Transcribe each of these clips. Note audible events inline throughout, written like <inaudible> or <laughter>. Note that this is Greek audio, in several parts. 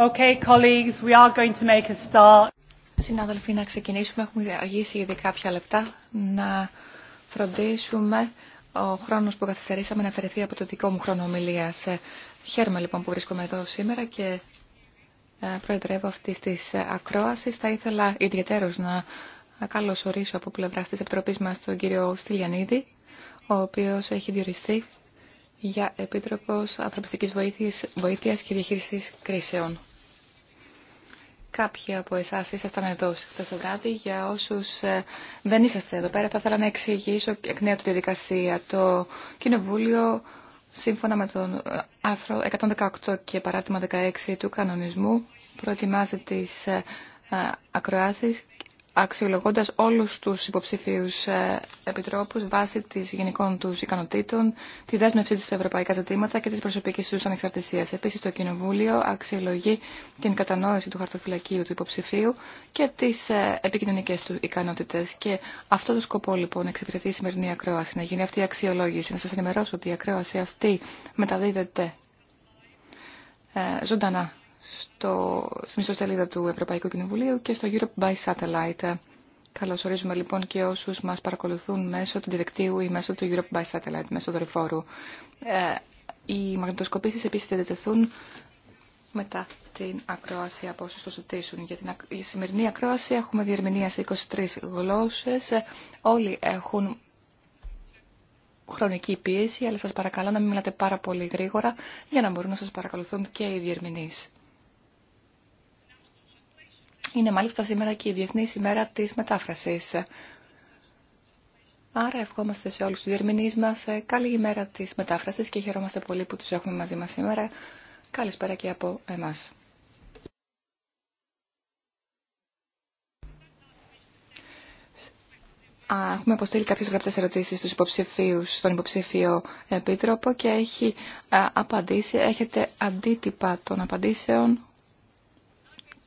Okay, colleagues, we are going to make a start. Συνάδελφοι, να ξεκινήσουμε. Έχουμε αργήσει ήδη κάποια λεπτά να φροντίσουμε ο χρόνος που καθυστερήσαμε να αφαιρεθεί από το δικό μου χρόνο ομιλίας. Ε, χαίρομαι λοιπόν που βρίσκομαι εδώ σήμερα και ε, προεδρεύω αυτή τη ε, ακρόαση. Θα ήθελα ιδιαίτερως να καλωσορίσω από πλευρά της Επιτροπής μας τον κύριο Στυλιανίδη, ο οποίος έχει διοριστεί για Επίτροπος Ανθρωπιστικής Βοήθειας και Διαχείρισης Κρίσεων. Κάποιοι από εσά ήσασταν εδώ χθε το βράδυ. Για όσου ε, δεν είσαστε εδώ πέρα, θα ήθελα να εξηγήσω εκ νέου τη διαδικασία. Το Κοινοβούλιο, σύμφωνα με τον ε, άρθρο 118 και παράρτημα 16 του κανονισμού, προετοιμάζει τι ε, ακροάσει αξιολογώντας όλους τους υποψηφίους ε, επιτρόπους βάσει της γενικών τους ικανοτήτων, τη δέσμευσή τους σε ευρωπαϊκά ζητήματα και της προσωπικής τους ανεξαρτησίας. Επίσης, το Κοινοβούλιο αξιολογεί την κατανόηση του χαρτοφυλακίου του υποψηφίου και τις ε, επικοινωνικές του ικανότητες. Και αυτό το σκοπό λοιπόν εξυπηρετεί η σημερινή ακρόαση, να γίνει αυτή η αξιολόγηση. Να σας ενημερώσω ότι η ακρόαση αυτή μεταδίδεται ε, ζωντανά στο, στην ιστοσελίδα του Ευρωπαϊκού Κοινοβουλίου και στο Europe by Satellite. ορίζουμε λοιπόν και όσους μας παρακολουθούν μέσω του διαδικτύου ή μέσω του Europe by Satellite, μέσω δορυφόρου. Ε, οι μαγνητοσκοπήσεις επίσης θα διατεθούν μετά την ακρόαση από όσους το ζητήσουν. Για την για σημερινή ακρόαση έχουμε διερμηνία σε 23 γλώσσες. Ε, όλοι έχουν χρονική πίεση, αλλά σας παρακαλώ να μην μιλάτε πάρα πολύ γρήγορα για να μπορούν να σας παρακολουθούν και οι διερμηνείς. Είναι μάλιστα σήμερα και η Διεθνή ημέρα της μετάφρασης. Άρα ευχόμαστε σε όλους τους διερμηνείς μας ε, καλή ημέρα της μετάφρασης και χαιρόμαστε πολύ που τους έχουμε μαζί μας σήμερα. Καλησπέρα και από εμάς. Έχουμε αποστείλει κάποιες γραπτές ερωτήσεις στους υποψηφίους, στον υποψηφίο επίτροπο και έχει απαντήσει. Έχετε αντίτυπα των απαντήσεων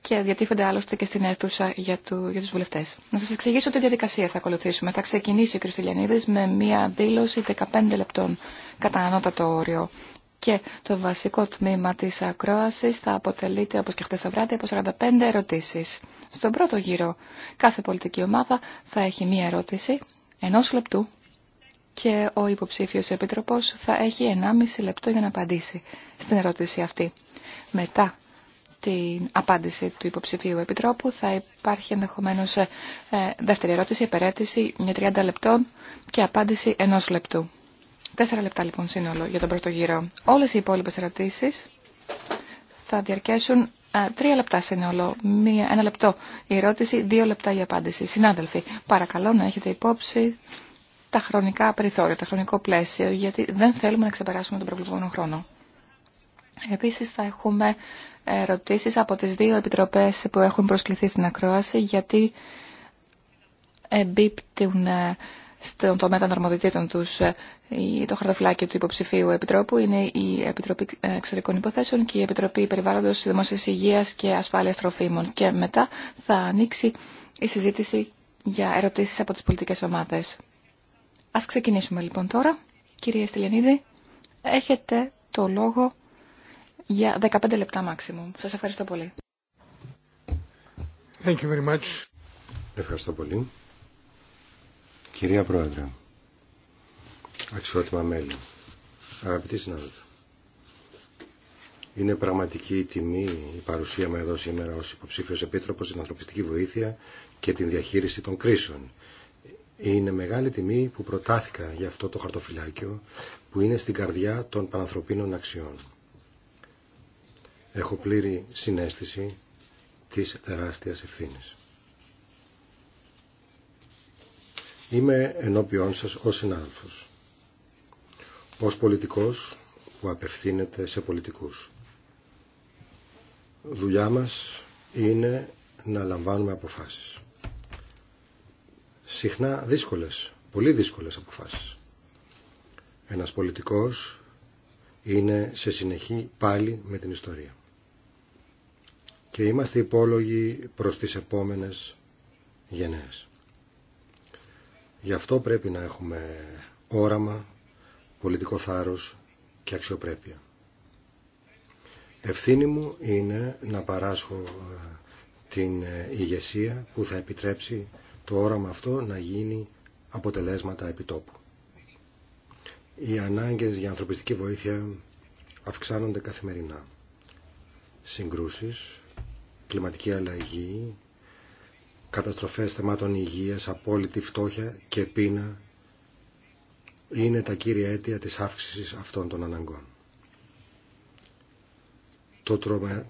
και διατίθενται άλλωστε και στην αίθουσα για, του, για τους βουλευτές. Να σας εξηγήσω τη διαδικασία θα ακολουθήσουμε. Θα ξεκινήσει ο κ. Στυλιανίδης με μία δήλωση 15 λεπτών κατά ανώτατο όριο. Και το βασικό τμήμα της ακρόασης θα αποτελείται, όπως και χθε το βράδυ, από 45 ερωτήσεις. Στον πρώτο γύρο κάθε πολιτική ομάδα θα έχει μία ερώτηση ενός λεπτού και ο υποψήφιος επίτροπος θα έχει 1,5 λεπτό για να απαντήσει στην ερώτηση αυτή. Μετά την απάντηση του υποψηφίου επιτρόπου. Θα υπάρχει ενδεχομένω ε, ε, δεύτερη ερώτηση, υπερέτηση για 30 λεπτών και απάντηση ενό λεπτού. Τέσσερα λεπτά λοιπόν σύνολο για τον πρώτο γύρο. Όλε οι υπόλοιπε ερωτήσει θα διαρκέσουν ε, τρία λεπτά σύνολο. Μία, ένα λεπτό η ερώτηση, δύο λεπτά η απάντηση. Συνάδελφοι, παρακαλώ να έχετε υπόψη τα χρονικά περιθώρια, το χρονικό πλαίσιο, γιατί δεν θέλουμε να ξεπεράσουμε τον προβλεπόμενο χρόνο. Επίσης θα έχουμε ερωτήσεις από τις δύο επιτροπές που έχουν προσκληθεί στην ακρόαση γιατί εμπίπτουν ε, στον τομέα των αρμοδιτήτων τους ε, το χαρτοφυλάκιο του υποψηφίου επιτρόπου είναι η Επιτροπή ε, Εξωτερικών Υποθέσεων και η Επιτροπή Περιβάλλοντος Δημοσίας Υγείας και Ασφάλειας Τροφίμων και μετά θα ανοίξει η συζήτηση για ερωτήσεις από τις πολιτικές ομάδες. Ας ξεκινήσουμε λοιπόν τώρα. Κυρία Στυλιανίδη, έχετε το λόγο για 15 λεπτά μάξιμου. Σας ευχαριστώ πολύ. Thank you very much. Ευχαριστώ πολύ. Κυρία Πρόεδρε, αξιότιμα μέλη, αγαπητοί συνάδελφοι, είναι πραγματική τιμή η παρουσία μου εδώ σήμερα ως υποψήφιος επίτροπος στην ανθρωπιστική βοήθεια και την διαχείριση των κρίσεων. Είναι μεγάλη τιμή που προτάθηκα για αυτό το χαρτοφυλάκιο που είναι στην καρδιά των πανανθρωπίνων αξιών έχω πλήρη συνέστηση της τεράστιας ευθύνης. Είμαι ενώπιόν σας ως συνάδελφος, ως πολιτικός που απευθύνεται σε πολιτικούς. Δουλειά μας είναι να λαμβάνουμε αποφάσεις. Συχνά δύσκολες, πολύ δύσκολες αποφάσεις. Ένας πολιτικός είναι σε συνεχή πάλι με την ιστορία και είμαστε υπόλογοι προς τις επόμενες γενναίες. Γι' αυτό πρέπει να έχουμε όραμα, πολιτικό θάρρος και αξιοπρέπεια. Ευθύνη μου είναι να παράσχω ε, την ε, ηγεσία που θα επιτρέψει το όραμα αυτό να γίνει αποτελέσματα επιτόπου. Οι ανάγκες για ανθρωπιστική βοήθεια αυξάνονται καθημερινά. Συγκρούσεις, κλιματική αλλαγή, καταστροφές θεμάτων υγείας, απόλυτη φτώχεια και πείνα είναι τα κύρια αίτια της αύξησης αυτών των αναγκών. Το,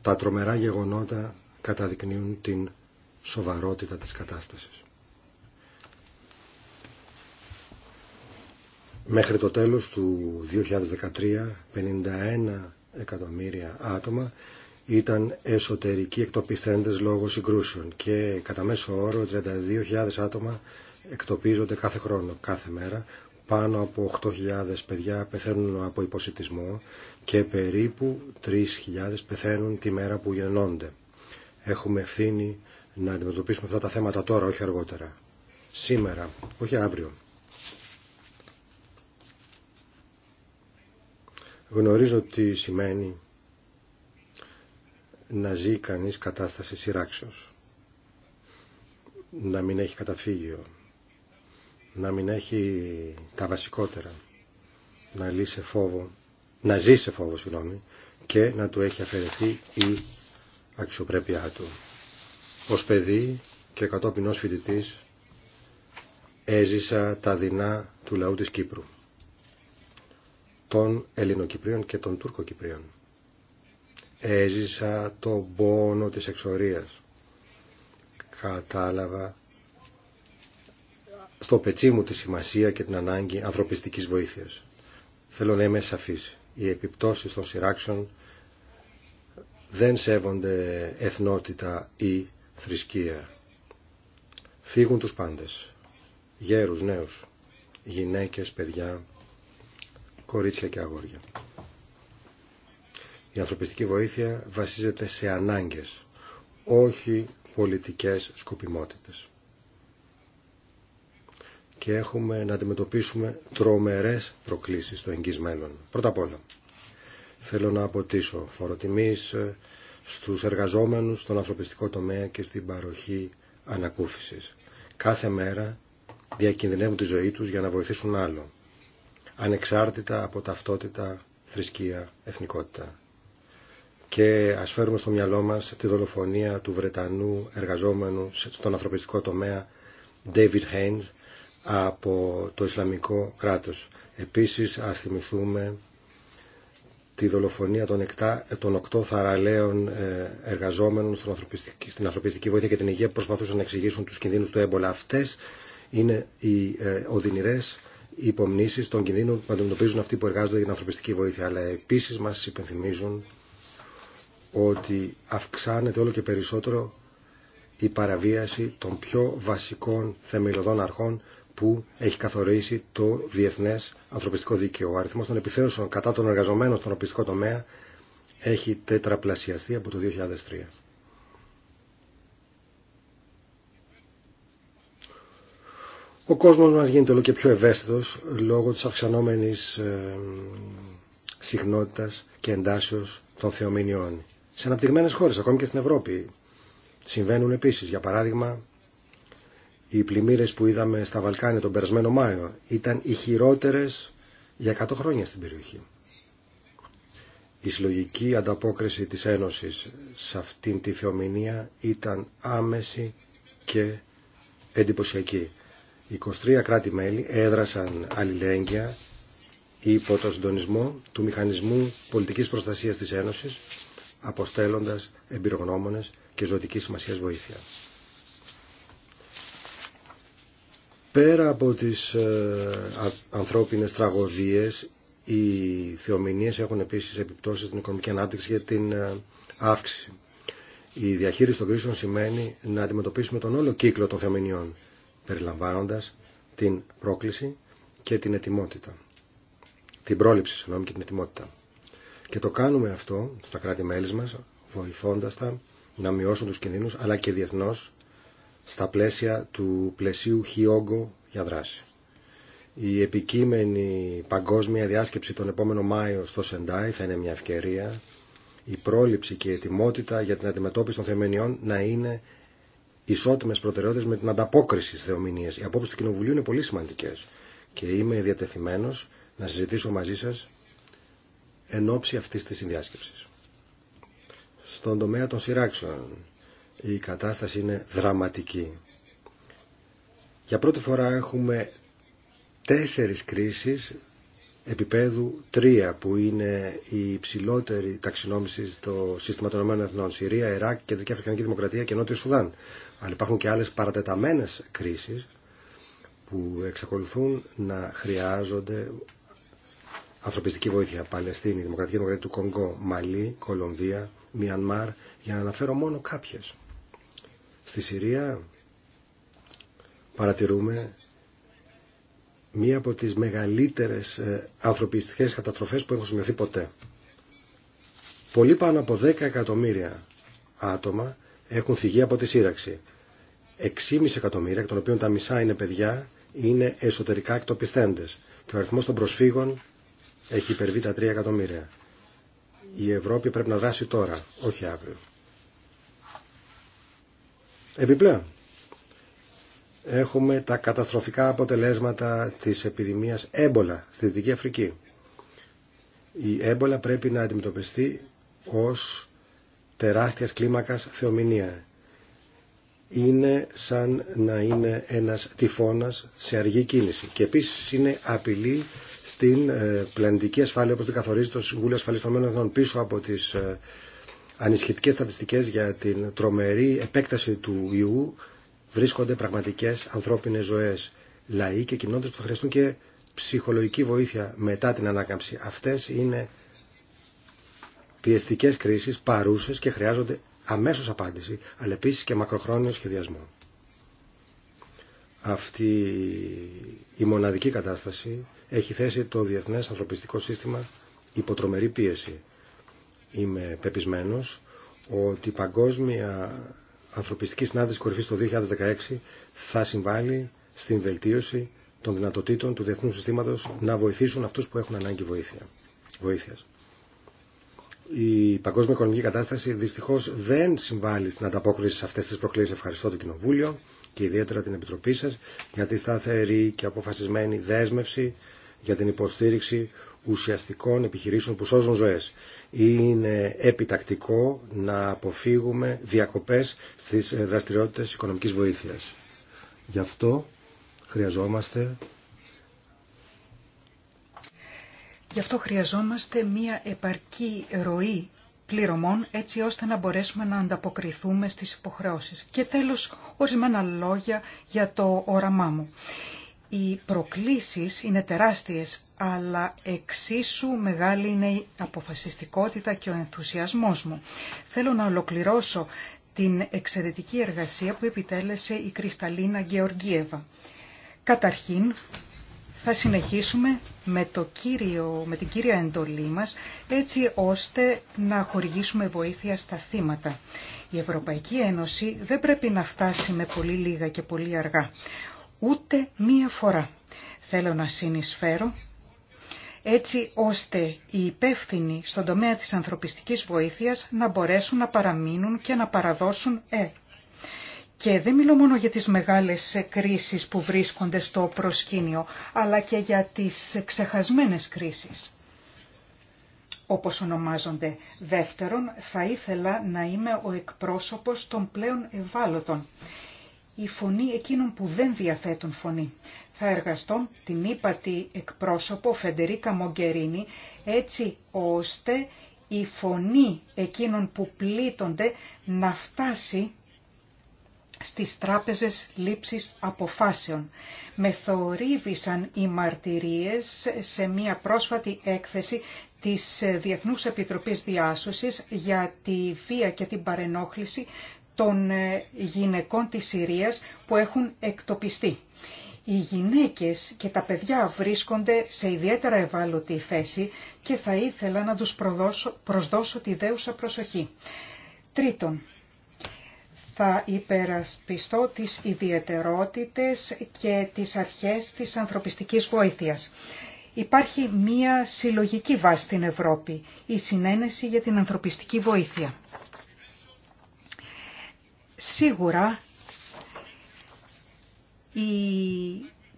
τα τρομερά γεγονότα καταδεικνύουν την σοβαρότητα της κατάστασης. Μέχρι το τέλος του 2013, 51 εκατομμύρια άτομα ήταν εσωτερικοί εκτοπιστέντες λόγω συγκρούσεων και κατά μέσο όρο 32.000 άτομα εκτοπίζονται κάθε χρόνο, κάθε μέρα. Πάνω από 8.000 παιδιά πεθαίνουν από υποσυτισμό και περίπου 3.000 πεθαίνουν τη μέρα που γεννώνται. Έχουμε ευθύνη να αντιμετωπίσουμε αυτά τα θέματα τώρα, όχι αργότερα. Σήμερα, όχι αύριο. Γνωρίζω τι σημαίνει να ζει κανείς κατάσταση σειράξεως. Να μην έχει καταφύγιο. Να μην έχει τα βασικότερα. Να λύσει φόβο. Να ζει σε φόβο, συγγνώμη. Και να του έχει αφαιρεθεί η αξιοπρέπειά του. Ως παιδί και κατόπιν ως έζησα τα δεινά του λαού της Κύπρου των Ελληνοκυπρίων και των Τούρκοκυπρίων. Έζησα το πόνο της εξορίας. Κατάλαβα στο πετσί μου τη σημασία και την ανάγκη ανθρωπιστικής βοήθειας. Θέλω να είμαι σαφής. Οι επιπτώσεις των σειράξεων δεν σέβονται εθνότητα ή θρησκεία. Φύγουν τους πάντες. Γέρους, νέους, γυναίκες, παιδιά, κορίτσια και αγόρια. Η ανθρωπιστική βοήθεια βασίζεται σε ανάγκες, όχι πολιτικές σκοπιμότητες. Και έχουμε να αντιμετωπίσουμε τρομερές προκλήσεις στο εγγύς μέλλον. Πρώτα απ' όλα, θέλω να αποτίσω φοροτιμής ε, στους εργαζόμενους στον ανθρωπιστικό τομέα και στην παροχή ανακούφισης. Κάθε μέρα διακινδυνεύουν τη ζωή τους για να βοηθήσουν άλλο, ανεξάρτητα από ταυτότητα, θρησκεία, εθνικότητα και ας φέρουμε στο μυαλό μας τη δολοφονία του Βρετανού εργαζόμενου στον ανθρωπιστικό τομέα David Haynes από το Ισλαμικό κράτος. Επίσης ας θυμηθούμε τη δολοφονία των, εκτά, των οκτώ θαραλέων ε, εργαζόμενων στον ανθρωπιστική, στην ανθρωπιστική βοήθεια και την υγεία που προσπαθούσαν να εξηγήσουν τους κινδύνους του έμπολα. Αυτές είναι οι ε, οδυνηρές υπομνήσεις των κινδύνων που αντιμετωπίζουν αυτοί που εργάζονται για την ανθρωπιστική βοήθεια. Αλλά επίσης μας υπενθυμίζουν ότι αυξάνεται όλο και περισσότερο η παραβίαση των πιο βασικών θεμελιωδών αρχών που έχει καθορίσει το Διεθνές Ανθρωπιστικό Δίκαιο. Ο αριθμό των επιθέσεων κατά των εργαζομένων στον ανθρωπιστικό τομέα έχει τετραπλασιαστεί από το 2003. Ο κόσμος μας γίνεται όλο και πιο ευαίσθητος λόγω της αυξανόμενης ε, συχνότητας και εντάσεως των θεομηνιών σε αναπτυγμένε χώρες, ακόμη και στην Ευρώπη. Συμβαίνουν επίση, για παράδειγμα, οι πλημμύρες που είδαμε στα Βαλκάνια τον περασμένο Μάιο ήταν οι χειρότερε για 100 χρόνια στην περιοχή. Η συλλογική ανταπόκριση της Ένωσης σε αυτήν τη θεομηνία ήταν άμεση και εντυπωσιακή. 23 κράτη-μέλη έδρασαν αλληλέγγυα υπό το συντονισμό του Μηχανισμού Πολιτικής Προστασίας της Ένωσης αποστέλλοντας εμπειρογνώμονες και ζωτική σημασία βοήθεια. Πέρα από τις ε, ανθρώπινες τραγωδίες, οι θεομηνίες έχουν επίσης επιπτώσεις στην οικονομική ανάπτυξη και την ε, αύξηση. Η διαχείριση των κρίσεων σημαίνει να αντιμετωπίσουμε τον όλο κύκλο των θεομηνιών, περιλαμβάνοντας την πρόκληση και την ετοιμότητα. Την πρόληψη, συγγνώμη, και την ετοιμότητα. Και το κάνουμε αυτό στα κράτη-μέλη μα, βοηθώντα τα να μειώσουν του κινδύνους, αλλά και διεθνώ στα πλαίσια του πλαισίου χιόγκο για δράση. Η επικείμενη παγκόσμια διάσκεψη τον επόμενο Μάιο στο Σεντάι θα είναι μια ευκαιρία η πρόληψη και η ετοιμότητα για την αντιμετώπιση των θεμενιών να είναι ισότιμες προτεραιότητες με την ανταπόκριση στις θεομηνίες. Οι απόψεις του Κοινοβουλίου είναι πολύ σημαντικές και είμαι διατεθειμένος να συζητήσω μαζί σας εν ώψη αυτής της συνδιάσκεψης. Στον τομέα των σειράξεων η κατάσταση είναι δραματική. Για πρώτη φορά έχουμε τέσσερις κρίσεις επίπεδου τρία που είναι η υψηλότερη ταξινόμηση στο σύστημα των ΗΕ, Συρία, Ιράκ, Κεντρική Αφρικανική Δημοκρατία και Νότιο Σουδάν. Αλλά υπάρχουν και άλλες παρατεταμένες κρίσεις που εξακολουθούν να χρειάζονται ανθρωπιστική βοήθεια. Παλαιστίνη, Δημοκρατική Δημοκρατία του Κονγκό, Μαλή, Κολομβία, Μιανμάρ, για να αναφέρω μόνο κάποιες. Στη Συρία παρατηρούμε μία από τις μεγαλύτερες ε, ανθρωπιστικές καταστροφές που έχουν σημειωθεί ποτέ. Πολύ πάνω από 10 εκατομμύρια άτομα έχουν θυγεί από τη σύραξη. 6,5 εκατομμύρια, εκ των οποίων τα μισά είναι παιδιά, είναι εσωτερικά εκτοπιστέντες. Και ο αριθμός των προσφύγων έχει υπερβεί τα 3 εκατομμύρια. Η Ευρώπη πρέπει να δράσει τώρα, όχι αύριο. Επιπλέον, έχουμε τα καταστροφικά αποτελέσματα της επιδημίας έμπολα στη Δυτική Αφρική. Η έμπολα πρέπει να αντιμετωπιστεί ως τεράστιας κλίμακας θεομηνία. Είναι σαν να είναι ένας τυφώνας σε αργή κίνηση και επίσης είναι απειλή στην ε, πλανητική ασφάλεια όπως την καθορίζει το Συμβούλιο Ασφαλής των Εθνών πίσω από τις ε, ανισχυτικές στατιστικές για την τρομερή επέκταση του ιού βρίσκονται πραγματικές ανθρώπινες ζωές, λαοί και κοινότητες που θα χρειαστούν και ψυχολογική βοήθεια μετά την ανάκαμψη. Αυτές είναι πιεστικές κρίσεις, παρούσες και χρειάζονται αμέσως απάντηση, αλλά επίσης και μακροχρόνιο σχεδιασμό αυτή η μοναδική κατάσταση έχει θέσει το διεθνές ανθρωπιστικό σύστημα υποτρομερή πίεση. Είμαι πεπισμένος ότι η παγκόσμια ανθρωπιστική συνάντηση κορυφής το 2016 θα συμβάλλει στην βελτίωση των δυνατοτήτων του διεθνού συστήματος να βοηθήσουν αυτούς που έχουν ανάγκη βοήθεια, βοήθειας. Η παγκόσμια οικονομική κατάσταση δυστυχώς δεν συμβάλλει στην ανταπόκριση σε αυτές τις προκλήσεις. Ευχαριστώ το Κοινοβούλιο και ιδιαίτερα την Επιτροπή σας για τη σταθερή και αποφασισμένη δέσμευση για την υποστήριξη ουσιαστικών επιχειρήσεων που σώζουν ζωές. Είναι επιτακτικό να αποφύγουμε διακοπές στις δραστηριότητες οικονομικής βοήθειας. Γι' αυτό χρειαζόμαστε... Γι' αυτό χρειαζόμαστε μία επαρκή ροή πληρωμών έτσι ώστε να μπορέσουμε να ανταποκριθούμε στις υποχρεώσεις. Και τέλος, ορισμένα λόγια για το όραμά μου. Οι προκλήσεις είναι τεράστιες, αλλά εξίσου μεγάλη είναι η αποφασιστικότητα και ο ενθουσιασμός μου. Θέλω να ολοκληρώσω την εξαιρετική εργασία που επιτέλεσε η Κρυσταλίνα Γεωργίεβα. Καταρχήν, θα συνεχίσουμε με, το κύριο, με την κύρια εντολή μας έτσι ώστε να χορηγήσουμε βοήθεια στα θύματα. Η Ευρωπαϊκή Ένωση δεν πρέπει να φτάσει με πολύ λίγα και πολύ αργά. Ούτε μία φορά θέλω να συνεισφέρω έτσι ώστε οι υπεύθυνοι στον τομέα της ανθρωπιστικής βοήθειας να μπορέσουν να παραμείνουν και να παραδώσουν ε, και δεν μιλώ μόνο για τις μεγάλες κρίσεις που βρίσκονται στο προσκήνιο, αλλά και για τις ξεχασμένες κρίσεις, όπως ονομάζονται. Δεύτερον, θα ήθελα να είμαι ο εκπρόσωπος των πλέον ευάλωτων, η φωνή εκείνων που δεν διαθέτουν φωνή. Θα εργαστώ την ύπατη εκπρόσωπο Φεντερίκα Μογκερίνη, έτσι ώστε η φωνή εκείνων που πλήττονται να φτάσει στις τράπεζες λήψης αποφάσεων. Με θορύβησαν οι μαρτυρίες σε μία πρόσφατη έκθεση της Διεθνούς Επιτροπής Διάσωσης για τη βία και την παρενόχληση των γυναικών της Συρίας που έχουν εκτοπιστεί. Οι γυναίκες και τα παιδιά βρίσκονται σε ιδιαίτερα ευάλωτη θέση και θα ήθελα να τους προσδώσω τη δέουσα προσοχή. Τρίτον, θα υπερασπιστώ τις ιδιαιτερότητες και τις αρχές της ανθρωπιστικής βοήθειας. Υπάρχει μία συλλογική βάση στην Ευρώπη, η συνένεση για την ανθρωπιστική βοήθεια. Σίγουρα η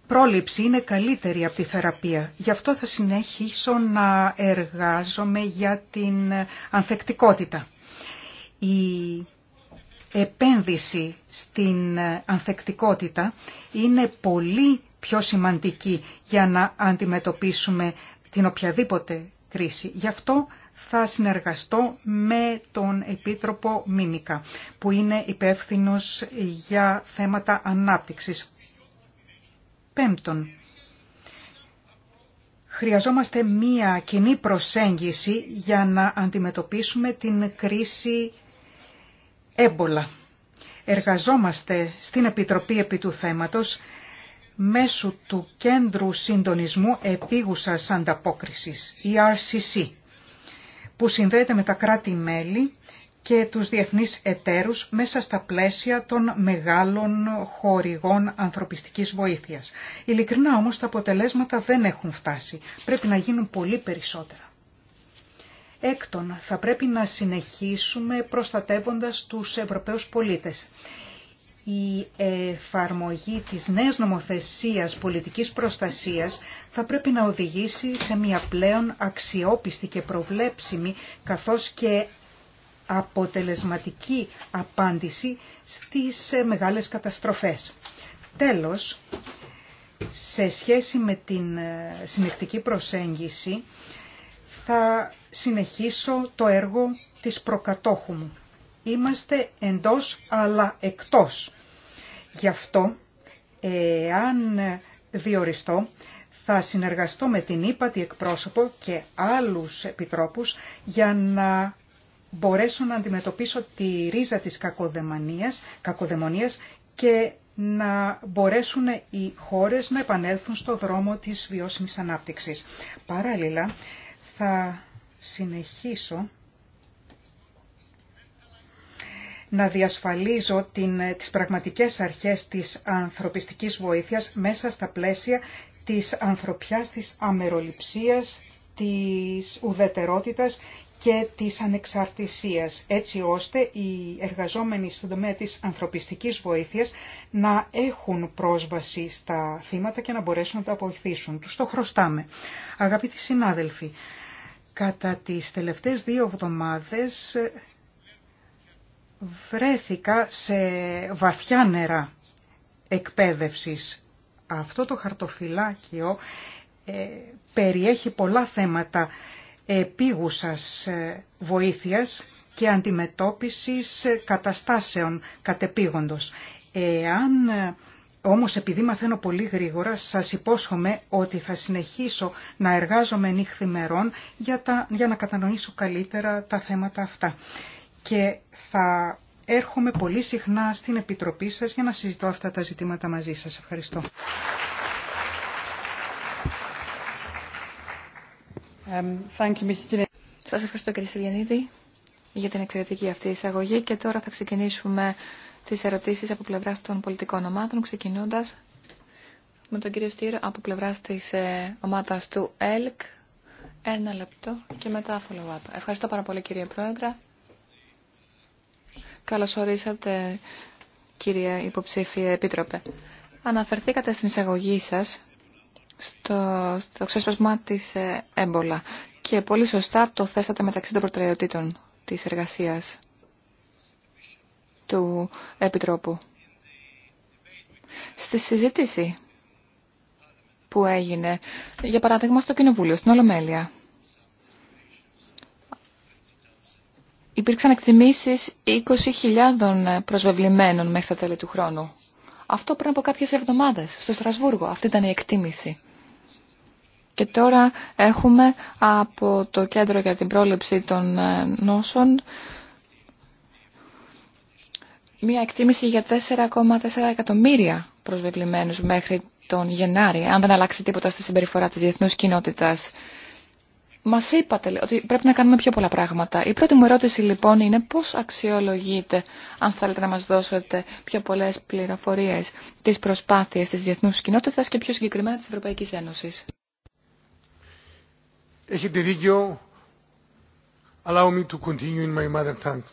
πρόληψη είναι καλύτερη από τη θεραπεία. Γι' αυτό θα συνεχίσω να εργάζομαι για την ανθεκτικότητα. Η επένδυση στην ε, ανθεκτικότητα είναι πολύ πιο σημαντική για να αντιμετωπίσουμε την οποιαδήποτε κρίση. Γι' αυτό θα συνεργαστώ με τον Επίτροπο Μίμικα, που είναι υπεύθυνος για θέματα ανάπτυξης. Πέμπτον, χρειαζόμαστε μία κοινή προσέγγιση για να αντιμετωπίσουμε την κρίση έμπολα. Εργαζόμαστε στην Επιτροπή επί του θέματος μέσω του Κέντρου Συντονισμού Επίγουσας Ανταπόκρισης, ERCC, που συνδέεται με τα κράτη-μέλη και τους διεθνείς εταίρους μέσα στα πλαίσια των μεγάλων χορηγών ανθρωπιστικής βοήθειας. Ειλικρινά όμως τα αποτελέσματα δεν έχουν φτάσει. Πρέπει να γίνουν πολύ περισσότερα. Έκτον, θα πρέπει να συνεχίσουμε προστατεύοντας τους Ευρωπαίους πολίτες. Η εφαρμογή της νέας νομοθεσίας πολιτικής προστασίας θα πρέπει να οδηγήσει σε μια πλέον αξιόπιστη και προβλέψιμη καθώς και αποτελεσματική απάντηση στις μεγάλες καταστροφές. Τέλος, σε σχέση με την συνεκτική προσέγγιση, θα συνεχίσω το έργο της προκατόχου μου. Είμαστε εντός αλλά εκτός. Γι' αυτό, εάν διοριστώ, θα συνεργαστώ με την ύπατη εκπρόσωπο και άλλους επιτρόπους για να μπορέσω να αντιμετωπίσω τη ρίζα της κακοδαιμονίας, κακοδαιμονίας και να μπορέσουν οι χώρες να επανέλθουν στο δρόμο της βιώσιμης ανάπτυξης. Παράλληλα, θα συνεχίσω να διασφαλίζω την, τις πραγματικές αρχές της ανθρωπιστικής βοήθειας μέσα στα πλαίσια της ανθρωπιάς, της αμεροληψίας, της ουδετερότητας και της ανεξαρτησίας, έτσι ώστε οι εργαζόμενοι στον τομέα της ανθρωπιστικής βοήθειας να έχουν πρόσβαση στα θύματα και να μπορέσουν να τα βοηθήσουν. Τους το χρωστάμε. Αγαπητοί συνάδελφοι, Κατά τις τελευταίες δύο εβδομάδες βρέθηκα σε βαθιά νερά εκπαίδευσης. Αυτό το χαρτοφυλάκιο ε, περιέχει πολλά θέματα επίγουσας ε, βοήθειας και αντιμετώπισης καταστάσεων κατεπήγοντος. Εάν ε, όμως επειδή μαθαίνω πολύ γρήγορα, σας υπόσχομαι ότι θα συνεχίσω να εργάζομαι νύχθη μερών για, τα, για να κατανοήσω καλύτερα τα θέματα αυτά. Και θα έρχομαι πολύ συχνά στην Επιτροπή σας για να συζητώ αυτά τα ζητήματα μαζί σας. Ευχαριστώ. Thank Σας ευχαριστώ κύριε Στυλιανίδη για την εξαιρετική αυτή εισαγωγή και τώρα θα ξεκινήσουμε τις ερωτήσεις από πλευράς των πολιτικών ομάδων, ξεκινώντας με τον κύριο Στήρο από πλευράς της ε, ομάδας του ΕΛΚ. Ένα λεπτό και μετά follow-up. Ευχαριστώ πάρα πολύ κύριε Πρόεδρε. Καλώς ορίσατε κύριε υποψήφιε Επίτροπε. Αναφερθήκατε στην εισαγωγή σας στο, στο ξέσπασμα της ε, έμπολα και πολύ σωστά το θέσατε μεταξύ των προτεραιοτήτων της εργασίας του Επιτρόπου. Στη συζήτηση που έγινε, για παράδειγμα στο Κοινοβούλιο, στην Ολομέλεια, υπήρξαν εκτιμήσεις 20.000 προσβεβλημένων μέχρι τα τέλη του χρόνου. Αυτό πριν από κάποιες εβδομάδες, στο Στρασβούργο. Αυτή ήταν η εκτίμηση. Και τώρα έχουμε από το Κέντρο για την Πρόληψη των Νόσων μια εκτίμηση για 4,4 εκατομμύρια προσβεβλημένους μέχρι τον Γενάρη, αν δεν αλλάξει τίποτα στη συμπεριφορά της διεθνούς κοινότητας. Μας είπατε ότι πρέπει να κάνουμε πιο πολλά πράγματα. Η πρώτη μου ερώτηση λοιπόν είναι πώς αξιολογείτε, αν θέλετε να μας δώσετε πιο πολλές πληροφορίες, τις προσπάθειες της διεθνούς κοινότητας και πιο συγκεκριμένα της Ευρωπαϊκής Ένωσης. Έχετε δίκιο. Allow me to continue in my mother tongue.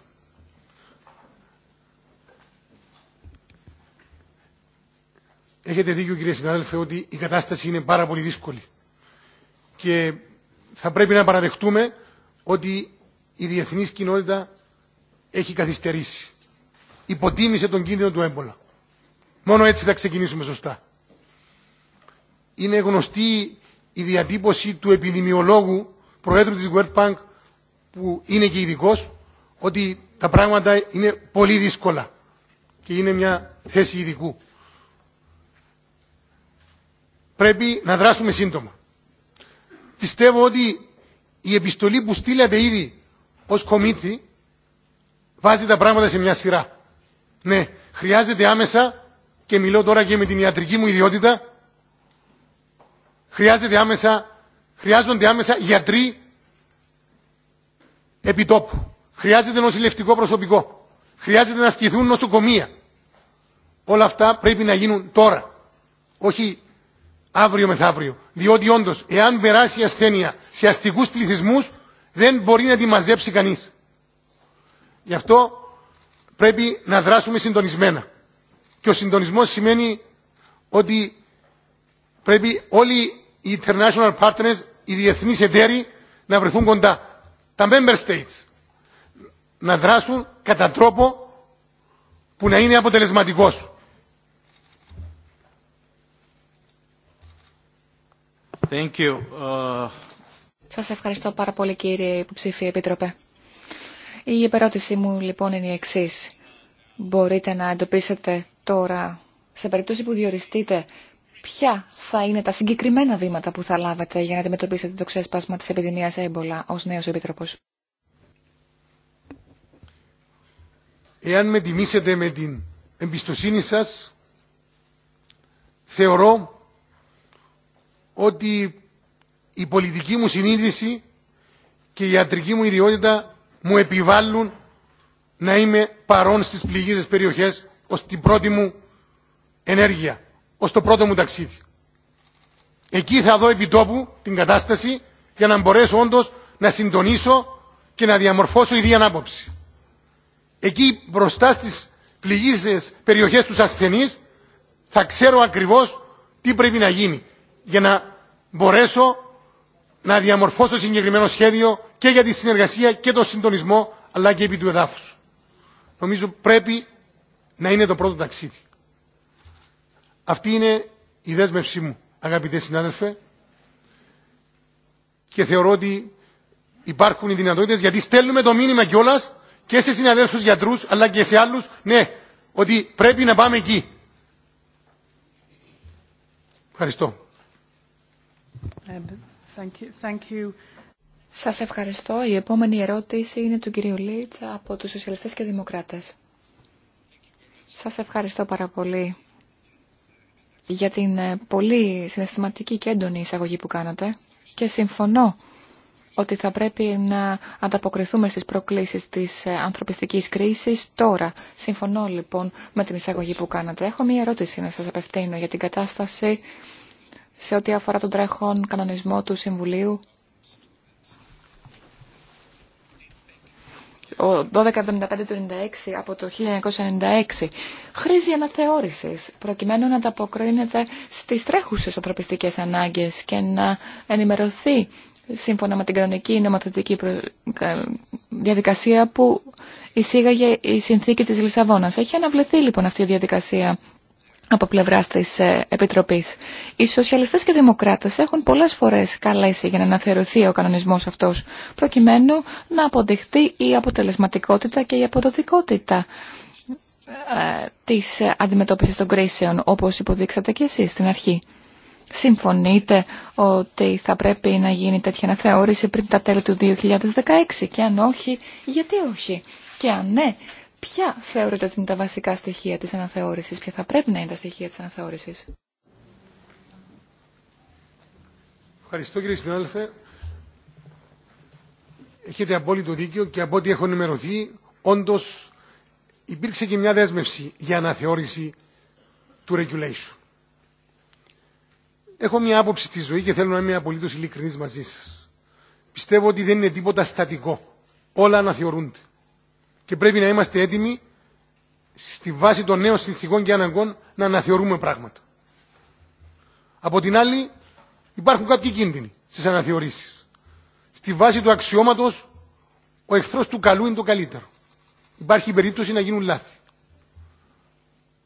Έχετε δίκιο κύριε συνάδελφε ότι η κατάσταση είναι πάρα πολύ δύσκολη. Και θα πρέπει να παραδεχτούμε ότι η διεθνής κοινότητα έχει καθυστερήσει. Υποτίμησε τον κίνδυνο του έμπολα. Μόνο έτσι θα ξεκινήσουμε σωστά. Είναι γνωστή η διατύπωση του επιδημιολόγου Προέδρου της World Bank που είναι και ειδικό ότι τα πράγματα είναι πολύ δύσκολα και είναι μια θέση ειδικού πρέπει να δράσουμε σύντομα. Πιστεύω ότι η επιστολή που στείλατε ήδη ως κομίτη βάζει τα πράγματα σε μια σειρά. Ναι, χρειάζεται άμεσα, και μιλώ τώρα και με την ιατρική μου ιδιότητα, χρειάζεται άμεσα, χρειάζονται άμεσα γιατροί επιτόπου. Χρειάζεται νοσηλευτικό προσωπικό. Χρειάζεται να ασκηθούν νοσοκομεία. Όλα αυτά πρέπει να γίνουν τώρα. Όχι αύριο μεθαύριο. Διότι όντω, εάν περάσει η ασθένεια σε αστικού πληθυσμού, δεν μπορεί να τη μαζέψει κανεί. Γι' αυτό πρέπει να δράσουμε συντονισμένα. Και ο συντονισμός σημαίνει ότι πρέπει όλοι οι international partners, οι διεθνείς εταίροι να βρεθούν κοντά. Τα member states να δράσουν κατά τρόπο που να είναι αποτελεσματικός. Thank Σας ευχαριστώ πάρα πολύ κύριε υποψήφιε επίτροπε. Η επερώτησή μου λοιπόν είναι η εξή. Μπορείτε να εντοπίσετε τώρα, σε περίπτωση που διοριστείτε, ποια θα είναι τα συγκεκριμένα βήματα που θα λάβετε για να αντιμετωπίσετε το ξέσπασμα της επιδημίας έμπολα ως νέος επίτροπος. Εάν με τιμήσετε με την εμπιστοσύνη σας, θεωρώ ότι η πολιτική μου συνείδηση και η ιατρική μου ιδιότητα μου επιβάλλουν να είμαι παρόν στις πληγίζες περιοχές ως την πρώτη μου ενέργεια, ως το πρώτο μου ταξίδι. Εκεί θα δω επιτόπου την κατάσταση για να μπορέσω όντως να συντονίσω και να διαμορφώσω η ανάποψη. Εκεί μπροστά στις πληγίζες περιοχές τους ασθενείς θα ξέρω ακριβώς τι πρέπει να γίνει για να μπορέσω να διαμορφώσω συγκεκριμένο σχέδιο και για τη συνεργασία και τον συντονισμό αλλά και επί του εδάφους. Νομίζω πρέπει να είναι το πρώτο ταξίδι. Αυτή είναι η δέσμευσή μου, αγαπητέ συνάδελφε, και θεωρώ ότι υπάρχουν οι δυνατότητε γιατί στέλνουμε το μήνυμα κιόλα και σε συναδέλφους γιατρούς αλλά και σε άλλους, ναι, ότι πρέπει να πάμε εκεί. Ευχαριστώ. Σας ευχαριστώ. Η επόμενη ερώτηση είναι του κυρίου Λίτς από τους Σοσιαλιστές και Δημοκράτες. Σας ευχαριστώ πάρα πολύ για την ε, πολύ συναισθηματική και έντονη εισαγωγή που κάνατε και συμφωνώ ότι θα πρέπει να ανταποκριθούμε στις προκλήσεις της ε, ανθρωπιστικής κρίσης τώρα. Συμφωνώ λοιπόν με την εισαγωγή που κάνατε. Έχω μία ερώτηση να σας απευθύνω για την κατάσταση σε ό,τι αφορά τον τρέχον κανονισμό του Συμβουλίου. Ο 1275 του 96 από το 1996 χρήζει αναθεώρησης προκειμένου να ανταποκρίνεται στις τρέχουσες ανθρωπιστικές ανάγκες και να ενημερωθεί σύμφωνα με την κανονική νομοθετική διαδικασία που εισήγαγε η συνθήκη της Λισαβόνας. Έχει αναβληθεί λοιπόν αυτή η διαδικασία από πλευρά τη ε, Επιτροπή. Οι σοσιαλιστέ και δημοκράτε έχουν πολλέ φορέ καλέσει για να αναθεωρηθεί ο κανονισμό αυτό, προκειμένου να αποδειχτεί η αποτελεσματικότητα και η αποδοτικότητα ε, της αντιμετώπιση των κρίσεων, όπως υποδείξατε και εσείς στην αρχή. Συμφωνείτε ότι θα πρέπει να γίνει τέτοια αναθεώρηση πριν τα τέλη του 2016 και αν όχι, γιατί όχι. Και αν ναι, ποια θεωρείτε ότι είναι τα βασικά στοιχεία της αναθεώρησης, ποια θα πρέπει να είναι τα στοιχεία της αναθεώρησης. Ευχαριστώ κύριε συνάδελφε. Έχετε απόλυτο δίκιο και από ό,τι έχω ενημερωθεί, όντω υπήρξε και μια δέσμευση για αναθεώρηση του regulation. Έχω μια άποψη στη ζωή και θέλω να είμαι απολύτως ειλικρινής μαζί σα. Πιστεύω ότι δεν είναι τίποτα στατικό. Όλα αναθεωρούνται και πρέπει να είμαστε έτοιμοι στη βάση των νέων συνθηκών και αναγκών να αναθεωρούμε πράγματα. Από την άλλη υπάρχουν κάποιοι κίνδυνοι στις αναθεωρήσεις. Στη βάση του αξιώματος ο εχθρός του καλού είναι το καλύτερο. Υπάρχει περίπτωση να γίνουν λάθη.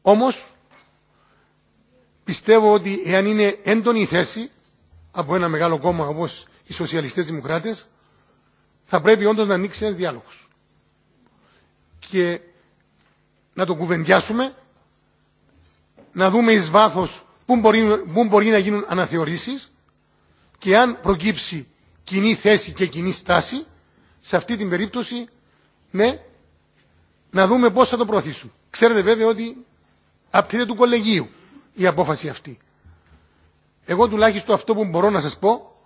Όμως πιστεύω ότι εάν είναι έντονη η θέση από ένα μεγάλο κόμμα όπως οι σοσιαλιστές δημοκράτες θα πρέπει όντως να ανοίξει ένας διάλογος και να το κουβεντιάσουμε, να δούμε εις βάθος πού μπορεί, να γίνουν αναθεωρήσεις και αν προκύψει κοινή θέση και κοινή στάση, σε αυτή την περίπτωση, ναι, να δούμε πώς θα το προωθήσουμε. Ξέρετε βέβαια ότι απτείται του κολεγίου η απόφαση αυτή. Εγώ τουλάχιστον αυτό που μπορώ να σας πω,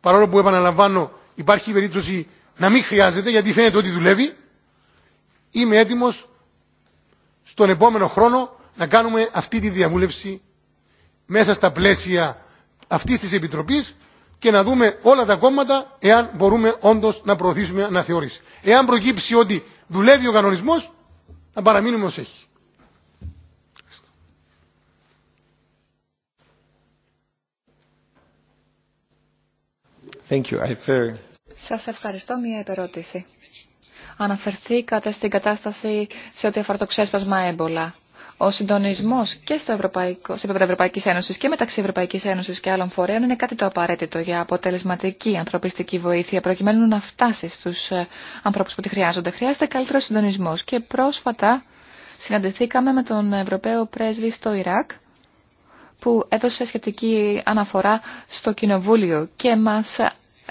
παρόλο που επαναλαμβάνω υπάρχει η περίπτωση να μην χρειάζεται γιατί φαίνεται ότι δουλεύει, Είμαι έτοιμος στον επόμενο χρόνο να κάνουμε αυτή τη διαβούλευση μέσα στα πλαίσια αυτής της Επιτροπής και να δούμε όλα τα κόμματα εάν μπορούμε όντως να προωθήσουμε αναθεώρηση. Εάν προκύψει ότι δουλεύει ο κανονισμός, να παραμείνουμε ως έχει. ευχαριστώ. Μία επερώτηση αναφερθήκατε στην κατάσταση σε ό,τι αφορά το ξέσπασμα έμπολα. Ο συντονισμό και στο Ευρωπαϊκό, σε επίπεδο Ευρωπαϊκή Ένωση και μεταξύ Ευρωπαϊκή Ένωση και άλλων φορέων είναι κάτι το απαραίτητο για αποτελεσματική ανθρωπιστική βοήθεια προκειμένου να φτάσει στου ε, ανθρώπου που τη χρειάζονται. Χρειάζεται καλύτερο συντονισμό. Και πρόσφατα συναντηθήκαμε με τον Ευρωπαίο πρέσβη στο Ιράκ που έδωσε σχετική αναφορά στο Κοινοβούλιο και μας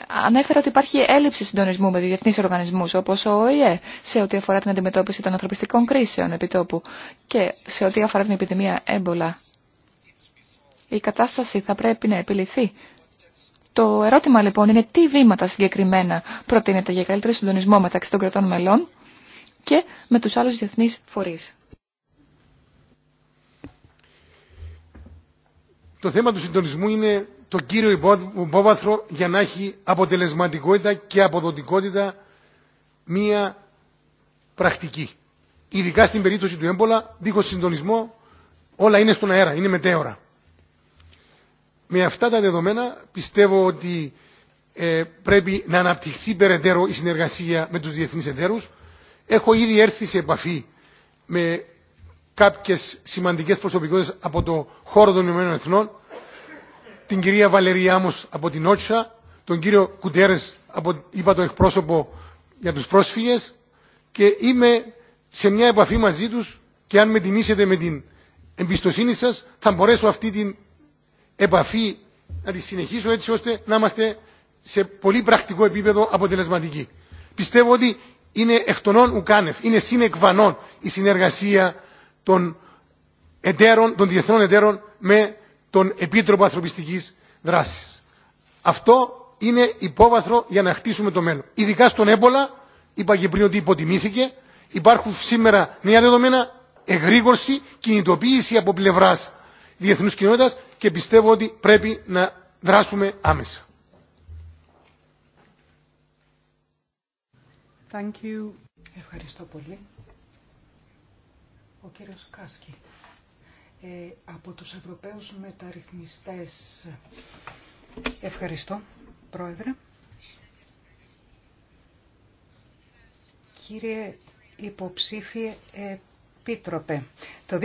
Ανέφερε ότι υπάρχει έλλειψη συντονισμού με διεθνεί οργανισμού, όπω ο ΟΗΕ σε ό,τι αφορά την αντιμετώπιση των ανθρωπιστικών κρίσεων επιτόπου και σε ό,τι αφορά την επιδημία έμπολα. Η κατάσταση θα πρέπει να επιληθεί. Το ερώτημα λοιπόν είναι τι βήματα συγκεκριμένα προτείνεται για καλύτερο συντονισμό μεταξύ των κρατών μελών και με τους άλλους διεθνείς φορείς. Το θέμα του συντονισμού είναι το κύριο υπόβαθρο για να έχει αποτελεσματικότητα και αποδοτικότητα μία πρακτική. Ειδικά στην περίπτωση του έμπολα, δίχως συντονισμό, όλα είναι στον αέρα, είναι μετέωρα. Με αυτά τα δεδομένα πιστεύω ότι ε, πρέπει να αναπτυχθεί περαιτέρω η συνεργασία με τους διεθνείς εταίρους. Έχω ήδη έρθει σε επαφή με κάποιες σημαντικές προσωπικότητες από το χώρο των Ηνωμένων Εθνών την κυρία Βαλεριάμος από την Ότσα, τον κύριο Κουτέρες από, είπα το εκπρόσωπο για τους πρόσφυγες και είμαι σε μια επαφή μαζί τους και αν με τιμήσετε με την εμπιστοσύνη σας θα μπορέσω αυτή την επαφή να τη συνεχίσω έτσι ώστε να είμαστε σε πολύ πρακτικό επίπεδο αποτελεσματικοί. Πιστεύω ότι είναι εκ των ουκάνευ, είναι συνεκβανών η συνεργασία των, εταίρων, των διεθνών εταίρων με τον Επίτροπο Ανθρωπιστικής Δράσης. Αυτό είναι υπόβαθρο για να χτίσουμε το μέλλον. Ειδικά στον έμπολα, είπα και πριν ότι υποτιμήθηκε, υπάρχουν σήμερα νέα δεδομένα, εγρήγορση, κινητοποίηση από πλευρά διεθνού κοινότητα και πιστεύω ότι πρέπει να δράσουμε άμεσα. Thank you. Ευχαριστώ πολύ. Ο ε, από τους Ευρωπαίους μεταρρυθμιστές. Ευχαριστώ, Πρόεδρε. Κύριε Υποψήφιε Πίτροπε, το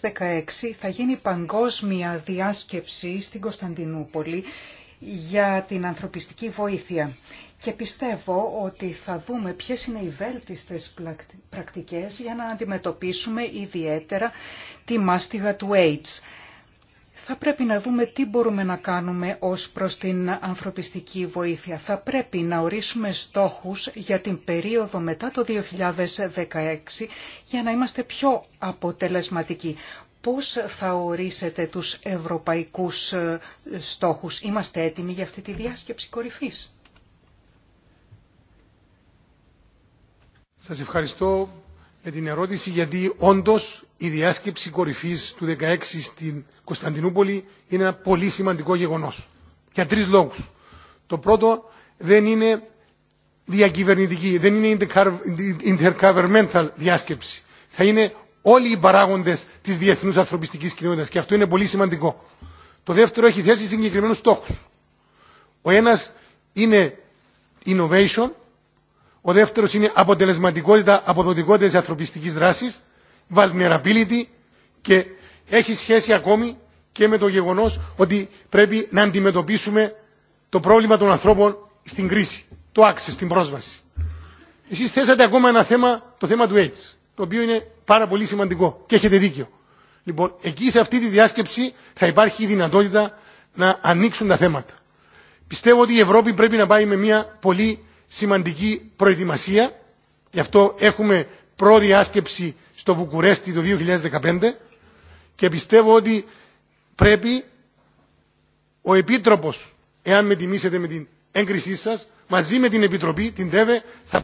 2016 θα γίνει παγκόσμια διάσκεψη στην Κωνσταντινούπολη για την ανθρωπιστική βοήθεια και πιστεύω ότι θα δούμε ποιες είναι οι βέλτιστες πρακτικές για να αντιμετωπίσουμε ιδιαίτερα τη μάστιγα του AIDS. Θα πρέπει να δούμε τι μπορούμε να κάνουμε ως προς την ανθρωπιστική βοήθεια. Θα πρέπει να ορίσουμε στόχους για την περίοδο μετά το 2016 για να είμαστε πιο αποτελεσματικοί. Πώς θα ορίσετε τους ευρωπαϊκούς ε, στόχους. Είμαστε έτοιμοι για αυτή τη διάσκεψη κορυφής. Σας ευχαριστώ για την ερώτηση γιατί όντως η διάσκεψη κορυφής του 16 στην Κωνσταντινούπολη είναι ένα πολύ σημαντικό γεγονός. Για τρεις λόγους. Το πρώτο δεν είναι διακυβερνητική, δεν είναι intergovernmental διάσκεψη. Θα είναι όλοι οι παράγοντες της διεθνούς ανθρωπιστικής κοινότητας και αυτό είναι πολύ σημαντικό. Το δεύτερο έχει θέσει συγκεκριμένους στόχους. Ο ένας είναι innovation, ο δεύτερο είναι αποτελεσματικότητα, αποδοτικότητα τη ανθρωπιστική δράση, vulnerability και έχει σχέση ακόμη και με το γεγονό ότι πρέπει να αντιμετωπίσουμε το πρόβλημα των ανθρώπων στην κρίση, το access, την πρόσβαση. Εσεί θέσατε ακόμα ένα θέμα, το θέμα του AIDS, το οποίο είναι πάρα πολύ σημαντικό και έχετε δίκιο. Λοιπόν, εκεί σε αυτή τη διάσκεψη θα υπάρχει η δυνατότητα να ανοίξουν τα θέματα. Πιστεύω ότι η Ευρώπη πρέπει να πάει με μια πολύ σημαντική προετοιμασία. Γι' αυτό έχουμε πρώτη άσκεψη στο Βουκουρέστι το 2015 και πιστεύω ότι πρέπει ο Επίτροπος, εάν με τιμήσετε με την έγκρισή σας, μαζί με την Επιτροπή, την ΤΕΒΕ, θα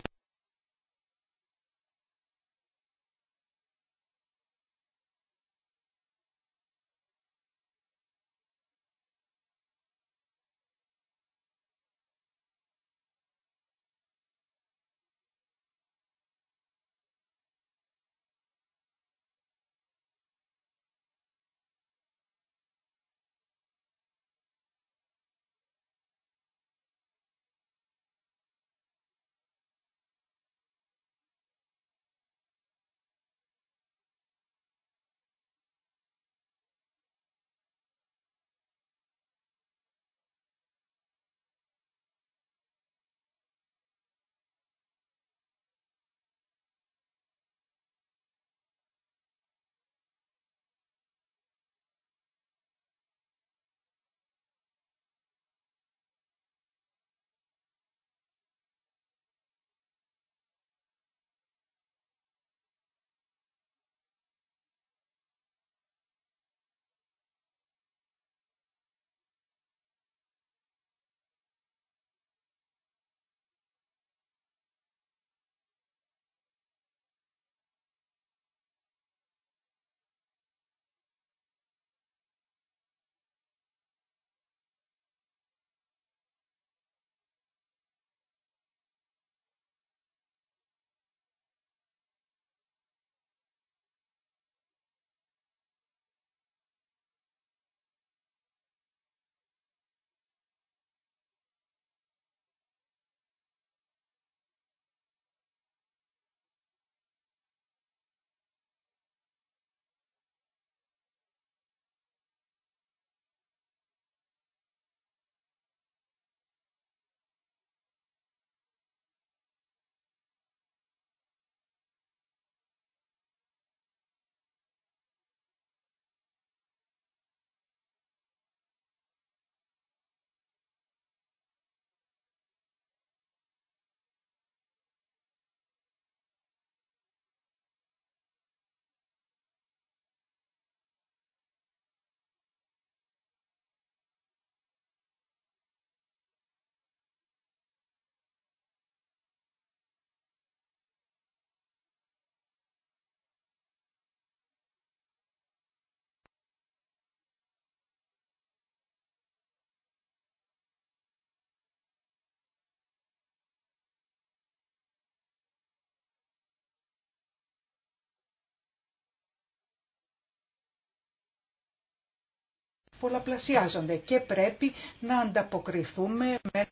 πολλαπλασιάζονται και πρέπει να ανταποκριθούμε με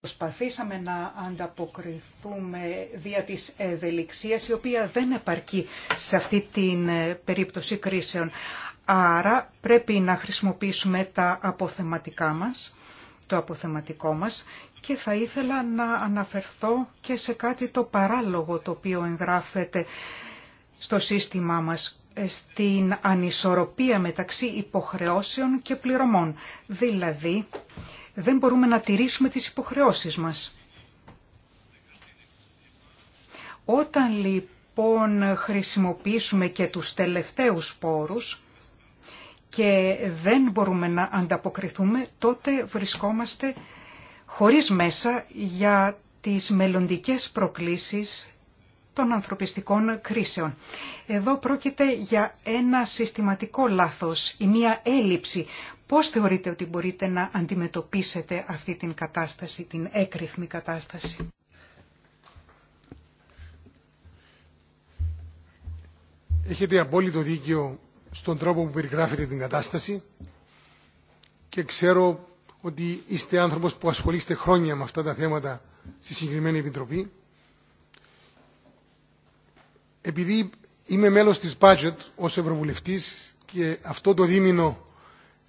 Προσπαθήσαμε να ανταποκριθούμε δια της ευελιξίας, η οποία δεν επαρκεί σε αυτή την ε, περίπτωση κρίσεων. Άρα πρέπει να χρησιμοποιήσουμε τα αποθεματικά μας, το αποθεματικό μας και θα ήθελα να αναφερθώ και σε κάτι το παράλογο το οποίο εγγράφεται στο σύστημά μας στην ανισορροπία μεταξύ υποχρεώσεων και πληρωμών. Δηλαδή, δεν μπορούμε να τηρήσουμε τις υποχρεώσεις μας. Όταν λοιπόν χρησιμοποιήσουμε και τους τελευταίους πόρους και δεν μπορούμε να ανταποκριθούμε, τότε βρισκόμαστε χωρίς μέσα για τις μελλοντικές προκλήσεις των ανθρωπιστικών κρίσεων. Εδώ πρόκειται για ένα συστηματικό λάθος ή μία έλλειψη. Πώς θεωρείτε ότι μπορείτε να αντιμετωπίσετε αυτή την κατάσταση, την έκρηθμη κατάσταση. Έχετε απόλυτο δίκιο στον τρόπο που περιγράφετε την κατάσταση και ξέρω ότι είστε άνθρωπος που ασχολείστε χρόνια με αυτά τα θέματα στη συγκεκριμένη Επιτροπή επειδή είμαι μέλος της budget ως Ευρωβουλευτής και αυτό το δίμηνο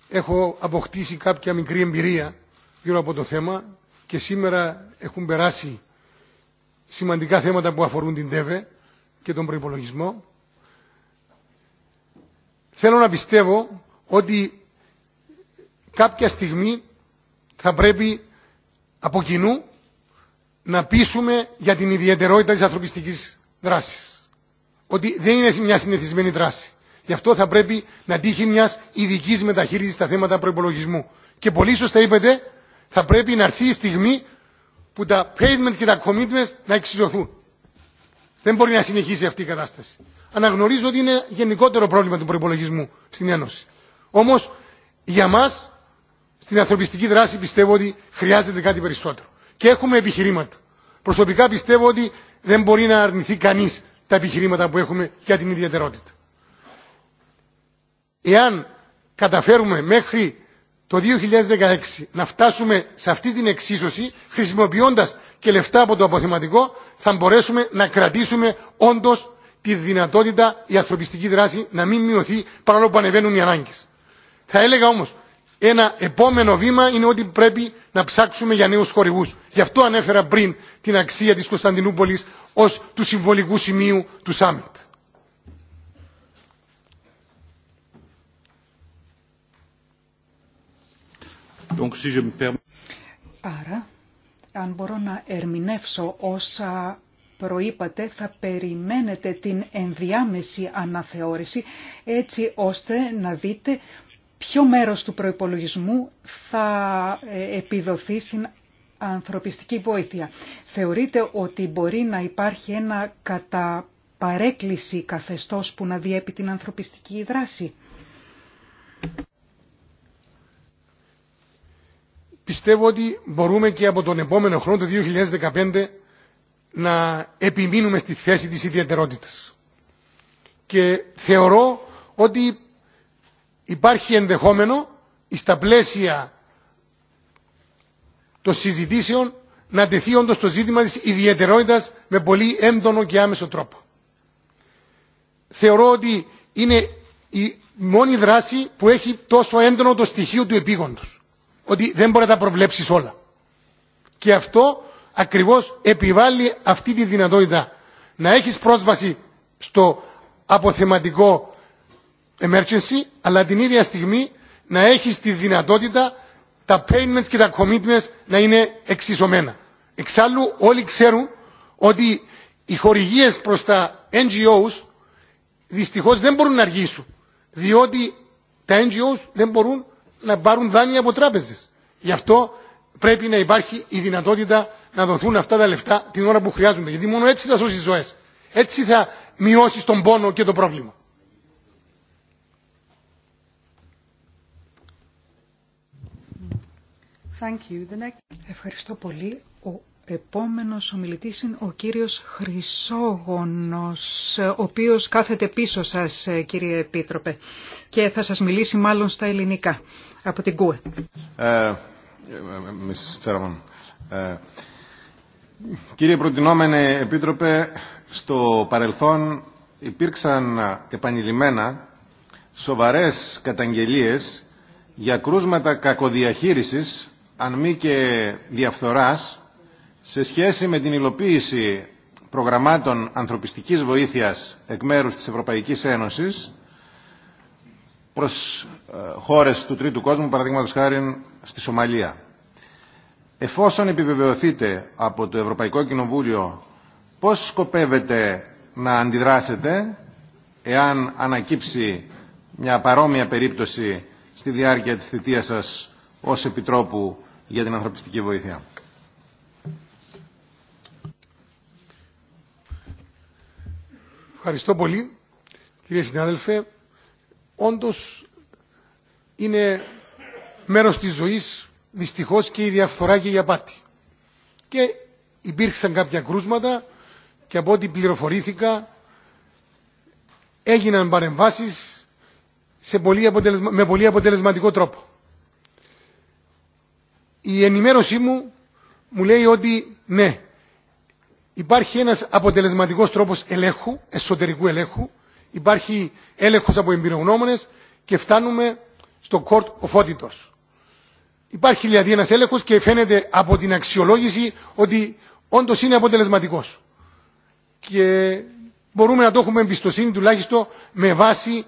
έχω αποκτήσει κάποια μικρή εμπειρία γύρω από το θέμα και σήμερα έχουν περάσει σημαντικά θέματα που αφορούν την ΤΕΒΕ και τον προϋπολογισμό. Θέλω να πιστεύω ότι κάποια στιγμή θα πρέπει από κοινού να πείσουμε για την ιδιαιτερότητα της ανθρωπιστικής δράσης ότι δεν είναι μια συνηθισμένη δράση. Γι' αυτό θα πρέπει να τύχει μια ειδική μεταχείριση στα θέματα προπολογισμού. Και πολύ σωστά είπετε, θα πρέπει να έρθει η στιγμή που τα payment και τα commitments να εξισωθούν. Δεν μπορεί να συνεχίσει αυτή η κατάσταση. Αναγνωρίζω ότι είναι γενικότερο πρόβλημα του προπολογισμού στην Ένωση. Όμω, για μα, στην ανθρωπιστική δράση πιστεύω ότι χρειάζεται κάτι περισσότερο. Και έχουμε επιχειρήματα. Προσωπικά πιστεύω ότι δεν μπορεί να αρνηθεί κανεί τα επιχειρήματα που έχουμε για την ιδιαιτερότητα. Εάν καταφέρουμε μέχρι το 2016 να φτάσουμε σε αυτή την εξίσωση, χρησιμοποιώντας και λεφτά από το αποθεματικό, θα μπορέσουμε να κρατήσουμε όντως τη δυνατότητα η ανθρωπιστική δράση να μην μειωθεί παρόλο που ανεβαίνουν οι ανάγκες. Θα έλεγα όμως ένα επόμενο βήμα είναι ότι πρέπει να ψάξουμε για νέους χορηγούς. Γι' αυτό ανέφερα πριν την αξία της Κωνσταντινούπολης ως του συμβολικού σημείου του Σάμιτ. Άρα, αν μπορώ να ερμηνεύσω όσα προείπατε, θα περιμένετε την ενδιάμεση αναθεώρηση έτσι ώστε να δείτε ποιο μέρος του προϋπολογισμού θα ε, επιδοθεί στην ανθρωπιστική βοήθεια. Θεωρείτε ότι μπορεί να υπάρχει ένα κατά παρέκκληση καθεστώς που να διέπει την ανθρωπιστική δράση. Πιστεύω ότι μπορούμε και από τον επόμενο χρόνο, το 2015, να επιμείνουμε στη θέση της ιδιαιτερότητας. Και θεωρώ ότι υπάρχει ενδεχόμενο στα πλαίσια των συζητήσεων να τεθεί όντω το ζήτημα της ιδιαιτερότητας με πολύ έντονο και άμεσο τρόπο. Θεωρώ ότι είναι η μόνη δράση που έχει τόσο έντονο το στοιχείο του επίγοντος. Ότι δεν μπορεί να τα προβλέψεις όλα. Και αυτό ακριβώς επιβάλλει αυτή τη δυνατότητα να έχεις πρόσβαση στο αποθεματικό emergency, αλλά την ίδια στιγμή να έχει τη δυνατότητα τα payments και τα commitments να είναι εξισωμένα. Εξάλλου όλοι ξέρουν ότι οι χορηγίες προς τα NGOs δυστυχώς δεν μπορούν να αργήσουν, διότι τα NGOs δεν μπορούν να πάρουν δάνεια από τράπεζες. Γι' αυτό πρέπει να υπάρχει η δυνατότητα να δοθούν αυτά τα λεφτά την ώρα που χρειάζονται. Γιατί μόνο έτσι θα σώσει ζωέ. Έτσι θα μειώσει τον πόνο και το πρόβλημα. Ευχαριστώ πολύ. Ο επόμενος ομιλητής είναι ο κύριος Χρυσόγονος, ο οποίος κάθεται πίσω σας, κύριε Επίτροπε, και θα σας μιλήσει μάλλον στα ελληνικά, από την ΚΟΕ. Ε, ε, ε, κύριε Προτινόμενε Επίτροπε, στο παρελθόν υπήρξαν επανειλημμένα σοβαρές καταγγελίες για κρούσματα κακοδιαχείρισης αν μη και διαφθοράς, σε σχέση με την υλοποίηση προγραμμάτων ανθρωπιστικής βοήθειας εκ μέρους της Ευρωπαϊκής Ένωσης προς ε, χώρες του τρίτου κόσμου, παραδείγματος χάρη στη Σομαλία. Εφόσον επιβεβαιωθείτε από το Ευρωπαϊκό Κοινοβούλιο πώς σκοπεύετε να αντιδράσετε εάν ανακύψει μια παρόμοια περίπτωση στη διάρκεια της θητείας σας ως Επιτρόπου για την ανθρωπιστική βοήθεια. Ευχαριστώ πολύ, κύριε συνάδελφε. Όντως είναι μέρος της ζωής δυστυχώς και η διαφθορά και η απάτη. Και υπήρξαν κάποια κρούσματα και από ό,τι πληροφορήθηκα έγιναν παρεμβάσεις σε με πολύ αποτελεσματικό τρόπο η ενημέρωσή μου μου λέει ότι ναι, υπάρχει ένας αποτελεσματικός τρόπος ελέγχου, εσωτερικού ελέγχου, υπάρχει έλεγχος από εμπειρογνώμονες και φτάνουμε στο Court of Auditors. Υπάρχει δηλαδή ένας έλεγχος και φαίνεται από την αξιολόγηση ότι όντως είναι αποτελεσματικός. Και μπορούμε να το έχουμε εμπιστοσύνη τουλάχιστον με βάση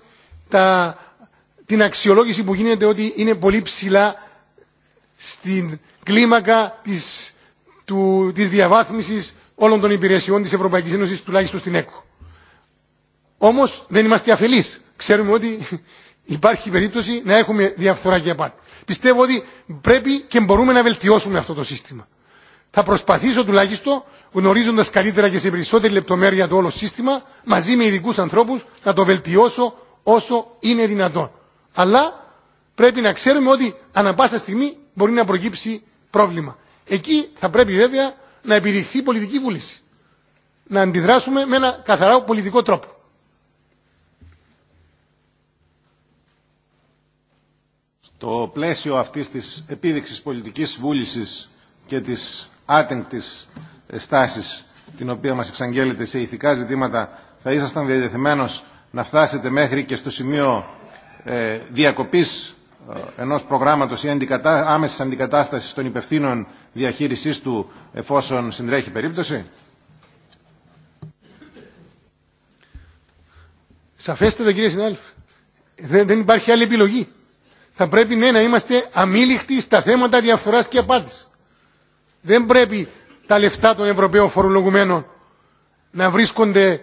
την αξιολόγηση που γίνεται ότι είναι πολύ ψηλά στην κλίμακα της, του, της διαβάθμισης όλων των υπηρεσιών της Ευρωπαϊκής Ένωσης, τουλάχιστον στην ΕΚΟ. Όμως δεν είμαστε αφελείς. Ξέρουμε ότι <laughs> υπάρχει περίπτωση να έχουμε διαφθορά και απάτη. Πιστεύω ότι πρέπει και μπορούμε να βελτιώσουμε αυτό το σύστημα. Θα προσπαθήσω τουλάχιστον, γνωρίζοντα καλύτερα και σε περισσότερη λεπτομέρεια το όλο σύστημα, μαζί με ειδικού ανθρώπου να το βελτιώσω όσο είναι δυνατόν. Αλλά πρέπει να ξέρουμε ότι ανα πάσα στιγμή μπορεί να προκύψει πρόβλημα. Εκεί θα πρέπει βέβαια να επιδειχθεί πολιτική βούληση. Να αντιδράσουμε με ένα καθαρά πολιτικό τρόπο. Στο πλαίσιο αυτής της επίδειξης πολιτικής βούλησης και της άτεγκτης στάσης την οποία μας εξαγγέλλεται σε ηθικά ζητήματα θα ήσασταν διατεθειμένος να φτάσετε μέχρι και στο σημείο ε, διακοπής ε, ενός προγράμματος ή αντικατά, άμεσης αντικατάστασης των υπευθύνων διαχείρισής του εφόσον συντρέχει περίπτωση. Σαφέστατα κύριε συνάδελφε. Δεν, δεν υπάρχει άλλη επιλογή. Θα πρέπει ναι να είμαστε αμήλικτοι στα θέματα διαφθοράς και απάτης. Δεν πρέπει τα λεφτά των Ευρωπαίων φορολογουμένων να βρίσκονται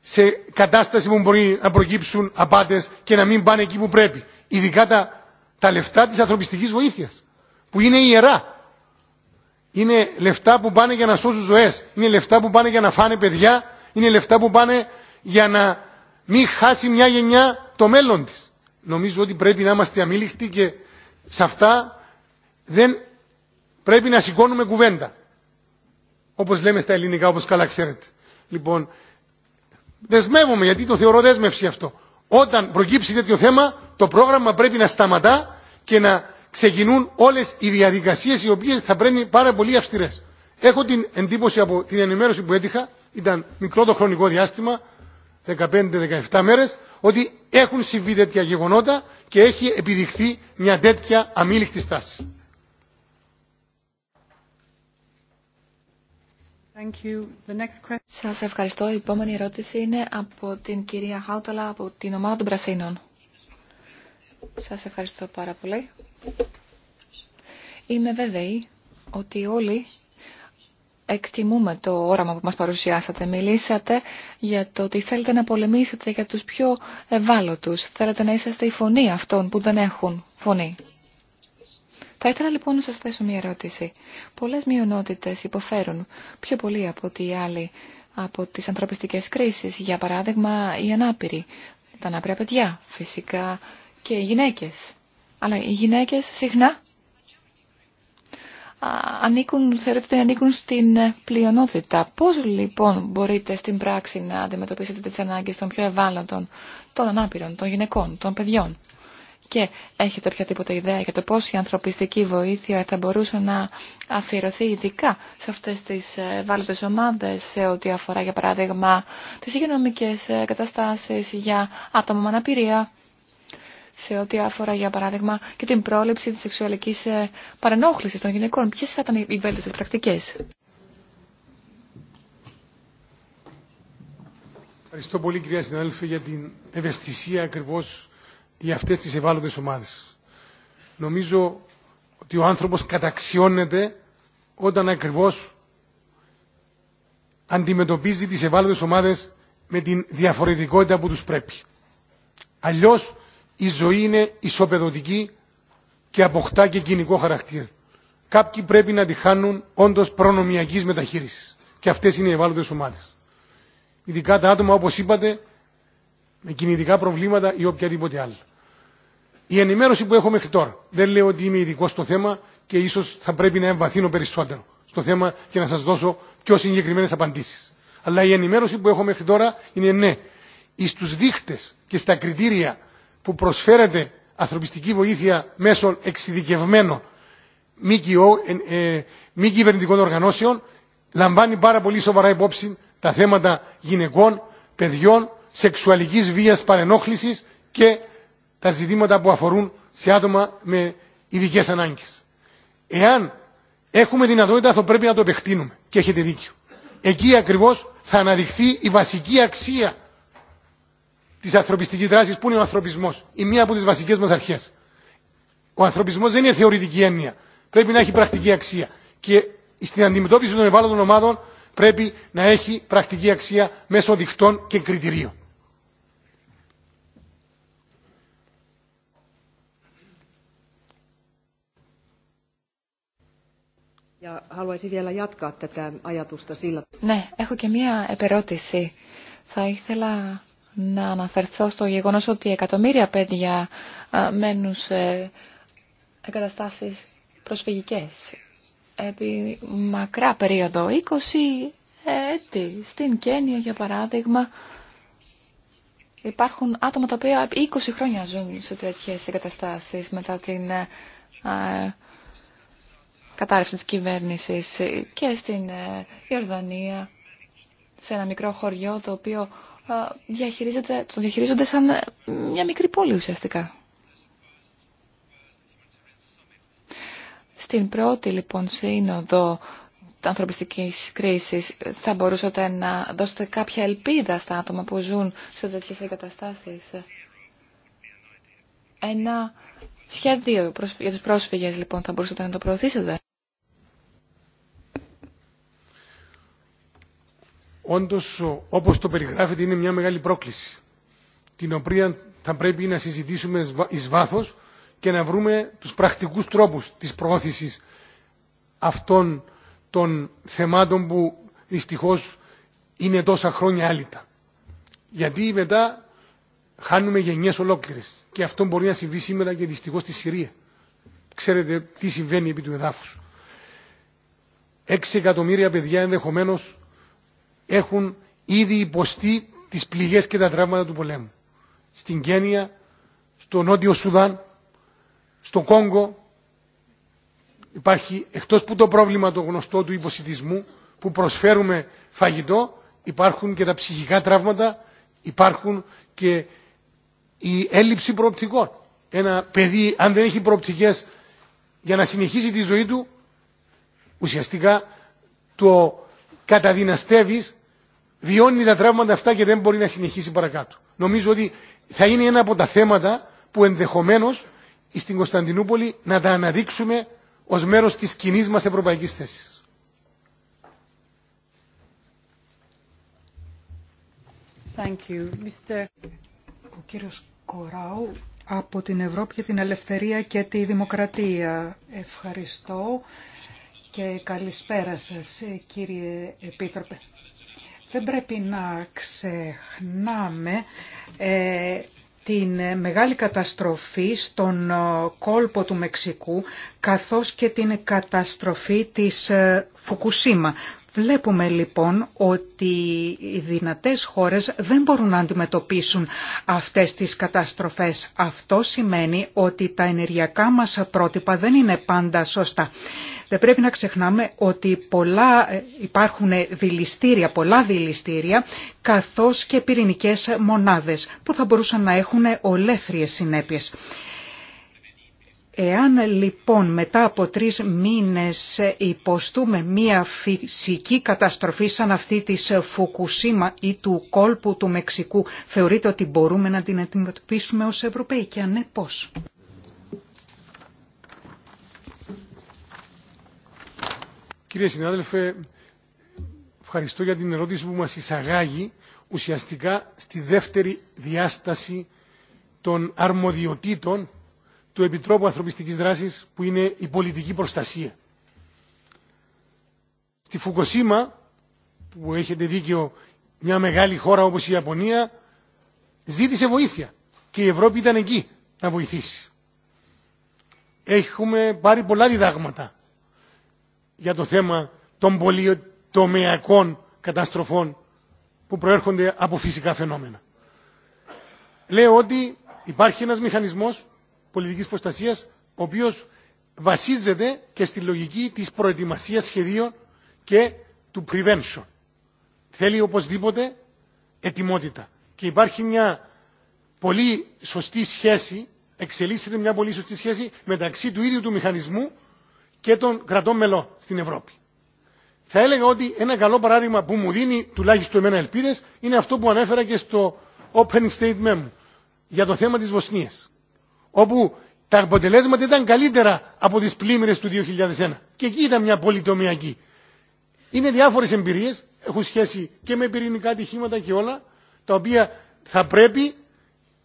σε κατάσταση που μπορεί να προκύψουν απάτες και να μην πάνε εκεί που πρέπει ειδικά τα, τα λεφτά της ανθρωπιστικής βοήθειας, που είναι ιερά. Είναι λεφτά που πάνε για να σώσουν ζωές, είναι λεφτά που πάνε για να φάνε παιδιά, είναι λεφτά που πάνε για να μην χάσει μια γενιά το μέλλον της. Νομίζω ότι πρέπει να είμαστε αμήλικτοι και σε αυτά δεν πρέπει να σηκώνουμε κουβέντα. Όπως λέμε στα ελληνικά, όπως καλά ξέρετε. Λοιπόν, δεσμεύομαι γιατί το θεωρώ δέσμευση αυτό. Όταν προκύψει τέτοιο θέμα το πρόγραμμα πρέπει να σταματά και να ξεκινούν όλες οι διαδικασίες οι οποίες θα πρέπει πάρα πολύ αυστηρές. Έχω την εντύπωση από την ενημέρωση που έτυχα, ήταν μικρό το χρονικό διάστημα, 15-17 μέρες, ότι έχουν συμβεί τέτοια γεγονότα και έχει επιδειχθεί μια τέτοια αμήλικτη στάση. Thank Σας ευχαριστώ. Η επόμενη ερώτηση είναι από την κυρία Χάουταλα από την ομάδα των Πρασίνων. Σας ευχαριστώ πάρα πολύ. Είμαι βέβαιη ότι όλοι εκτιμούμε το όραμα που μας παρουσιάσατε. Μιλήσατε για το ότι θέλετε να πολεμήσετε για τους πιο ευάλωτους. Θέλετε να είσαστε η φωνή αυτών που δεν έχουν φωνή. Θα ήθελα λοιπόν να σας θέσω μια ερώτηση. Πολλές μειονότητες υποφέρουν πιο πολύ από τι οι άλλοι από τις ανθρωπιστικές κρίσεις. Για παράδειγμα, οι ανάπηροι, τα ανάπηρα παιδιά, φυσικά και οι γυναίκες. Αλλά οι γυναίκες συχνά ανήκουν, θεωρείτε ότι ανήκουν στην ε, πλειονότητα. Πώς λοιπόν μπορείτε στην πράξη να αντιμετωπίσετε τις ανάγκες των πιο ευάλωτων, των ανάπηρων, των γυναικών, των παιδιών. Και έχετε οποιαδήποτε ιδέα για το πώς η ανθρωπιστική βοήθεια θα μπορούσε να αφιερωθεί ειδικά σε αυτές τις ε, ευάλωτες ομάδες σε ό,τι αφορά για παράδειγμα τις υγειονομικές ε, καταστάσεις για άτομα με αναπηρία σε ό,τι αφορά για παράδειγμα και την πρόληψη της σεξουαλικής ε, παρενόχλησης των γυναικών. Ποιες θα ήταν οι βέλτιστες πρακτικές. Ευχαριστώ πολύ κυρία συνάδελφε για την ευαισθησία ακριβώς για αυτές τις ευάλωτες ομάδες. Νομίζω ότι ο άνθρωπος καταξιώνεται όταν ακριβώς αντιμετωπίζει τις ευάλωτες ομάδες με την διαφορετικότητα που τους πρέπει. Αλλιώς η ζωή είναι ισοπεδωτική και αποκτά και κοινικό χαρακτήρα. Κάποιοι πρέπει να τη χάνουν όντω προνομιακή μεταχείριση. Και αυτέ είναι οι ευάλωτε ομάδε. Ειδικά τα άτομα, όπω είπατε, με κινητικά προβλήματα ή οποιαδήποτε άλλα. Η οποιαδηποτε αλλη η ενημερωση που έχω μέχρι τώρα, δεν λέω ότι είμαι ειδικό στο θέμα και ίσω θα πρέπει να εμβαθύνω περισσότερο στο θέμα και να σα δώσω πιο συγκεκριμένε απαντήσει. Αλλά η ενημέρωση που έχω μέχρι τώρα είναι ναι. Στου δείχτε και στα κριτήρια που προσφέρεται ανθρωπιστική βοήθεια μέσω εξειδικευμένων ε, ε, μη κυβερνητικών οργανώσεων λαμβάνει πάρα πολύ σοβαρά υπόψη τα θέματα γυναικών, παιδιών, σεξουαλικής βίας παρενόχλησης και τα ζητήματα που αφορούν σε άτομα με ειδικέ ανάγκες. Εάν έχουμε δυνατότητα θα πρέπει να το επεκτείνουμε και έχετε δίκιο. Εκεί ακριβώς θα αναδειχθεί η βασική αξία τη ανθρωπιστική δράση που είναι ο ανθρωπισμό. Η μία από τι βασικέ μα αρχέ. Ο ανθρωπισμό δεν είναι θεωρητική έννοια. Πρέπει να έχει πρακτική αξία. Και στην αντιμετώπιση των ευάλωτων ομάδων πρέπει να έχει πρακτική αξία μέσω δικτών και κριτηρίων. Ναι, έχω και μία επερώτηση. Θα ήθελα να αναφερθώ στο γεγονός ότι εκατομμύρια παιδιά μένουν σε εγκαταστάσεις προσφυγικές επί μακρά περίοδο, 20 έτη. Στην Κένια, για παράδειγμα, υπάρχουν άτομα τα οποία 20 χρόνια ζουν σε τέτοιες εγκαταστάσεις μετά την κατάρρευση της κυβέρνησης και στην ε, Ιορδανία σε ένα μικρό χωριό το οποίο ε, διαχειρίζεται, το διαχειρίζονται σαν ε, μια μικρή πόλη ουσιαστικά. Στην πρώτη λοιπόν σύνοδο ανθρωπιστικής κρίσης θα μπορούσατε να δώσετε κάποια ελπίδα στα άτομα που ζουν σε τέτοιες εγκαταστάσεις. Ένα σχέδιο για τους πρόσφυγες λοιπόν θα μπορούσατε να το προωθήσετε. όντως όπως το περιγράφεται είναι μια μεγάλη πρόκληση την οποία θα πρέπει να συζητήσουμε εις βάθος και να βρούμε τους πρακτικούς τρόπους της προώθησης αυτών των θεμάτων που δυστυχώς είναι τόσα χρόνια άλυτα. Γιατί μετά χάνουμε γενιές ολόκληρες και αυτό μπορεί να συμβεί σήμερα και δυστυχώς στη Συρία. Ξέρετε τι συμβαίνει επί του εδάφους. Έξι εκατομμύρια παιδιά ενδεχομένως έχουν ήδη υποστεί τις πληγές και τα τραύματα του πολέμου. Στην Κένια, στο Νότιο Σουδάν, στο Κόγκο υπάρχει εκτός που το πρόβλημα το γνωστό του υποσυτισμού που προσφέρουμε φαγητό υπάρχουν και τα ψυχικά τραύματα, υπάρχουν και η έλλειψη προοπτικών. Ένα παιδί αν δεν έχει προοπτικές για να συνεχίσει τη ζωή του ουσιαστικά το καταδυναστεύει, βιώνει τα τραύματα αυτά και δεν μπορεί να συνεχίσει παρακάτω. Νομίζω ότι θα είναι ένα από τα θέματα που ενδεχομένως στην Κωνσταντινούπολη να τα αναδείξουμε ως μέρος της κοινή μας ευρωπαϊκής θέσης. Thank you. Mr. Ο κύριος Κοράου από την Ευρώπη για την Ελευθερία και τη Δημοκρατία. Ευχαριστώ και καλησπέρα σας κύριε Επίτροπε. Δεν πρέπει να ξεχνάμε ε, την μεγάλη καταστροφή στον ε, κόλπο του Μεξικού καθώς και την καταστροφή της ε, Φουκουσίμα. Βλέπουμε λοιπόν ότι οι δυνατές χώρες δεν μπορούν να αντιμετωπίσουν αυτές τις καταστροφές. Αυτό σημαίνει ότι τα ενεργειακά μας πρότυπα δεν είναι πάντα σωστά. Δεν πρέπει να ξεχνάμε ότι πολλά, ε, υπάρχουν πολλά δηληστήρια, καθώς και πυρηνικές μονάδες, που θα μπορούσαν να έχουν ολέθριες συνέπειες. Εάν λοιπόν μετά από τρεις μήνες υποστούμε μία φυσική καταστροφή σαν αυτή της Φουκουσίμα ή του κόλπου του Μεξικού, θεωρείτε ότι μπορούμε να την αντιμετωπίσουμε ως Ευρωπαίοι και αν ναι Κύριε συνάδελφε, ευχαριστώ για την ερώτηση που μας εισαγάγει ουσιαστικά στη δεύτερη διάσταση των αρμοδιοτήτων του Επιτρόπου Ανθρωπιστικής Δράσης που είναι η πολιτική προστασία. Στη Φουκοσίμα, που έχετε δίκιο μια μεγάλη χώρα όπως η Ιαπωνία, ζήτησε βοήθεια και η Ευρώπη ήταν εκεί να βοηθήσει. Έχουμε πάρει πολλά διδάγματα για το θέμα των πολυτομεακών καταστροφών που προέρχονται από φυσικά φαινόμενα. Λέω ότι υπάρχει ένας μηχανισμός πολιτικής προστασίας ο οποίος βασίζεται και στη λογική της προετοιμασίας σχεδίων και του prevention. Θέλει οπωσδήποτε ετοιμότητα. Και υπάρχει μια πολύ σωστή σχέση, εξελίσσεται μια πολύ σωστή σχέση μεταξύ του ίδιου του μηχανισμού και των κρατών μελών στην Ευρώπη. Θα έλεγα ότι ένα καλό παράδειγμα που μου δίνει τουλάχιστον εμένα ελπίδε είναι αυτό που ανέφερα και στο opening statement μου για το θέμα τη Βοσνία. Όπου τα αποτελέσματα ήταν καλύτερα από τι πλήμμυρε του 2001. Και εκεί ήταν μια πολυτομιακή. Είναι διάφορε εμπειρίε, έχουν σχέση και με πυρηνικά ατυχήματα και όλα, τα οποία θα πρέπει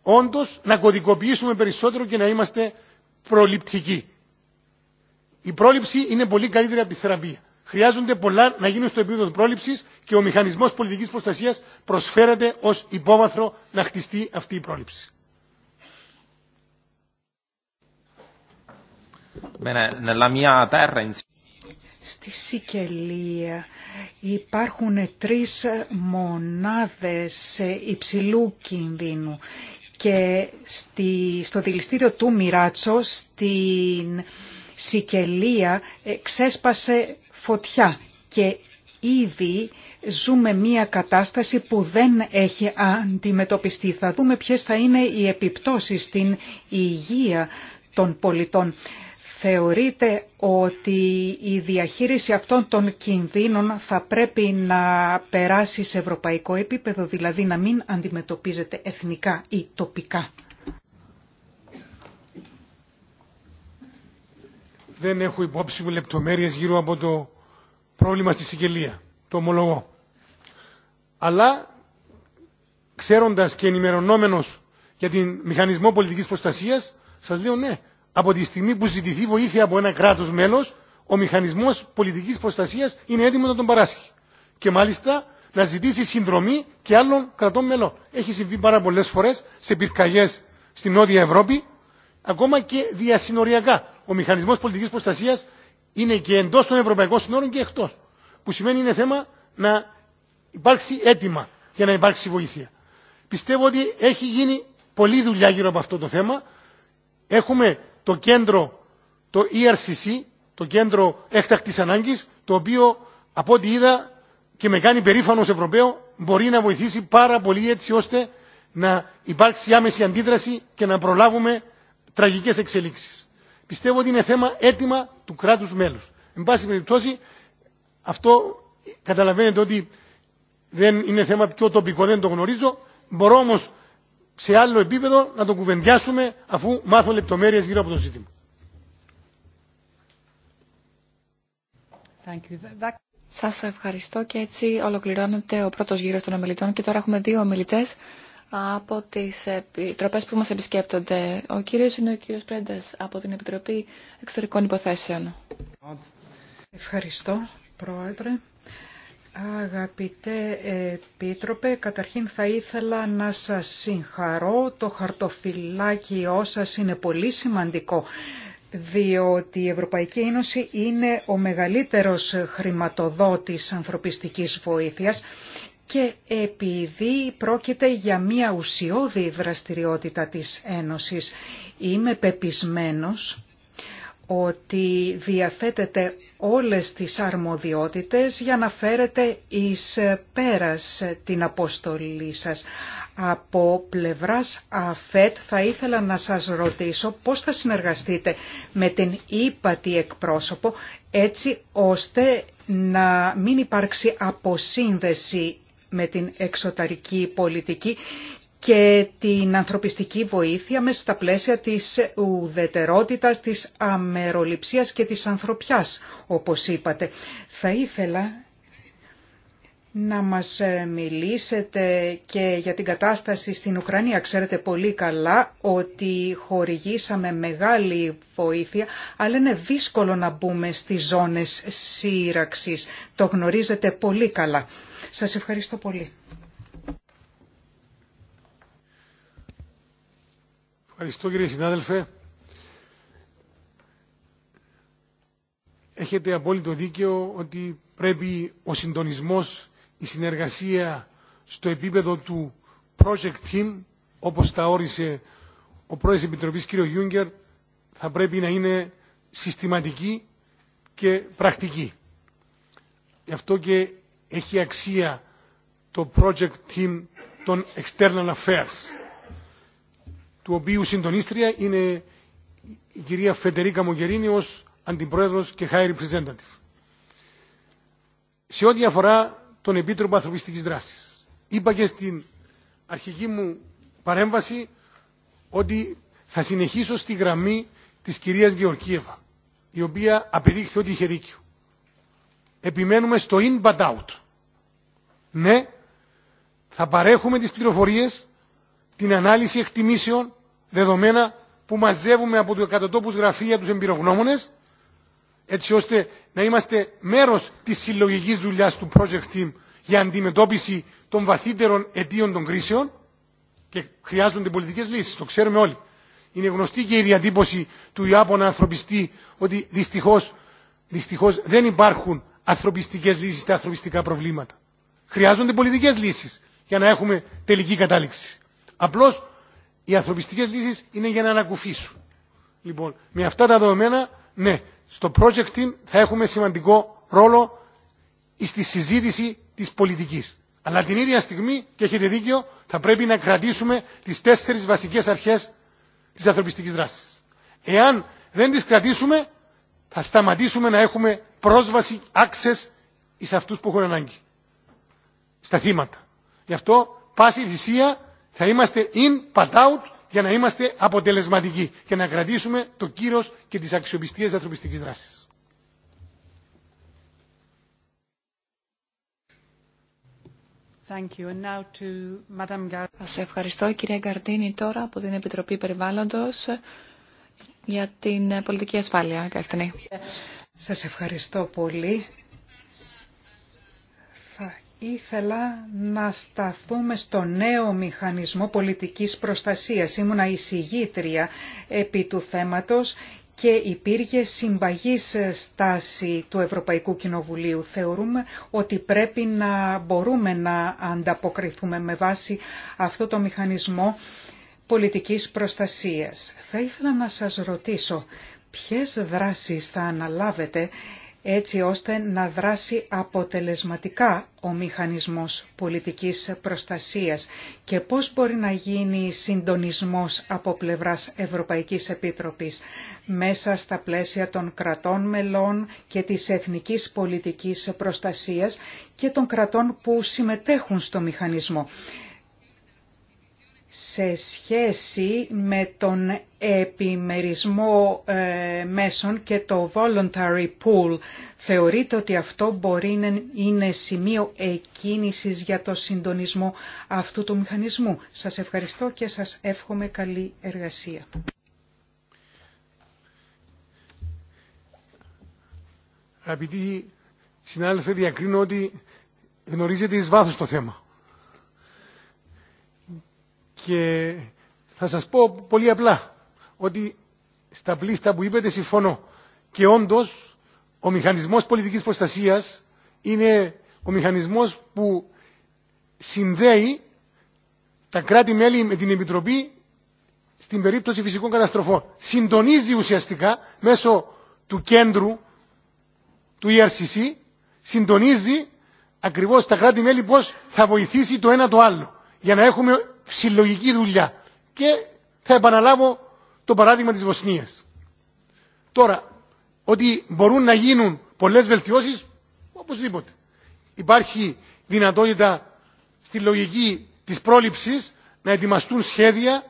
όντω να κωδικοποιήσουμε περισσότερο και να είμαστε προληπτικοί. Η πρόληψη είναι πολύ καλύτερη από τη θεραπεία. Χρειάζονται πολλά να γίνουν στο επίπεδο τη πρόληψη και ο μηχανισμό πολιτική προστασία προσφέρεται ω υπόβαθρο να χτιστεί αυτή η πρόληψη. Στη Σικελία υπάρχουν τρεις μονάδες υψηλού κινδύνου και στο δηληστήριο του Μιράτσο στην Σικελία ε, ξέσπασε φωτιά και ήδη ζούμε μία κατάσταση που δεν έχει αντιμετωπιστεί. Θα δούμε ποιες θα είναι οι επιπτώσεις στην υγεία των πολιτών. Θεωρείτε ότι η διαχείριση αυτών των κινδύνων θα πρέπει να περάσει σε ευρωπαϊκό επίπεδο, δηλαδή να μην αντιμετωπίζεται εθνικά ή τοπικά. δεν έχω υπόψη μου λεπτομέρειες γύρω από το πρόβλημα στη Σικελία. Το ομολογώ. Αλλά ξέροντας και ενημερωνόμενος για την μηχανισμό πολιτικής προστασίας, σας λέω ναι, από τη στιγμή που ζητηθεί βοήθεια από ένα κράτος μέλος, ο μηχανισμός πολιτικής προστασίας είναι έτοιμο να τον παράσχει. Και μάλιστα να ζητήσει συνδρομή και άλλων κρατών μελών. Έχει συμβεί πάρα πολλές φορές σε πυρκαγιές στην Νότια Ευρώπη, ακόμα και διασυνοριακά ο μηχανισμός πολιτικής προστασίας είναι και εντός των ευρωπαϊκών συνόρων και εκτός. Που σημαίνει είναι θέμα να υπάρξει αίτημα για να υπάρξει βοήθεια. Πιστεύω ότι έχει γίνει πολλή δουλειά γύρω από αυτό το θέμα. Έχουμε το κέντρο, το ERCC, το κέντρο έκτακτης ανάγκης, το οποίο από ό,τι είδα και με κάνει περήφανος Ευρωπαίο, μπορεί να βοηθήσει πάρα πολύ έτσι ώστε να υπάρξει άμεση αντίδραση και να προλάβουμε τραγικές εξελίξεις πιστεύω ότι είναι θέμα έτοιμα του κράτους μέλους. Εν πάση περιπτώσει, αυτό καταλαβαίνετε ότι δεν είναι θέμα πιο τοπικό, δεν το γνωρίζω. Μπορώ όμω σε άλλο επίπεδο να το κουβεντιάσουμε αφού μάθω λεπτομέρειες γύρω από το ζήτημα. Σας ευχαριστώ και έτσι ολοκληρώνεται ο πρώτος γύρος των ομιλητών και τώρα έχουμε δύο ομιλητές από τις επιτροπές που μας επισκέπτονται. Ο κύριος είναι ο κύριος Πρέντας από την Επιτροπή Εξωτερικών Υποθέσεων. Ευχαριστώ, Πρόεδρε. Αγαπητέ Επίτροπε, καταρχήν θα ήθελα να σας συγχαρώ. Το χαρτοφυλάκιό σας είναι πολύ σημαντικό διότι η Ευρωπαϊκή Ένωση είναι ο μεγαλύτερος χρηματοδότης ανθρωπιστικής βοήθειας και επειδή πρόκειται για μια ουσιώδη δραστηριότητα της Ένωσης, είμαι πεπισμένος ότι διαθέτεται όλες τις αρμοδιότητες για να φέρετε εις πέρας την αποστολή σας. Από πλευράς ΑΦΕΤ θα ήθελα να σας ρωτήσω πώς θα συνεργαστείτε με την ύπατη εκπρόσωπο έτσι ώστε να μην υπάρξει αποσύνδεση με την εξωταρική πολιτική και την ανθρωπιστική βοήθεια μέσα στα πλαίσια της ουδετερότητας, της αμεροληψίας και της ανθρωπιάς, όπως είπατε. Θα ήθελα να μας μιλήσετε και για την κατάσταση στην Ουκρανία. Ξέρετε πολύ καλά ότι χορηγήσαμε μεγάλη βοήθεια, αλλά είναι δύσκολο να μπούμε στις ζώνες σύραξης. Το γνωρίζετε πολύ καλά. Σας ευχαριστώ πολύ. Ευχαριστώ κύριε συνάδελφε. Έχετε απόλυτο δίκαιο ότι πρέπει ο συντονισμός, η συνεργασία στο επίπεδο του project team, όπως τα όρισε ο πρόεδρος Επιτροπής κύριο Γιούγκερ, θα πρέπει να είναι συστηματική και πρακτική. Γι' αυτό και έχει αξία το project team των external affairs του οποίου συντονίστρια είναι η κυρία Φεντερίκα Μογκερίνη ως αντιπρόεδρος και high representative. Σε ό,τι αφορά τον Επίτροπο Ανθρωπιστικής Δράσης. Είπα και στην αρχική μου παρέμβαση ότι θα συνεχίσω στη γραμμή της κυρίας Γεωργίευα, η οποία απεδείχθη ότι είχε δίκιο. Επιμένουμε στο in but out. Ναι, θα παρέχουμε τις πληροφορίες, την ανάλυση εκτιμήσεων, δεδομένα που μαζεύουμε από το εκατοτόπους γραφεία τους εμπειρογνώμονες, έτσι ώστε να είμαστε μέρος της συλλογικής δουλειάς του Project Team για αντιμετώπιση των βαθύτερων αιτίων των κρίσεων και χρειάζονται πολιτικές λύσεις, το ξέρουμε όλοι. Είναι γνωστή και η διατύπωση του Ιάπωνα ανθρωπιστή ότι δυστυχώς, δυστυχώς δεν υπάρχουν ανθρωπιστικές λύσεις στα ανθρωπιστικά προβλήματα. Χρειάζονται πολιτικές λύσεις για να έχουμε τελική κατάληξη. Απλώς οι ανθρωπιστικές λύσεις είναι για να ανακουφίσουν. Λοιπόν, με αυτά τα δεδομένα, ναι, στο project team θα έχουμε σημαντικό ρόλο στη συζήτηση της πολιτικής. Αλλά την ίδια στιγμή, και έχετε δίκιο, θα πρέπει να κρατήσουμε τις τέσσερις βασικές αρχές της ανθρωπιστικής δράσης. Εάν δεν τις κρατήσουμε, θα σταματήσουμε να έχουμε πρόσβαση, access, εις αυτούς που έχουν ανάγκη στα θύματα. Γι' αυτό πάση θυσία θα είμαστε in, but out για να είμαστε αποτελεσματικοί και να κρατήσουμε το κύρος και τις αξιοπιστίες ανθρωπιστικής δράσης. Σας ευχαριστώ κυρία Γκαρτίνη τώρα από την Επιτροπή Περιβάλλοντος για την πολιτική ασφάλεια. Σας ευχαριστώ πολύ. Ήθελα να σταθούμε στο νέο μηχανισμό πολιτικής προστασίας. Ήμουνα εισηγήτρια επί του θέματος και υπήρχε συμπαγής στάση του Ευρωπαϊκού Κοινοβουλίου. Θεωρούμε ότι πρέπει να μπορούμε να ανταποκριθούμε με βάση αυτό το μηχανισμό πολιτικής προστασίας. Θα ήθελα να σας ρωτήσω ποιες δράσεις θα αναλάβετε έτσι ώστε να δράσει αποτελεσματικά ο μηχανισμός πολιτικής προστασίας και πώς μπορεί να γίνει συντονισμός από πλευράς Ευρωπαϊκής Επίτροπης μέσα στα πλαίσια των κρατών μελών και της εθνικής πολιτικής προστασίας και των κρατών που συμμετέχουν στο μηχανισμό σε σχέση με τον επιμερισμό ε, μέσων και το voluntary pool. Θεωρείτε ότι αυτό μπορεί να είναι σημείο εκκίνησης για το συντονισμό αυτού του μηχανισμού. Σας ευχαριστώ και σας εύχομαι καλή εργασία. Αγαπητοί συνάδελφοι, διακρίνω ότι γνωρίζετε εις βάθος το θέμα. Και θα σας πω πολύ απλά ότι στα πλήστα που είπετε συμφωνώ. Και όντως ο μηχανισμός πολιτικής προστασίας είναι ο μηχανισμός που συνδέει τα κράτη-μέλη με την Επιτροπή στην περίπτωση φυσικών καταστροφών. Συντονίζει ουσιαστικά μέσω του κέντρου του ERCC, συντονίζει ακριβώς τα κράτη-μέλη πώς θα βοηθήσει το ένα το άλλο. Για να έχουμε συλλογική δουλειά. Και θα επαναλάβω το παράδειγμα της Βοσνίας. Τώρα, ότι μπορούν να γίνουν πολλές βελτιώσεις, οπωσδήποτε. Υπάρχει δυνατότητα στη λογική της πρόληψης να ετοιμαστούν σχέδια,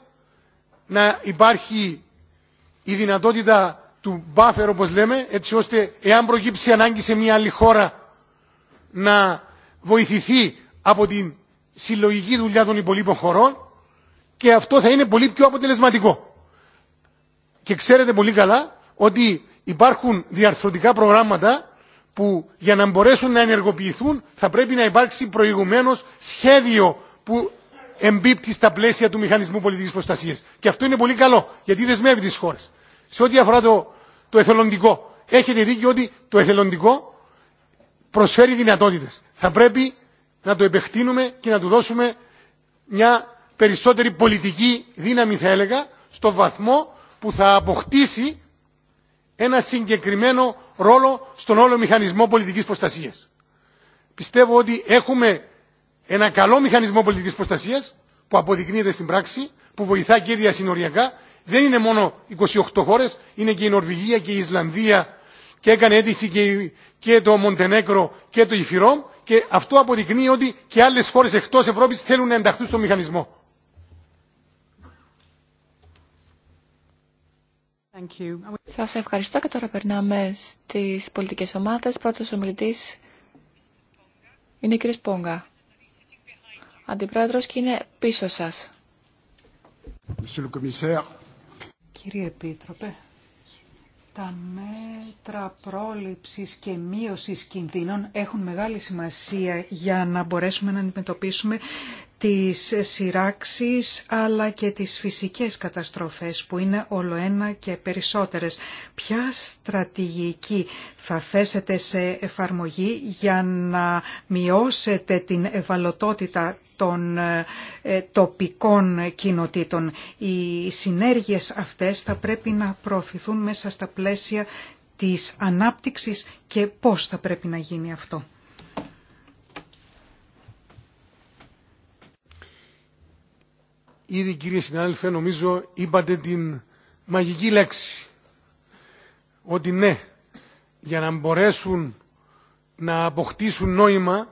να υπάρχει η δυνατότητα του buffer όπως λέμε, έτσι ώστε εάν προκύψει ανάγκη σε μια άλλη χώρα να βοηθηθεί από την συλλογική δουλειά των υπολείπων χωρών και αυτό θα είναι πολύ πιο αποτελεσματικό. Και ξέρετε πολύ καλά ότι υπάρχουν διαρθρωτικά προγράμματα που για να μπορέσουν να ενεργοποιηθούν θα πρέπει να υπάρξει προηγουμένως σχέδιο που εμπίπτει στα πλαίσια του μηχανισμού πολιτικής προστασίας. Και αυτό είναι πολύ καλό, γιατί δεσμεύει τις χώρες. Σε ό,τι αφορά το, εθελοντικό, έχετε δίκιο ότι το εθελοντικό προσφέρει δυνατότητες. Θα πρέπει να το επεκτείνουμε και να του δώσουμε μια περισσότερη πολιτική δύναμη θα έλεγα στο βαθμό που θα αποκτήσει ένα συγκεκριμένο ρόλο στον όλο μηχανισμό πολιτικής προστασίας. Πιστεύω ότι έχουμε ένα καλό μηχανισμό πολιτικής προστασίας που αποδεικνύεται στην πράξη, που βοηθά και διασυνοριακά. Δεν είναι μόνο 28 χώρες, είναι και η Νορβηγία και η Ισλανδία και έκανε αίτηση και, το Μοντενέκρο και το Ιφυρόμ και αυτό αποδεικνύει ότι και άλλες χώρες εκτός Ευρώπης θέλουν να ενταχθούν στο μηχανισμό. Σας ευχαριστώ και τώρα περνάμε στις πολιτικές ομάδες. Πρώτος ομιλητής είναι η κ. Πόγκα. Αντιπρόεδρος και είναι πίσω σας. Κύριε Επίτροπε, τα μέτρα πρόληψης και μείωσης κινδύνων έχουν μεγάλη σημασία για να μπορέσουμε να αντιμετωπίσουμε τις σειράξεις αλλά και τις φυσικές καταστροφές που είναι όλο ένα και περισσότερες. Ποια στρατηγική θα θέσετε σε εφαρμογή για να μειώσετε την ευαλωτότητα των ε, ε, τοπικών κοινοτήτων. Οι συνέργειες αυτές θα πρέπει να προωθηθούν μέσα στα πλαίσια της ανάπτυξης και πώς θα πρέπει να γίνει αυτό. Ήδη κύριε συνάδελφε νομίζω είπατε την μαγική λέξη ότι ναι, για να μπορέσουν να αποκτήσουν νόημα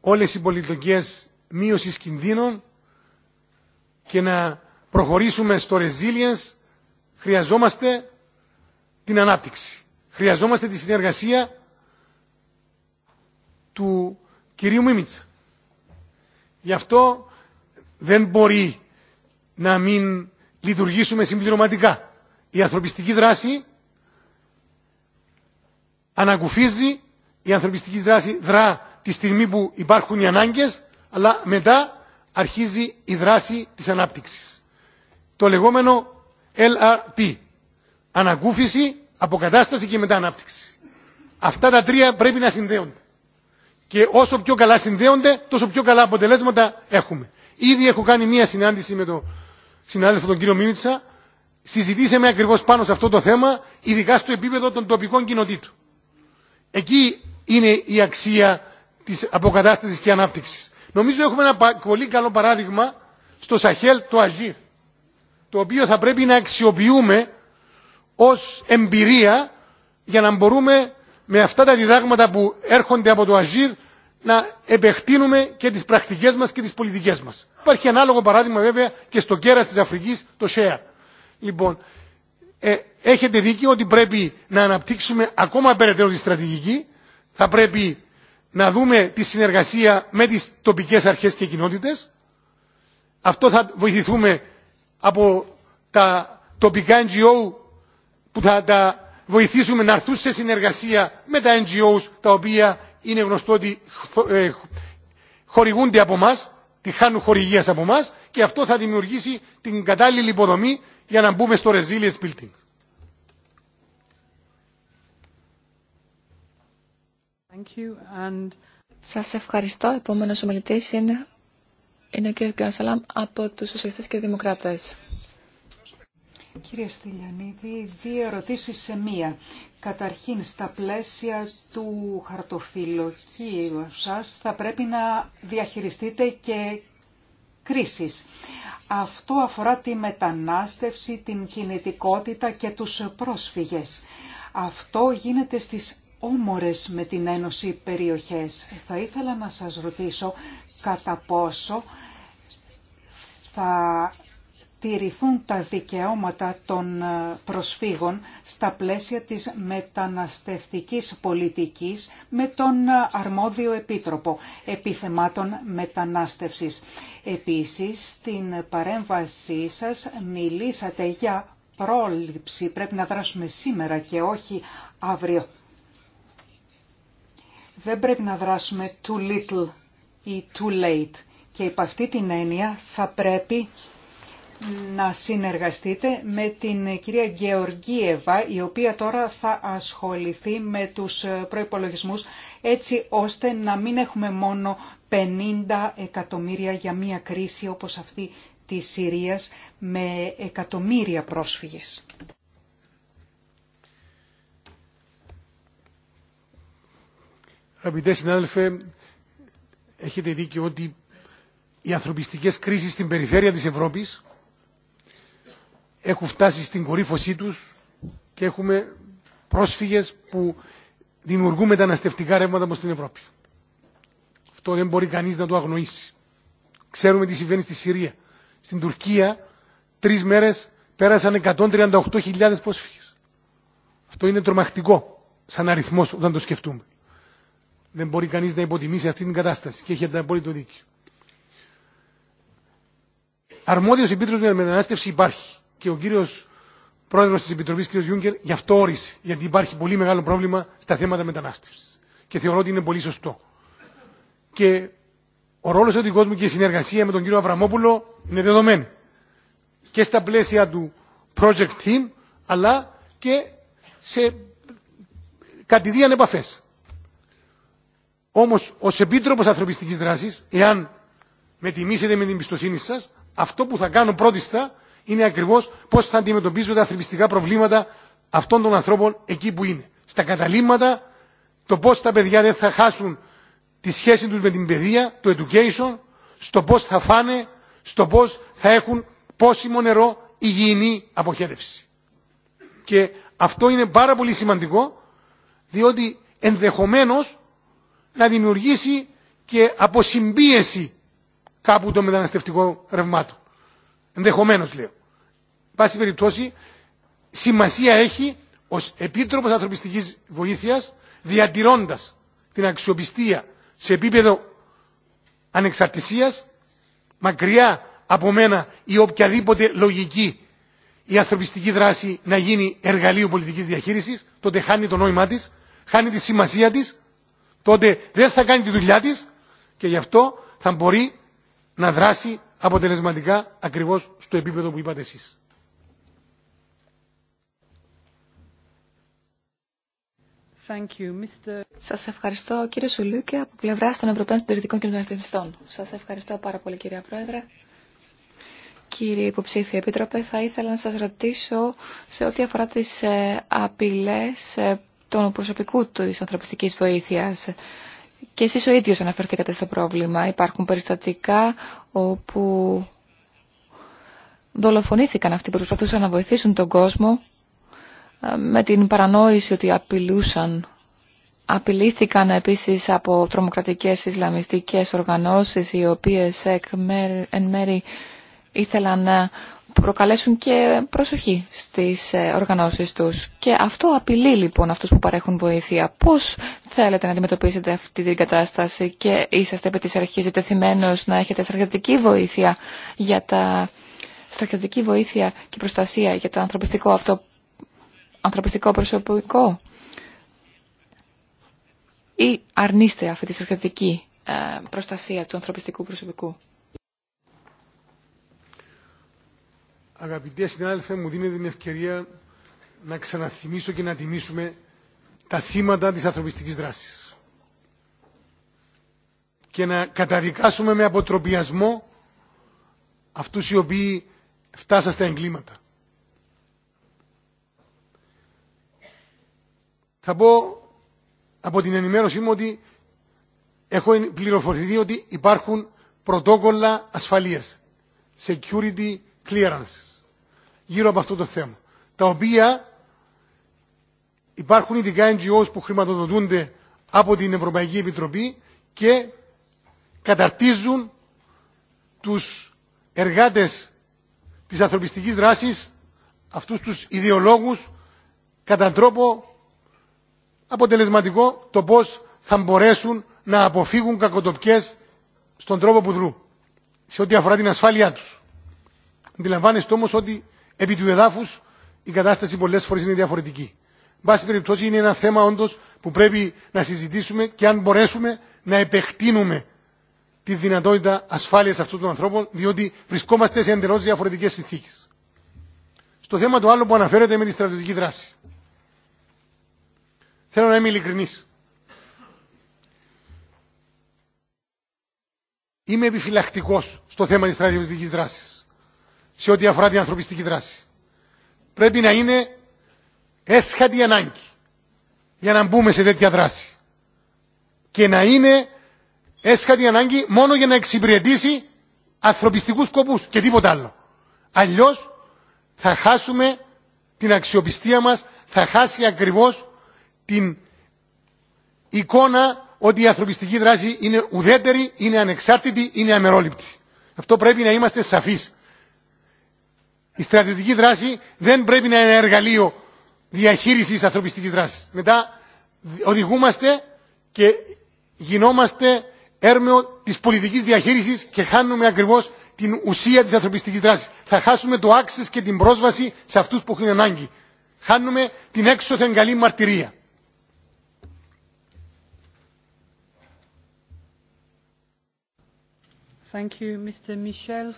όλες οι πολιτικές μείωσης κινδύνων και να προχωρήσουμε στο resilience χρειαζόμαστε την ανάπτυξη. Χρειαζόμαστε τη συνεργασία του κυρίου Μίμητσα. Γι' αυτό δεν μπορεί να μην λειτουργήσουμε συμπληρωματικά. Η ανθρωπιστική δράση ανακουφίζει, η ανθρωπιστική δράση δρά τη στιγμή που υπάρχουν οι ανάγκες αλλά μετά αρχίζει η δράση της ανάπτυξης. Το λεγόμενο LRT ανακούφιση, αποκατάσταση και μετά ανάπτυξη. Αυτά τα τρία πρέπει να συνδέονται. Και όσο πιο καλά συνδέονται, τόσο πιο καλά αποτελέσματα έχουμε. Ήδη έχω κάνει μία συνάντηση με τον συνάδελφο τον κύριο Μίμητσα, συζητήσαμε ακριβώ πάνω σε αυτό το θέμα, ειδικά στο επίπεδο των τοπικών κοινοτήτων. Εκεί είναι η αξία τη αποκατάσταση και ανάπτυξη. Νομίζω έχουμε ένα πολύ καλό παράδειγμα στο Σαχέλ το Αζίρ, το οποίο θα πρέπει να αξιοποιούμε ως εμπειρία για να μπορούμε με αυτά τα διδάγματα που έρχονται από το Αζίρ να επεκτείνουμε και τις πρακτικές μας και τις πολιτικές μας. Υπάρχει ανάλογο παράδειγμα βέβαια και στο κέρα της Αφρικής, το ΣΕΑ. Λοιπόν, ε, έχετε δίκιο ότι πρέπει να αναπτύξουμε ακόμα περαιτέρω τη στρατηγική, θα πρέπει να δούμε τη συνεργασία με τις τοπικές αρχές και κοινότητες. Αυτό θα βοηθηθούμε από τα τοπικά NGO που θα τα βοηθήσουμε να έρθουν σε συνεργασία με τα NGOs τα οποία είναι γνωστό ότι ε, χορηγούνται από εμά, τη χάνουν χορηγία από εμά και αυτό θα δημιουργήσει την κατάλληλη υποδομή για να μπούμε στο resilience building. Σα Σας ευχαριστώ. Επόμενος ομιλητής είναι, είναι ο κ. Γκανσαλάμ από τους Σοσιαστές και Δημοκράτες. Κύριε Στυλιανίδη, δύο ερωτήσει σε μία. Καταρχήν, στα πλαίσια του χαρτοφυλοκίου σας θα πρέπει να διαχειριστείτε και κρίσεις. Αυτό αφορά τη μετανάστευση, την κινητικότητα και τους πρόσφυγες. Αυτό γίνεται στις όμορες με την Ένωση περιοχές. Θα ήθελα να σας ρωτήσω κατά πόσο θα τηρηθούν τα δικαιώματα των προσφύγων στα πλαίσια της μεταναστευτικής πολιτικής με τον αρμόδιο επίτροπο επιθεμάτων μετανάστευσης. Επίσης, στην παρέμβασή σας μιλήσατε για πρόληψη. Πρέπει να δράσουμε σήμερα και όχι αύριο δεν πρέπει να δράσουμε too little ή too late. Και υπ' αυτή την έννοια θα πρέπει να συνεργαστείτε με την κυρία Γεωργίεβα, η οποία τώρα θα ασχοληθεί με τους προϋπολογισμούς, έτσι ώστε να μην έχουμε μόνο 50 εκατομμύρια για μια κρίση όπως αυτή της Συρίας με εκατομμύρια πρόσφυγες. Αγαπητέ συνάδελφε, έχετε δίκιο ότι οι ανθρωπιστικές κρίσεις στην περιφέρεια της Ευρώπης έχουν φτάσει στην κορύφωσή τους και έχουμε πρόσφυγες που δημιουργούν μεταναστευτικά ρεύματα προς την Ευρώπη. Αυτό δεν μπορεί κανείς να το αγνοήσει. Ξέρουμε τι συμβαίνει στη Συρία. Στην Τουρκία τρεις μέρες πέρασαν 138.000 πρόσφυγες. Αυτό είναι τρομακτικό σαν αριθμός όταν το σκεφτούμε. Δεν μπορεί κανείς να υποτιμήσει αυτή την κατάσταση και έχει απόλυτο δίκιο. Αρμόδιος Επίτροπος για μετανάστευση υπάρχει και ο κύριος Πρόεδρος της Επιτροπής, κ. Γιούγκερ, γι' αυτό όρισε, γιατί υπάρχει πολύ μεγάλο πρόβλημα στα θέματα μετανάστευσης. Και θεωρώ ότι είναι πολύ σωστό. Και ο ρόλος του δικός μου και η συνεργασία με τον κύριο Αβραμόπουλο είναι δεδομένη. Και στα πλαίσια του project team, αλλά και σε κατηδίαν επαφές. Όμως ως Επίτροπος Ανθρωπιστικής Δράσης, εάν με τιμήσετε με την εμπιστοσύνη σας, αυτό που θα κάνω πρώτιστα είναι ακριβώς πώς θα αντιμετωπίζω τα ανθρωπιστικά προβλήματα αυτών των ανθρώπων εκεί που είναι. Στα καταλήμματα, το πώς τα παιδιά δεν θα χάσουν τη σχέση τους με την παιδεία, το education, στο πώς θα φάνε, στο πώς θα έχουν πόσιμο νερό, υγιεινή αποχέτευση. Και αυτό είναι πάρα πολύ σημαντικό, διότι ενδεχομένως να δημιουργήσει και αποσυμπίεση κάπου το μεταναστευτικό ρευμάτων. Ενδεχομένω λέω. πάση περιπτώσει, σημασία έχει ως Επίτροπο Ανθρωπιστική Βοήθεια, διατηρώντα την αξιοπιστία σε επίπεδο ανεξαρτησία, μακριά από μένα η οποιαδήποτε λογική η ανθρωπιστική δράση να γίνει εργαλείο πολιτικής διαχείρισης, τότε χάνει το νόημά της, χάνει τη σημασία της τότε δεν θα κάνει τη δουλειά της και γι' αυτό θα μπορεί να δράσει αποτελεσματικά ακριβώς στο επίπεδο που είπατε εσείς. Thank Σας ευχαριστώ κύριε Σουλούκη από πλευρά των Ευρωπαίων Συντηρητικών και των Σας ευχαριστώ πάρα πολύ κυρία Πρόεδρε. Κύριε Υποψήφιε Επίτροπε, θα ήθελα να σας ρωτήσω σε ό,τι αφορά τις ε, απειλές ε, των προσωπικού της ανθρωπιστικής βοήθειας. Και εσείς ο ίδιος αναφερθήκατε στο πρόβλημα. Υπάρχουν περιστατικά όπου δολοφονήθηκαν αυτοί που προσπαθούσαν να βοηθήσουν τον κόσμο ε, με την παρανόηση ότι απειλούσαν. Απειλήθηκαν επίσης από τρομοκρατικές ισλαμιστικές οργανώσεις οι οποίες εν μέρη ήθελαν που προκαλέσουν και προσοχή στις ε, οργανώσεις τους. Και αυτό απειλεί λοιπόν αυτούς που παρέχουν βοήθεια. Πώς θέλετε να αντιμετωπίσετε αυτή την κατάσταση και είσαστε επί της αρχής διτεθειμένος να έχετε στρατιωτική βοήθεια για τα στρατιωτική βοήθεια και προστασία για το ανθρωπιστικό αυτό ανθρωπιστικό προσωπικό ή αρνείστε αυτή τη στρατιωτική ε, προστασία του ανθρωπιστικού προσωπικού. Αγαπητέ συνάδελφε, μου δίνετε την ευκαιρία να ξαναθυμίσω και να τιμήσουμε τα θύματα της ανθρωπιστικής δράσης και να καταδικάσουμε με αποτροπιασμό αυτούς οι οποίοι φτάσαν στα εγκλήματα. Θα πω από την ενημέρωσή μου ότι έχω πληροφορηθεί ότι υπάρχουν πρωτόκολλα ασφαλείας, security γύρω από αυτό το θέμα, τα οποία υπάρχουν ειδικά NGOs που χρηματοδοτούνται από την Ευρωπαϊκή Επιτροπή και καταρτίζουν τους εργάτες της ανθρωπιστικής δράσης, αυτούς τους ιδεολόγους, κατά τρόπο αποτελεσματικό το πώς θα μπορέσουν να αποφύγουν κακοτοπιές στον τρόπο που δρούν, σε ό,τι αφορά την ασφάλειά τους. Αντιλαμβάνεστε όμω ότι επί του εδάφου η κατάσταση πολλέ φορέ είναι διαφορετική. Εν πάση περιπτώσει είναι ένα θέμα όντω που πρέπει να συζητήσουμε και αν μπορέσουμε να επεκτείνουμε τη δυνατότητα ασφάλεια αυτών των ανθρώπων, διότι βρισκόμαστε σε εντελώ διαφορετικέ συνθήκε. Στο θέμα το άλλο που αναφέρεται με τη στρατιωτική δράση. Θέλω να είμαι ειλικρινή. Είμαι επιφυλακτικό στο θέμα τη στρατιωτική δράση σε ό,τι αφορά την ανθρωπιστική δράση. Πρέπει να είναι έσχατη ανάγκη για να μπούμε σε τέτοια δράση. Και να είναι έσχατη ανάγκη μόνο για να εξυπηρετήσει ανθρωπιστικούς σκοπούς και τίποτα άλλο. Αλλιώς θα χάσουμε την αξιοπιστία μας, θα χάσει ακριβώς την εικόνα ότι η ανθρωπιστική δράση είναι ουδέτερη, είναι ανεξάρτητη, είναι αμερόληπτη. Αυτό πρέπει να είμαστε σαφείς. Η στρατιωτική δράση δεν πρέπει να είναι εργαλείο διαχείρισης ανθρωπιστική δράσης. Μετά οδηγούμαστε και γινόμαστε έρμεο της πολιτικής διαχείρισης και χάνουμε ακριβώ την ουσία της ανθρωπιστική δράσης. Θα χάσουμε το access και την πρόσβαση σε αυτούς που έχουν ανάγκη. Χάνουμε την έξωθεν καλή μαρτυρία. Thank you, Mr. Michel.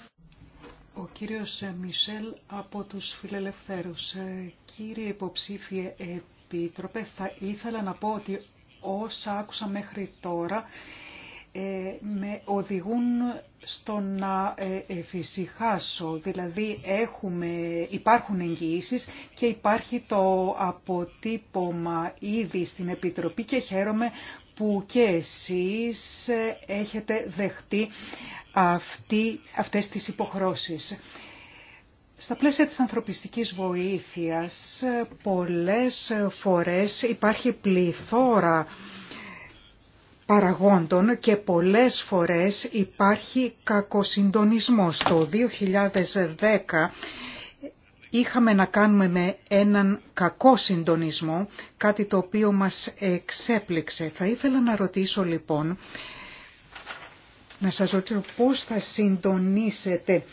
Ο κύριος Μισελ από τους Φιλελευθέρους. Ε, κύριε υποψήφιε Επίτροπε, θα ήθελα να πω ότι όσα άκουσα μέχρι τώρα ε, με οδηγούν στο να ε, εφησυχάσω. Δηλαδή έχουμε, υπάρχουν εγγυήσεις και υπάρχει το αποτύπωμα ήδη στην Επιτροπή και χαίρομαι που και εσείς ε, έχετε δεχτεί αυτή, αυτές τις υποχρώσεις. Στα πλαίσια της ανθρωπιστικής βοήθειας ε, πολλές φορές υπάρχει πληθώρα παραγόντων και πολλές φορές υπάρχει κακοσυντονισμός. Το 2010 είχαμε να κάνουμε με έναν κακό συντονισμό, κάτι το οποίο μας εξέπληξε. Θα ήθελα να ρωτήσω λοιπόν, να σας ρωτήσω πώς θα συντονίσετε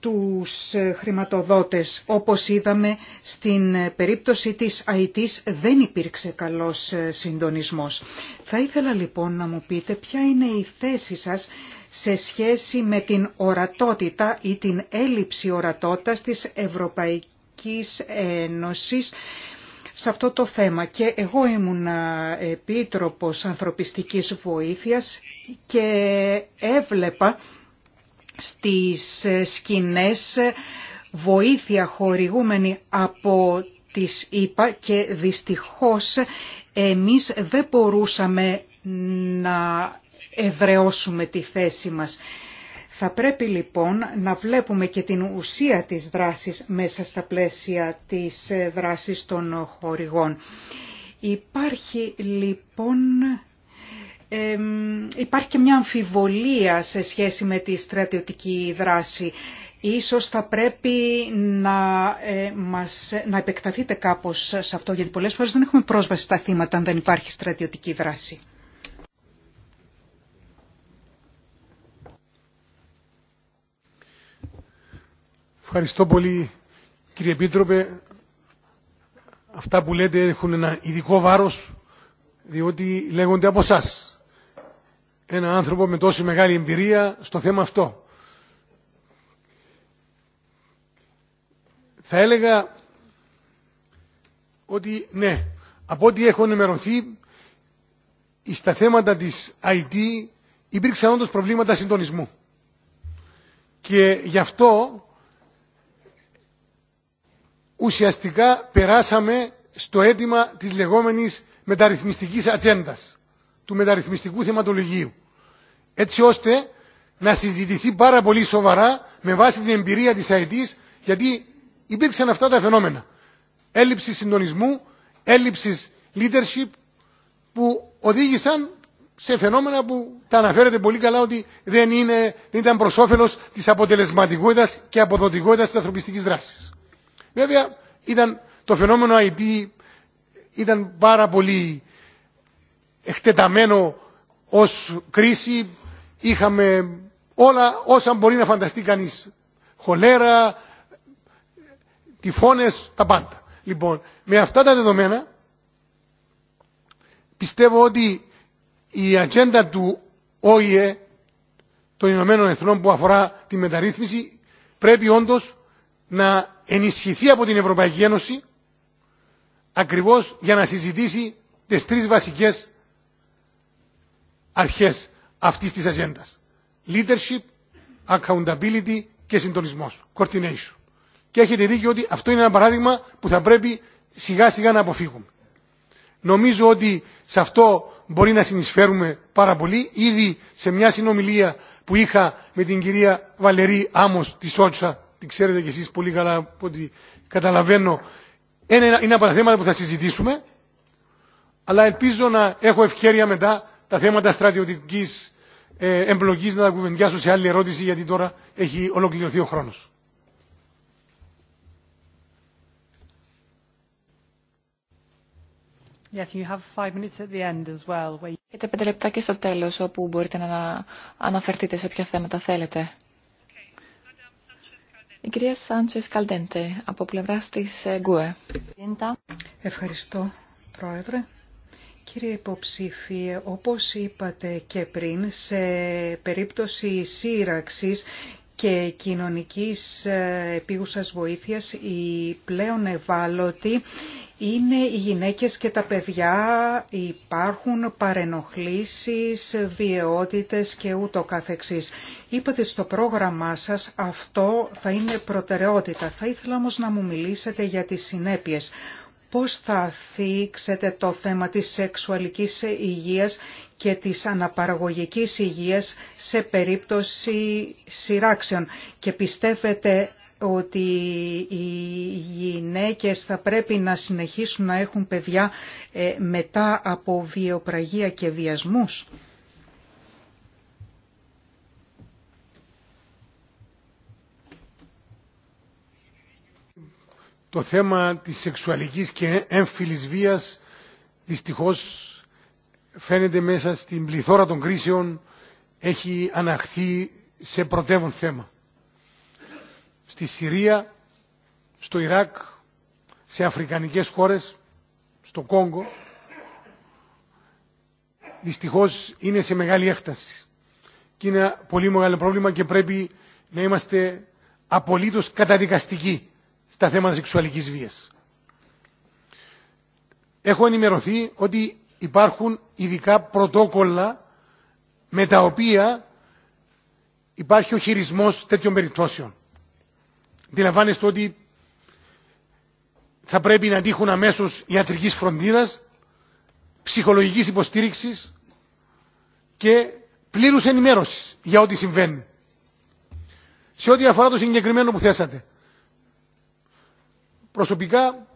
τους χρηματοδότες. Όπως είδαμε, στην περίπτωση της ΑΙΤΙΣ δεν υπήρξε καλός συντονισμός. Θα ήθελα λοιπόν να μου πείτε ποια είναι η θέση σας σε σχέση με την ορατότητα ή την έλλειψη ορατότητας της Ευρωπαϊκής Ένωσης σε αυτό το θέμα και εγώ ήμουν επίτροπος ανθρωπιστικής βοήθειας και έβλεπα στις σκηνές βοήθεια χορηγούμενη από τις ΗΠΑ και δυστυχώς εμείς δεν μπορούσαμε να εδραιώσουμε τη θέση μας. Θα πρέπει λοιπόν να βλέπουμε και την ουσία της δράσης μέσα στα πλαίσια της ε, δράσης των χορηγών. Υπάρχει λοιπόν υπάρχει και μια αμφιβολία σε σχέση με τη στρατιωτική δράση. Ίσως θα πρέπει να, ε, να επεκταθείτε κάπως σε αυτό, γιατί πολλές φορές δεν έχουμε πρόσβαση στα θύματα αν δεν υπάρχει στρατιωτική δράση. Ευχαριστώ πολύ κύριε Επίτροπε. Αυτά που λέτε έχουν ένα ειδικό βάρος διότι λέγονται από εσά. Ένα άνθρωπο με τόση μεγάλη εμπειρία στο θέμα αυτό. Θα έλεγα ότι ναι, από ό,τι έχω ενημερωθεί, στα θέματα της IT υπήρξαν όντως προβλήματα συντονισμού. Και γι' αυτό ουσιαστικά περάσαμε στο αίτημα της λεγόμενης μεταρρυθμιστικής ατζέντα, του μεταρρυθμιστικού θεματολογίου, έτσι ώστε να συζητηθεί πάρα πολύ σοβαρά με βάση την εμπειρία της ΑΕΤΗΣ, γιατί υπήρξαν αυτά τα φαινόμενα. Έλλειψη συντονισμού, έλλειψη leadership, που οδήγησαν σε φαινόμενα που τα αναφέρεται πολύ καλά ότι δεν, δεν ήταν προ όφελο τη αποτελεσματικότητα και αποδοτικότητα της ανθρωπιστικής δράσης. Βέβαια ήταν το φαινόμενο IT ήταν πάρα πολύ εκτεταμένο ως κρίση. Είχαμε όλα όσα μπορεί να φανταστεί κανείς. Χολέρα, τυφώνες, τα πάντα. Λοιπόν, με αυτά τα δεδομένα πιστεύω ότι η ατζέντα του ΟΗΕ των Ηνωμένων Εθνών που αφορά τη μεταρρύθμιση πρέπει όντως να ενισχυθεί από την Ευρωπαϊκή Ένωση ακριβώς για να συζητήσει τις τρεις βασικές αρχές αυτής της ατζέντα. Leadership, accountability και συντονισμός. Coordination. Και έχετε δίκιο ότι αυτό είναι ένα παράδειγμα που θα πρέπει σιγά σιγά να αποφύγουμε. Νομίζω ότι σε αυτό μπορεί να συνεισφέρουμε πάρα πολύ. Ήδη σε μια συνομιλία που είχα με την κυρία Βαλερή Άμος τη Σότσα την ξέρετε κι εσείς πολύ καλά ό,τι καταλαβαίνω, είναι από τα θέματα που θα συζητήσουμε, αλλά ελπίζω να έχω ευκαιρία μετά τα θέματα στρατιωτικής ε, εμπλοκής να τα κουβεντιάσω σε άλλη ερώτηση, γιατί τώρα έχει ολοκληρωθεί ο χρόνος. Yes, you have minutes at the end as well. Έχετε πέντε λεπτά και στο τέλος, όπου μπορείτε να αναφερθείτε σε ποια θέματα θέλετε. Η κυρία Σάντσες Καλτέντε από πλευρά της ε, ΓΚΟΕ. Ευχαριστώ, Πρόεδρε. Κύριε υποψήφιε, όπως είπατε και πριν, σε περίπτωση σύραξης και κοινωνικής ε, επίγουσας βοήθειας, οι πλέον ευάλωτοι είναι οι γυναίκες και τα παιδιά, υπάρχουν παρενοχλήσεις, βιαιότητες και ούτω καθεξής. Είπατε στο πρόγραμμά σας αυτό θα είναι προτεραιότητα. Θα ήθελα όμως να μου μιλήσετε για τις συνέπειες. Πώς θα θίξετε το θέμα της σεξουαλικής υγείας και της αναπαραγωγικής υγείας σε περίπτωση σειράξεων και πιστεύετε ότι οι γυναίκες θα πρέπει να συνεχίσουν να έχουν παιδιά ε, μετά από βιοπραγία και βιασμούς. Το θέμα της σεξουαλικής και έμφυλης βίας δυστυχώς φαίνεται μέσα στην πληθώρα των κρίσεων έχει αναχθεί σε πρωτεύον θέμα στη Συρία, στο Ιράκ, σε αφρικανικές χώρες, στο Κόγκο, δυστυχώς είναι σε μεγάλη έκταση. Και είναι πολύ μεγάλο πρόβλημα και πρέπει να είμαστε απολύτως καταδικαστικοί στα θέματα σεξουαλικής βίας. Έχω ενημερωθεί ότι υπάρχουν ειδικά πρωτόκολλα με τα οποία υπάρχει ο χειρισμός τέτοιων περιπτώσεων. Αντιλαμβάνεστε ότι θα πρέπει να τύχουν αμέσω ιατρικής φροντίδας, ψυχολογικής υποστήριξης και πλήρους ενημέρωσης για ό,τι συμβαίνει. Σε ό,τι αφορά το συγκεκριμένο που θέσατε, προσωπικά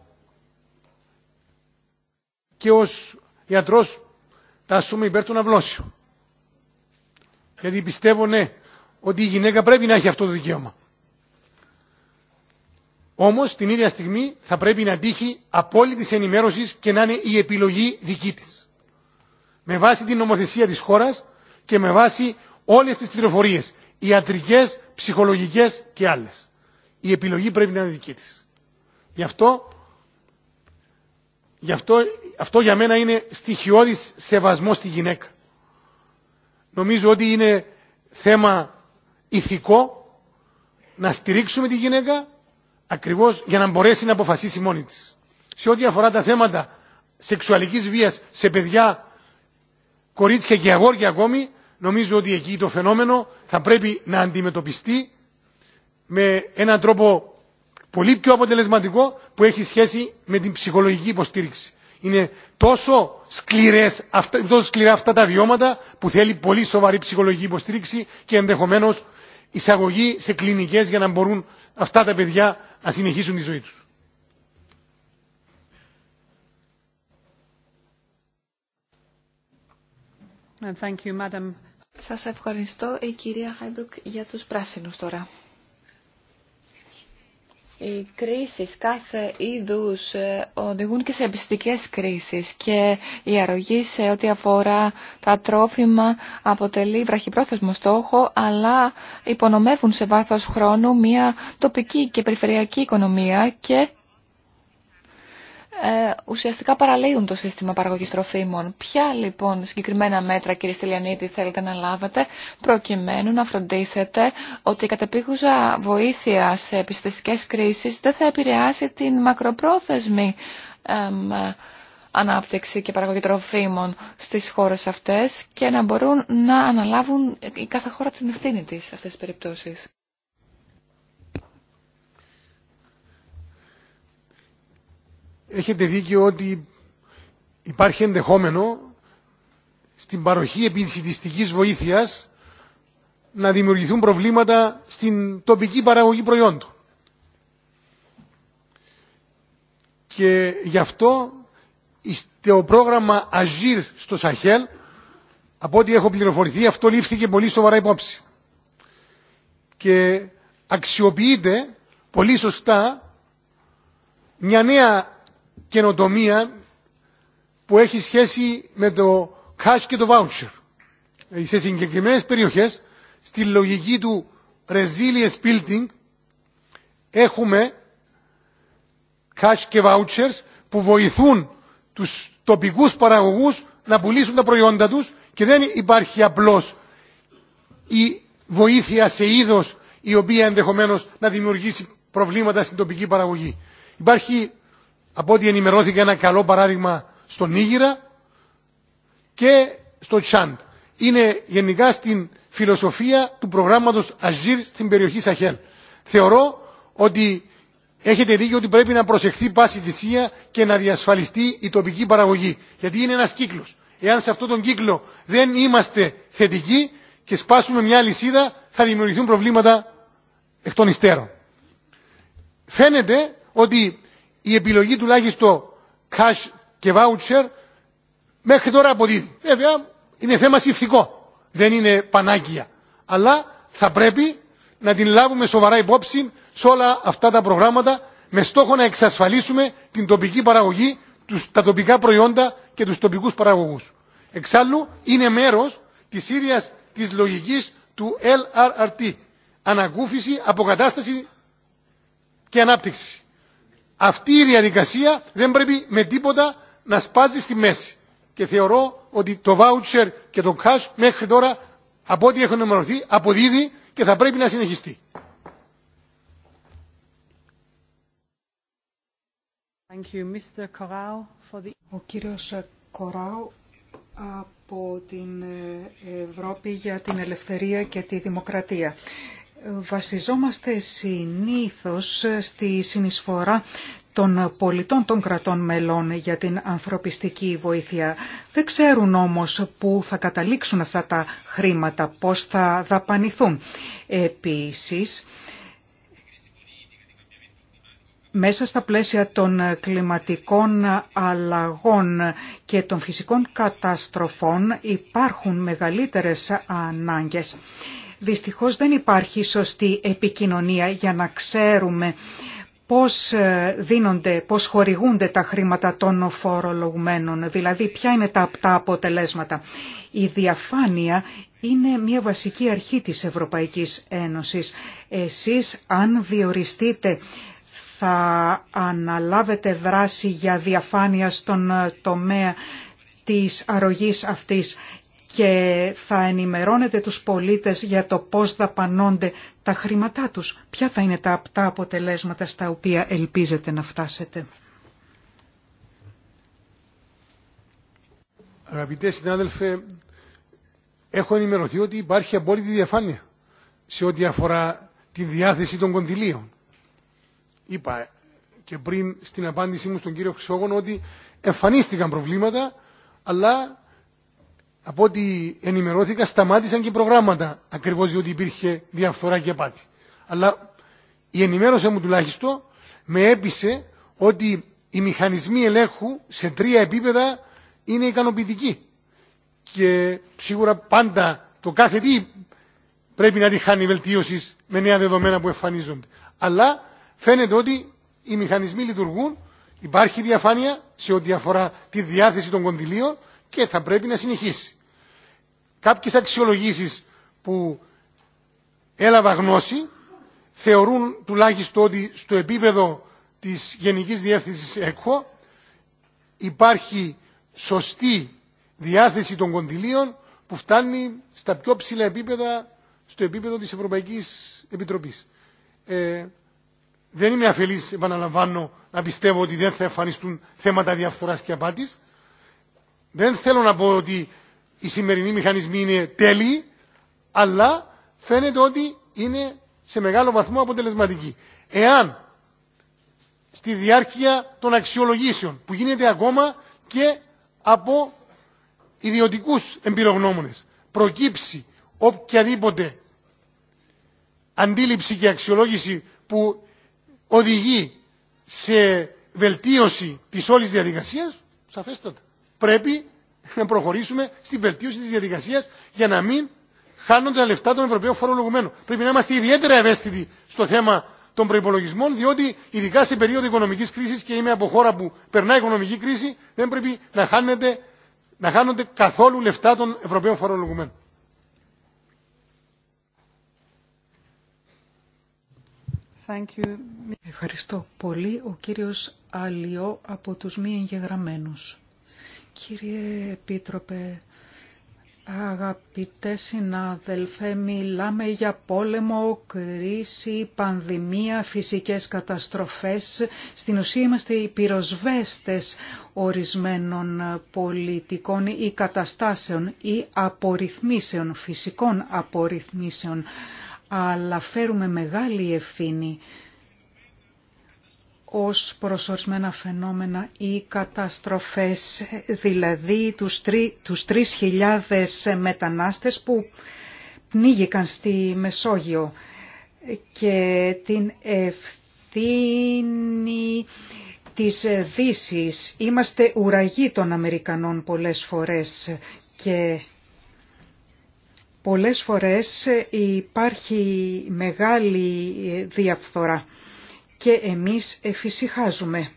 και ως ιατρός ασούμε υπέρ του ναυλώσιου. Γιατί πιστεύω, ναι, ότι η γυναίκα πρέπει να έχει αυτό το δικαίωμα. Όμως την ίδια στιγμή θα πρέπει να τύχει απόλυτης ενημέρωσης και να είναι η επιλογή δική της. Με βάση την νομοθεσία της χώρας και με βάση όλες τις πληροφορίες, ιατρικές, ψυχολογικές και άλλες. Η επιλογή πρέπει να είναι δική της. Γι' αυτό, γι αυτό, αυτό για μένα είναι στοιχειώδης σεβασμό στη γυναίκα. Νομίζω ότι είναι θέμα ηθικό να στηρίξουμε τη γυναίκα ακριβώς για να μπορέσει να αποφασίσει μόνη της. Σε ό,τι αφορά τα θέματα σεξουαλικής βίας σε παιδιά, κορίτσια και αγόρια ακόμη, νομίζω ότι εκεί το φαινόμενο θα πρέπει να αντιμετωπιστεί με έναν τρόπο πολύ πιο αποτελεσματικό που έχει σχέση με την ψυχολογική υποστήριξη. Είναι τόσο, σκληρές, τόσο σκληρά αυτά τα βιώματα που θέλει πολύ σοβαρή ψυχολογική υποστήριξη και ενδεχομένως εισαγωγή σε κλινικές για να μπορούν αυτά τα παιδιά να συνεχίσουν τη ζωή τους. Thank Σας ευχαριστώ η κυρία Χάιμπρουκ για τους πράσινους τώρα. Οι κρίσεις κάθε είδους ε, οδηγούν και σε επιστικές κρίσεις και η αρρωγή σε ό,τι αφορά τα τρόφιμα αποτελεί βραχυπρόθεσμο στόχο αλλά υπονομεύουν σε βάθος χρόνου μια τοπική και περιφερειακή οικονομία και ε, ουσιαστικά παραλύουν το σύστημα παραγωγής τροφίμων. Ποια λοιπόν συγκεκριμένα μέτρα κύριε Στυλιανίτη, θέλετε να λάβετε προκειμένου να φροντίσετε ότι η κατεπίγουσα βοήθεια σε επιστηστικές κρίσεις δεν θα επηρεάσει την μακροπρόθεσμη ανάπτυξη και παραγωγή τροφίμων στις χώρες αυτές και να μπορούν να αναλάβουν η κάθε χώρα την ευθύνη της σε αυτές τις περιπτώσεις. έχετε δίκιο ότι υπάρχει ενδεχόμενο στην παροχή επιστημιστικής βοήθειας να δημιουργηθούν προβλήματα στην τοπική παραγωγή προϊόντων. Και γι' αυτό το πρόγραμμα Αζίρ στο Σαχέλ, από ό,τι έχω πληροφορηθεί, αυτό λήφθηκε πολύ σοβαρά υπόψη. Και αξιοποιείται πολύ σωστά μια νέα καινοτομία που έχει σχέση με το cash και το voucher. Σε συγκεκριμένε περιοχέ στη λογική του resilience building, έχουμε cash και vouchers που βοηθούν του τοπικού παραγωγού να πουλήσουν τα προϊόντα του και δεν υπάρχει απλώ η βοήθεια σε είδο η οποία ενδεχομένω να δημιουργήσει προβλήματα στην τοπική παραγωγή. Υπάρχει από ό,τι ενημερώθηκε ένα καλό παράδειγμα στον Νίγηρα και στο Τσάντ. Είναι γενικά στην φιλοσοφία του προγράμματος Αζίρ στην περιοχή Σαχέλ. Θεωρώ ότι έχετε δίκιο ότι πρέπει να προσεχθεί πάση θυσία και να διασφαλιστεί η τοπική παραγωγή. Γιατί είναι ένας κύκλος. Εάν σε αυτόν τον κύκλο δεν είμαστε θετικοί και σπάσουμε μια λυσίδα θα δημιουργηθούν προβλήματα εκ των υστέρων. Φαίνεται ότι η επιλογή τουλάχιστον cash και voucher μέχρι τώρα αποδίδει. Βέβαια είναι θέμα συνθηκό. Δεν είναι πανάκια. Αλλά θα πρέπει να την λάβουμε σοβαρά υπόψη σε όλα αυτά τα προγράμματα με στόχο να εξασφαλίσουμε την τοπική παραγωγή, τους, τα τοπικά προϊόντα και τους τοπικούς παραγωγούς. Εξάλλου είναι μέρος της ίδιας της λογικής του LRRT. Ανακούφιση, αποκατάσταση και ανάπτυξη. Αυτή η διαδικασία δεν πρέπει με τίποτα να σπάζει στη μέση. Και θεωρώ ότι το voucher και το cash μέχρι τώρα από ό,τι έχουν ενημερωθεί αποδίδει και θα πρέπει να συνεχιστεί. Thank you, Mr. for the... Ο κύριος Κοράου από την ε, Ευρώπη για την Ελευθερία και τη Δημοκρατία βασιζόμαστε συνήθως στη συνεισφορά των πολιτών των κρατών μελών για την ανθρωπιστική βοήθεια. Δεν ξέρουν όμως πού θα καταλήξουν αυτά τα χρήματα, πώς θα δαπανηθούν. Επίσης, μέσα στα πλαίσια των κλιματικών αλλαγών και των φυσικών καταστροφών υπάρχουν μεγαλύτερες ανάγκες. Δυστυχώς δεν υπάρχει σωστή επικοινωνία για να ξέρουμε πώς ε, δίνονται, πώς χορηγούνται τα χρήματα των φορολογουμένων, δηλαδή ποια είναι τα απτά αποτελέσματα. Η διαφάνεια είναι μια βασική αρχή της Ευρωπαϊκής Ένωσης. Εσείς αν διοριστείτε θα αναλάβετε δράση για διαφάνεια στον ε, τομέα της αρρωγής αυτής και θα ενημερώνετε τους πολίτες για το πώς δαπανώνται τα χρήματά τους. Ποια θα είναι τα απτά αποτελέσματα στα οποία ελπίζετε να φτάσετε. Αγαπητέ συνάδελφε, έχω ενημερωθεί ότι υπάρχει απόλυτη διαφάνεια σε ό,τι αφορά τη διάθεση των κονδυλίων. Είπα και πριν στην απάντησή μου στον κύριο Χρυσόγωνο ότι εμφανίστηκαν προβλήματα, αλλά από ό,τι ενημερώθηκα σταμάτησαν και προγράμματα ακριβώς διότι υπήρχε διαφθορά και απάτη. Αλλά η ενημέρωση μου τουλάχιστον με έπεισε ότι οι μηχανισμοί ελέγχου σε τρία επίπεδα είναι ικανοποιητικοί. Και σίγουρα πάντα το κάθε τι πρέπει να τη χάνει βελτίωση με νέα δεδομένα που εμφανίζονται. Αλλά φαίνεται ότι οι μηχανισμοί λειτουργούν, υπάρχει διαφάνεια σε ό,τι αφορά τη διάθεση των κονδυλίων και θα πρέπει να συνεχίσει. Κάποιες αξιολογήσεις που έλαβα γνώση θεωρούν τουλάχιστον ότι στο επίπεδο της Γενικής Διεύθυνσης ΕΚΧΟ υπάρχει σωστή διάθεση των κοντιλίων που φτάνει στα πιο ψηλά επίπεδα στο επίπεδο της Ευρωπαϊκής Επιτροπής. Ε, δεν είμαι αφελής, επαναλαμβάνω, να πιστεύω ότι δεν θα εμφανιστούν θέματα διαφθοράς και απάτης. Δεν θέλω να πω ότι οι σημερινοί μηχανισμοί είναι τέλειοι, αλλά φαίνεται ότι είναι σε μεγάλο βαθμό αποτελεσματικοί. Εάν στη διάρκεια των αξιολογήσεων που γίνεται ακόμα και από ιδιωτικούς εμπειρογνώμονες προκύψει οποιαδήποτε αντίληψη και αξιολόγηση που οδηγεί σε βελτίωση της όλης διαδικασίας, σαφέστατα πρέπει να προχωρήσουμε στην βελτίωση τη διαδικασία για να μην χάνονται τα λεφτά των Ευρωπαίων φορολογουμένων. Πρέπει να είμαστε ιδιαίτερα ευαίσθητοι στο θέμα των προπολογισμών, διότι ειδικά σε περίοδο οικονομική κρίση και είμαι από χώρα που περνά οικονομική κρίση, δεν πρέπει να, να χάνονται καθόλου λεφτά των Ευρωπαίων φορολογουμένων. Thank you. Ευχαριστώ πολύ. Ο κύριος Αλιό από τους μη εγγεγραμμένους. Κύριε Επίτροπε, αγαπητέ συνάδελφε, μιλάμε για πόλεμο, κρίση, πανδημία, φυσικές καταστροφές. Στην ουσία είμαστε οι πυροσβέστες ορισμένων πολιτικών ή καταστάσεων ή απορριθμίσεων, φυσικών απορριθμίσεων. Αλλά φέρουμε μεγάλη ευθύνη ως προσωρισμένα φαινόμενα ή καταστροφές, δηλαδή τους, 3.000 μετανάστες που πνίγηκαν στη Μεσόγειο και την ευθύνη της δύση. Είμαστε ουραγοί των Αμερικανών πολλές φορές και πολλές φορές υπάρχει μεγάλη διαφθορά και εμείς εφησυχάζουμε.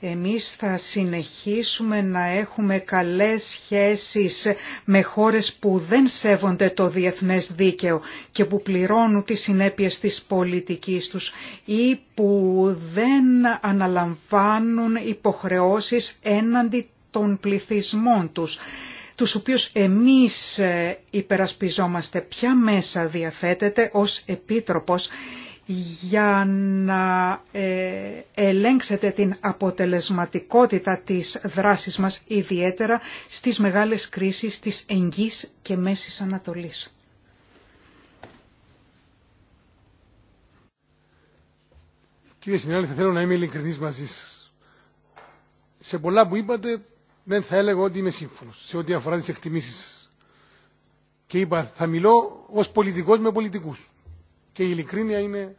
Εμείς θα συνεχίσουμε να έχουμε καλές σχέσεις με χώρες που δεν σέβονται το διεθνές δίκαιο και που πληρώνουν τις συνέπειες της πολιτικής τους ή που δεν αναλαμβάνουν υποχρεώσεις έναντι των πληθυσμών τους τους οποίους εμείς υπερασπιζόμαστε ποια μέσα διαθέτεται ως επίτροπος για να ε, ελέγξετε την αποτελεσματικότητα της δράσης μας, ιδιαίτερα στις μεγάλες κρίσεις της Εγγύς και Μέσης Ανατολής. Κύριε συνάδελφε, θέλω να είμαι ειλικρινής μαζί σας. Σε πολλά που είπατε, δεν θα έλεγα ότι είμαι σύμφωνος, σε ό,τι αφορά τις εκτιμήσεις σας. Και είπα, θα μιλώ ως πολιτικός με πολιτικούς και η ειλικρίνεια είναι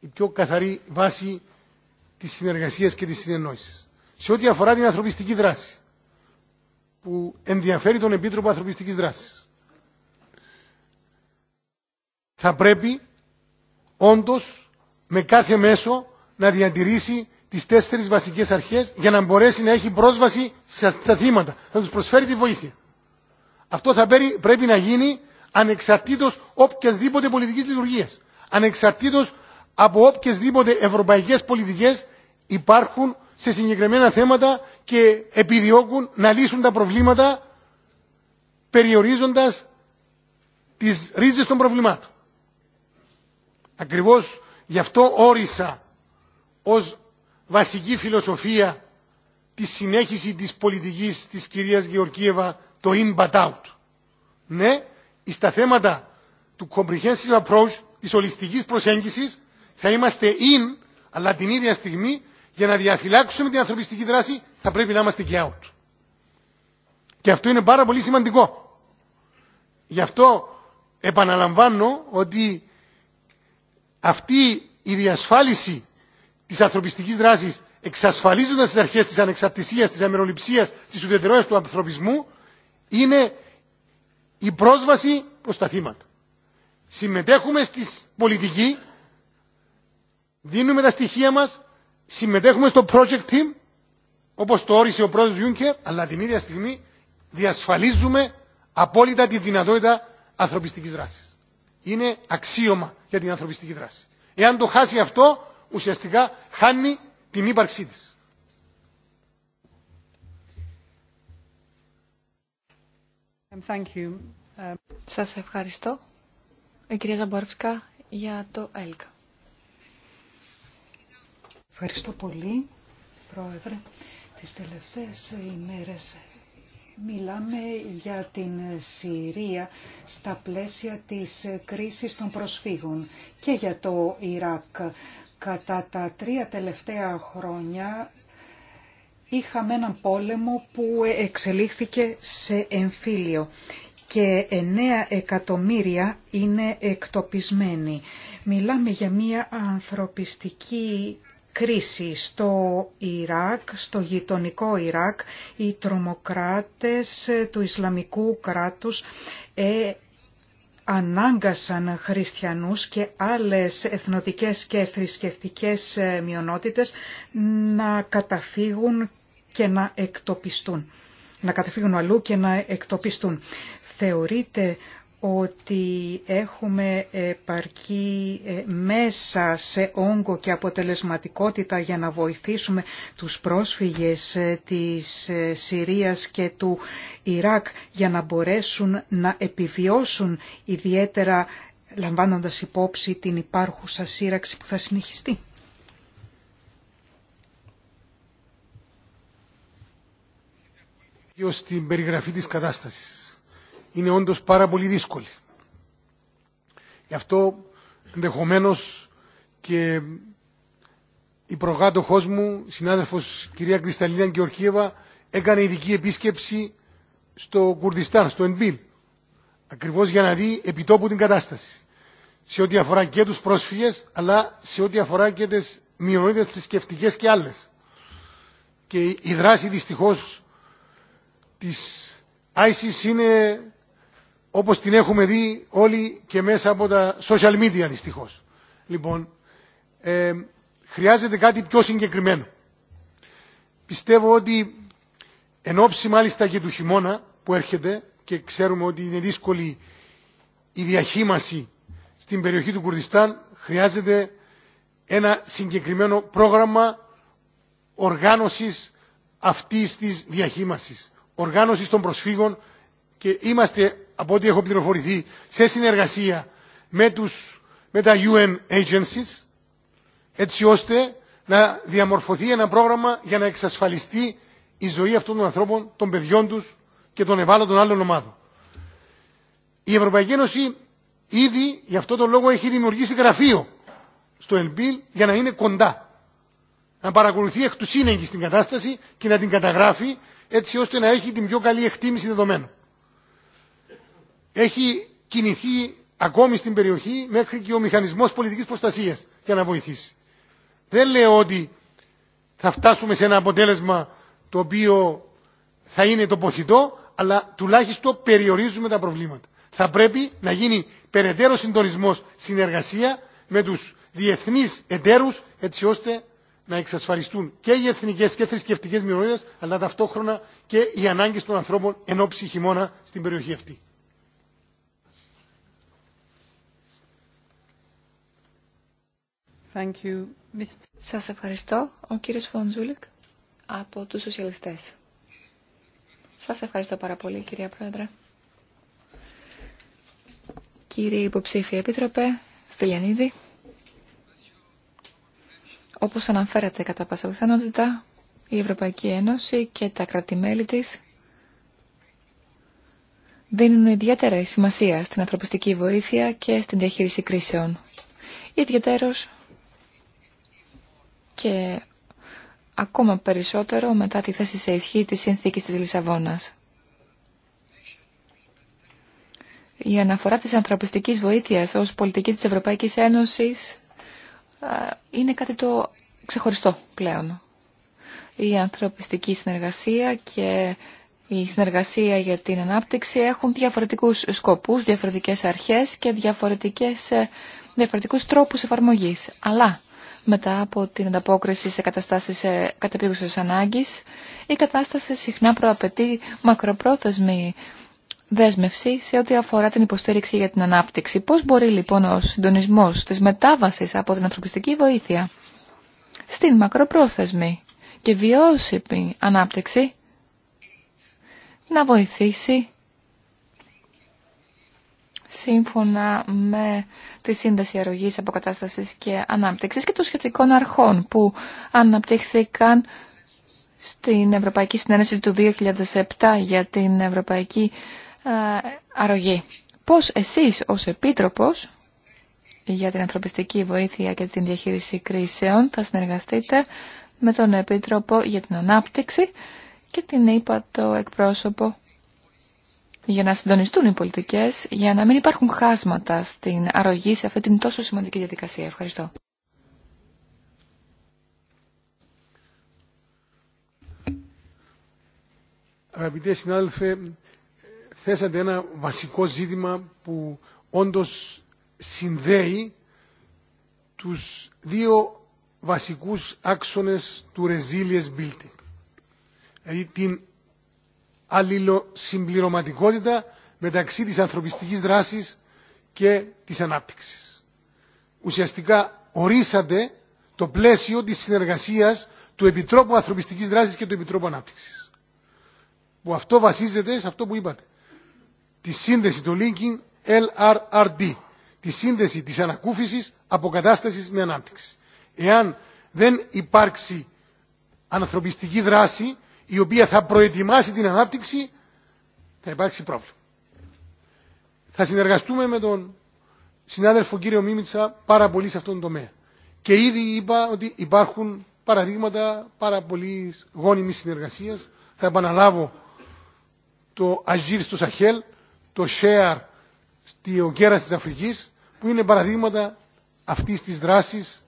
η πιο καθαρή βάση της συνεργασίας και της συνεννόησης. Σε ό,τι αφορά την ανθρωπιστική δράση, που ενδιαφέρει τον Επίτροπο Ανθρωπιστικής Δράσης, θα πρέπει όντως με κάθε μέσο να διατηρήσει τις τέσσερις βασικές αρχές για να μπορέσει να έχει πρόσβαση στα θύματα, να τους προσφέρει τη βοήθεια. Αυτό θα πρέπει να γίνει ανεξαρτήτως οποιασδήποτε πολιτικής λειτουργίας. Ανεξαρτήτως από οποιασδήποτε ευρωπαϊκές πολιτικές υπάρχουν σε συγκεκριμένα θέματα και επιδιώκουν να λύσουν τα προβλήματα περιορίζοντας τις ρίζες των προβλημάτων. Ακριβώς γι' αυτό όρισα ως βασική φιλοσοφία τη συνέχιση της πολιτικής της κυρίας Γεωργίευα το in but out. Ναι, στα θέματα του comprehensive approach, της ολιστικής προσέγγισης, θα είμαστε in, αλλά την ίδια στιγμή, για να διαφυλάξουμε την ανθρωπιστική δράση, θα πρέπει να είμαστε και out. Και αυτό είναι πάρα πολύ σημαντικό. Γι' αυτό επαναλαμβάνω ότι αυτή η διασφάλιση της ανθρωπιστικής δράσης εξασφαλίζοντας τις αρχές της ανεξαρτησίας, της αμεροληψίας, της ουδετερότητας του ανθρωπισμού είναι η πρόσβαση προς τα θύματα. Συμμετέχουμε στη πολιτική, δίνουμε τα στοιχεία μας, συμμετέχουμε στο project team, όπως το όρισε ο πρόεδρος Γιούνκερ, αλλά την ίδια στιγμή διασφαλίζουμε απόλυτα τη δυνατότητα ανθρωπιστικής δράσης. Είναι αξίωμα για την ανθρωπιστική δράση. Εάν το χάσει αυτό, ουσιαστικά χάνει την ύπαρξή της. Σα um, Σας ευχαριστώ. Η ε, κυρία Ζαμπορφσκά για το ΕΛΚΑ. Ευχαριστώ πολύ, Πρόεδρε. Τις τελευταίες ημέρες Μιλάμε για την Συρία στα πλαίσια της κρίσης των προσφύγων και για το Ιράκ. Κατά τα τρία τελευταία χρόνια είχαμε έναν πόλεμο που εξελίχθηκε σε εμφύλιο και 9 εκατομμύρια είναι εκτοπισμένοι. Μιλάμε για μια ανθρωπιστική κρίση στο Ιράκ, στο γειτονικό Ιράκ. Οι τρομοκράτες του Ισλαμικού κράτους ε, ανάγκασαν χριστιανούς και άλλες εθνοτικές και θρησκευτικές μειονότητες να καταφύγουν και να εκτοπιστούν, να καταφύγουν αλλού και να εκτοπιστούν. Θεωρείτε ότι έχουμε επαρκή ε, μέσα σε όγκο και αποτελεσματικότητα για να βοηθήσουμε τους πρόσφυγες ε, της ε, Συρίας και του Ιράκ για να μπορέσουν να επιβιώσουν ιδιαίτερα λαμβάνοντας υπόψη την υπάρχουσα σύραξη που θα συνεχιστεί. στην περιγραφή της κατάστασης. Είναι όντως πάρα πολύ δύσκολη. Γι' αυτό ενδεχομένω και η προκάτοχός μου, συνάδελφος κυρία Κρυσταλλίνα Γεωργίευα, έκανε ειδική επίσκεψη στο Κουρδιστάν, στο Ενμπίλ, ακριβώς για να δει επιτόπου την κατάσταση. Σε ό,τι αφορά και τους πρόσφυγες, αλλά σε ό,τι αφορά και τις μειονότητες θρησκευτικέ και άλλες. Και η δράση δυστυχώς της ISIS είναι όπως την έχουμε δει όλοι και μέσα από τα social media δυστυχώς. Λοιπόν, ε, χρειάζεται κάτι πιο συγκεκριμένο. Πιστεύω ότι εν ώψη μάλιστα και του χειμώνα που έρχεται και ξέρουμε ότι είναι δύσκολη η διαχείμαση στην περιοχή του Κουρδιστάν χρειάζεται ένα συγκεκριμένο πρόγραμμα οργάνωσης αυτής της διαχείμασης. Οργάνωση των προσφύγων και είμαστε, από ό,τι έχω πληροφορηθεί, σε συνεργασία με, τους, με τα UN agencies, έτσι ώστε να διαμορφωθεί ένα πρόγραμμα για να εξασφαλιστεί η ζωή αυτών των ανθρώπων, των παιδιών τους και των ευάλωτων άλλων ομάδων. Η Ευρωπαϊκή Ένωση ήδη γι' αυτό τον λόγο έχει δημιουργήσει γραφείο στο ΕΛΜΠΙΛ για να είναι κοντά. Να παρακολουθεί εκ του σύνεγγυ στην κατάσταση και να την καταγράφει έτσι ώστε να έχει την πιο καλή εκτίμηση δεδομένων. Έχει κινηθεί ακόμη στην περιοχή μέχρι και ο μηχανισμός πολιτικής προστασίας για να βοηθήσει. Δεν λέω ότι θα φτάσουμε σε ένα αποτέλεσμα το οποίο θα είναι το αλλά τουλάχιστον περιορίζουμε τα προβλήματα. Θα πρέπει να γίνει περαιτέρω συντονισμός συνεργασία με τους διεθνείς εταίρους έτσι ώστε να εξασφαλιστούν και οι εθνικέ και θρησκευτικέ μειονότητε, αλλά ταυτόχρονα και οι ανάγκε των ανθρώπων εν ώψη χειμώνα στην περιοχή αυτή. Σα Σας ευχαριστώ, ο κύριος Φοντζούλικ, από τους Σοσιαλιστές. Σας ευχαριστώ πάρα πολύ, κυρία Πρόεδρε. Κύριε Υποψήφια Επίτροπε, Στυλιανίδη, όπως αναφέρατε κατά πάσα πιθανότητα, η Ευρωπαϊκή Ένωση και τα κρατημέλη της δίνουν ιδιαίτερη σημασία στην ανθρωπιστική βοήθεια και στην διαχείριση κρίσεων. Ιδιαίτερος και ακόμα περισσότερο μετά τη θέση σε ισχύ της συνθήκης της Λισαβόνας. Η αναφορά της ανθρωπιστικής βοήθειας ως πολιτική της Ευρωπαϊκής Ένωσης ε, είναι κάτι το ξεχωριστό πλέον. Η ανθρωπιστική συνεργασία και η συνεργασία για την ανάπτυξη έχουν διαφορετικούς σκοπούς, διαφορετικές αρχές και διαφορετικές, ε, διαφορετικούς τρόπους εφαρμογής. Αλλά μετά από την ανταπόκριση σε καταστάσεις ε, κατεπίγουσας ανάγκης, η κατάσταση συχνά προαπαιτεί μακροπρόθεσμη δέσμευση σε ό,τι αφορά την υποστήριξη για την ανάπτυξη. Πώς μπορεί λοιπόν ο συντονισμός της μετάβασης από την ανθρωπιστική βοήθεια στην μακροπρόθεσμη και βιώσιμη ανάπτυξη να βοηθήσει σύμφωνα με τη σύνδεση αρρωγής, αποκατάστασης και ανάπτυξης και των σχετικών αρχών που αναπτύχθηκαν στην Ευρωπαϊκή Συνένεση του 2007 για την Ευρωπαϊκή αρρωγή. Πώς εσείς ως Επίτροπος για την ανθρωπιστική βοήθεια και την διαχείριση κρίσεων θα συνεργαστείτε με τον Επίτροπο για την Ανάπτυξη και την είπα το εκπρόσωπο για να συντονιστούν οι πολιτικές, για να μην υπάρχουν χάσματα στην αρρωγή σε αυτή την τόσο σημαντική διαδικασία. Ευχαριστώ. Αγαπητέ θέσατε ένα βασικό ζήτημα που όντως συνδέει τους δύο βασικούς άξονες του resilience building. Δηλαδή την αλληλοσυμπληρωματικότητα μεταξύ της ανθρωπιστικής δράσης και της ανάπτυξης. Ουσιαστικά ορίσατε το πλαίσιο της συνεργασίας του Επιτρόπου Ανθρωπιστικής Δράσης και του Επιτρόπου Ανάπτυξης. Που αυτό βασίζεται σε αυτό που είπατε τη σύνδεση του linking LRRD, τη σύνδεση της ανακούφισης, αποκατάστασης με ανάπτυξη. Εάν δεν υπάρξει ανθρωπιστική δράση η οποία θα προετοιμάσει την ανάπτυξη, θα υπάρξει πρόβλημα. Θα συνεργαστούμε με τον συνάδελφο κύριο Μίμητσα πάρα πολύ σε αυτόν τον τομέα. Και ήδη είπα ότι υπάρχουν παραδείγματα πάρα πολύ γόνιμης συνεργασίας. Θα επαναλάβω το Αζίρ στο Σαχέλ, το share στη ογκέρα της Αφρικής που είναι παραδείγματα αυτής της δράσης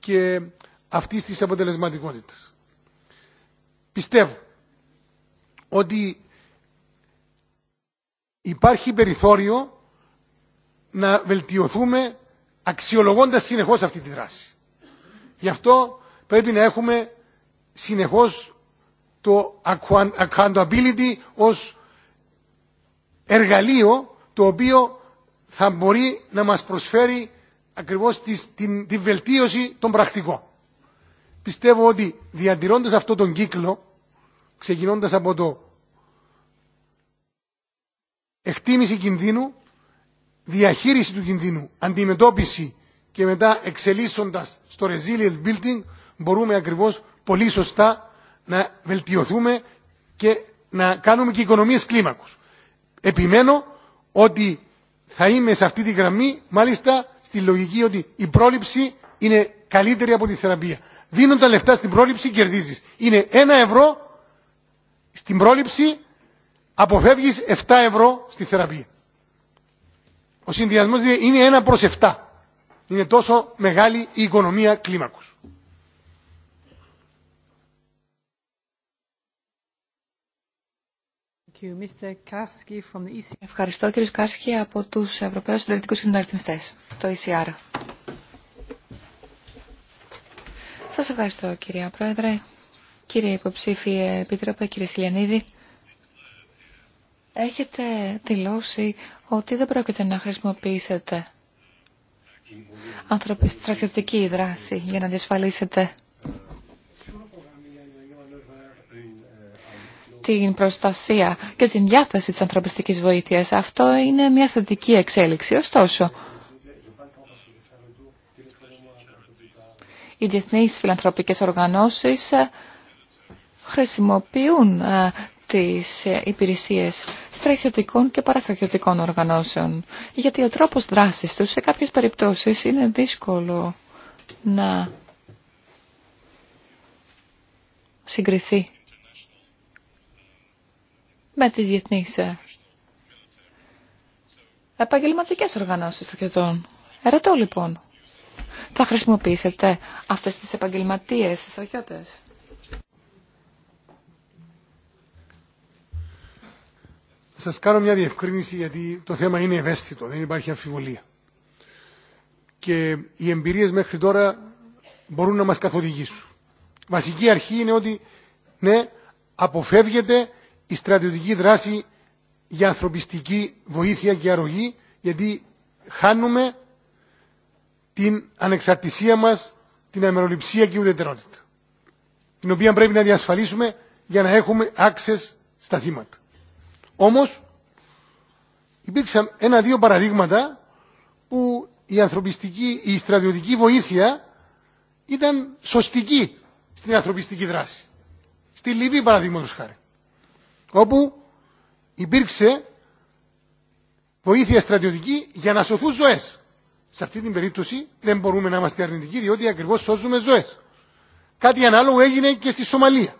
και αυτής της αποτελεσματικότητας. Πιστεύω ότι υπάρχει περιθώριο να βελτιωθούμε αξιολογώντας συνεχώς αυτή τη δράση. Γι' αυτό πρέπει να έχουμε συνεχώς το accountability ως εργαλείο το οποίο θα μπορεί να μας προσφέρει ακριβώς τη, την, βελτίωση των πρακτικών. Πιστεύω ότι διατηρώντας αυτό τον κύκλο, ξεκινώντας από το εκτίμηση κινδύνου, διαχείριση του κινδύνου, αντιμετώπιση και μετά εξελίσσοντας στο resilient building, μπορούμε ακριβώς πολύ σωστά να βελτιωθούμε και να κάνουμε και οικονομίες κλίμακους. Επιμένω ότι θα είμαι σε αυτή τη γραμμή, μάλιστα στη λογική ότι η πρόληψη είναι καλύτερη από τη θεραπεία. Δίνουν τα λεφτά στην πρόληψη, κερδίζεις. Είναι ένα ευρώ στην πρόληψη, αποφεύγεις 7 ευρώ στη θεραπεία. Ο συνδυασμός δηλαδή, είναι ένα προς 7. Είναι τόσο μεγάλη η οικονομία κλίμακος. E ευχαριστώ κύριε Κάρσκι από τους Ευρωπαίους Συντελετικούς Συντακτημιστές, το ECR. Σας ευχαριστώ κυρία Πρόεδρε, κύριε Υποψήφιε Επίτροπε, κύριε Σιλιανίδη. Έχετε δηλώσει ότι δεν πρόκειται να χρησιμοποιήσετε ανθρωπιστρατιωτική δράση για να διασφαλίσετε την προστασία και την διάθεση της ανθρωπιστικής βοήθειας. Αυτό είναι μια θετική εξέλιξη. Ωστόσο, οι διεθνείς φιλανθρωπικές οργανώσεις ε, χρησιμοποιούν ε, τις ε, υπηρεσίες στρατιωτικών και παραστρατιωτικών οργανώσεων. Γιατί ο τρόπος δράσης τους σε κάποιες περιπτώσεις είναι δύσκολο να συγκριθεί με τις διεθνείς ε, επαγγελματικές οργανώσεις στρατιωτών. Ερωτώ λοιπόν, θα χρησιμοποιήσετε αυτές τις επαγγελματίες στρατιώτες. Θα σας κάνω μια διευκρίνηση γιατί το θέμα είναι ευαίσθητο, δεν υπάρχει αμφιβολία. Και οι εμπειρίες μέχρι τώρα μπορούν να μας καθοδηγήσουν. Βασική αρχή είναι ότι ναι, αποφεύγεται η στρατιωτική δράση για ανθρωπιστική βοήθεια και αρρωγή γιατί χάνουμε την ανεξαρτησία μας, την αμεροληψία και ουδετερότητα την οποία πρέπει να διασφαλίσουμε για να έχουμε άξες στα θύματα. Όμως υπήρξαν ένα-δύο παραδείγματα που η ανθρωπιστική, η στρατιωτική βοήθεια ήταν σωστική στην ανθρωπιστική δράση. Στη Λιβύη παραδείγματος χάρη όπου υπήρξε βοήθεια στρατιωτική για να σωθούν ζωές. Σε αυτή την περίπτωση δεν μπορούμε να είμαστε αρνητικοί διότι ακριβώς σώζουμε ζωές. Κάτι ανάλογο έγινε και στη Σομαλία.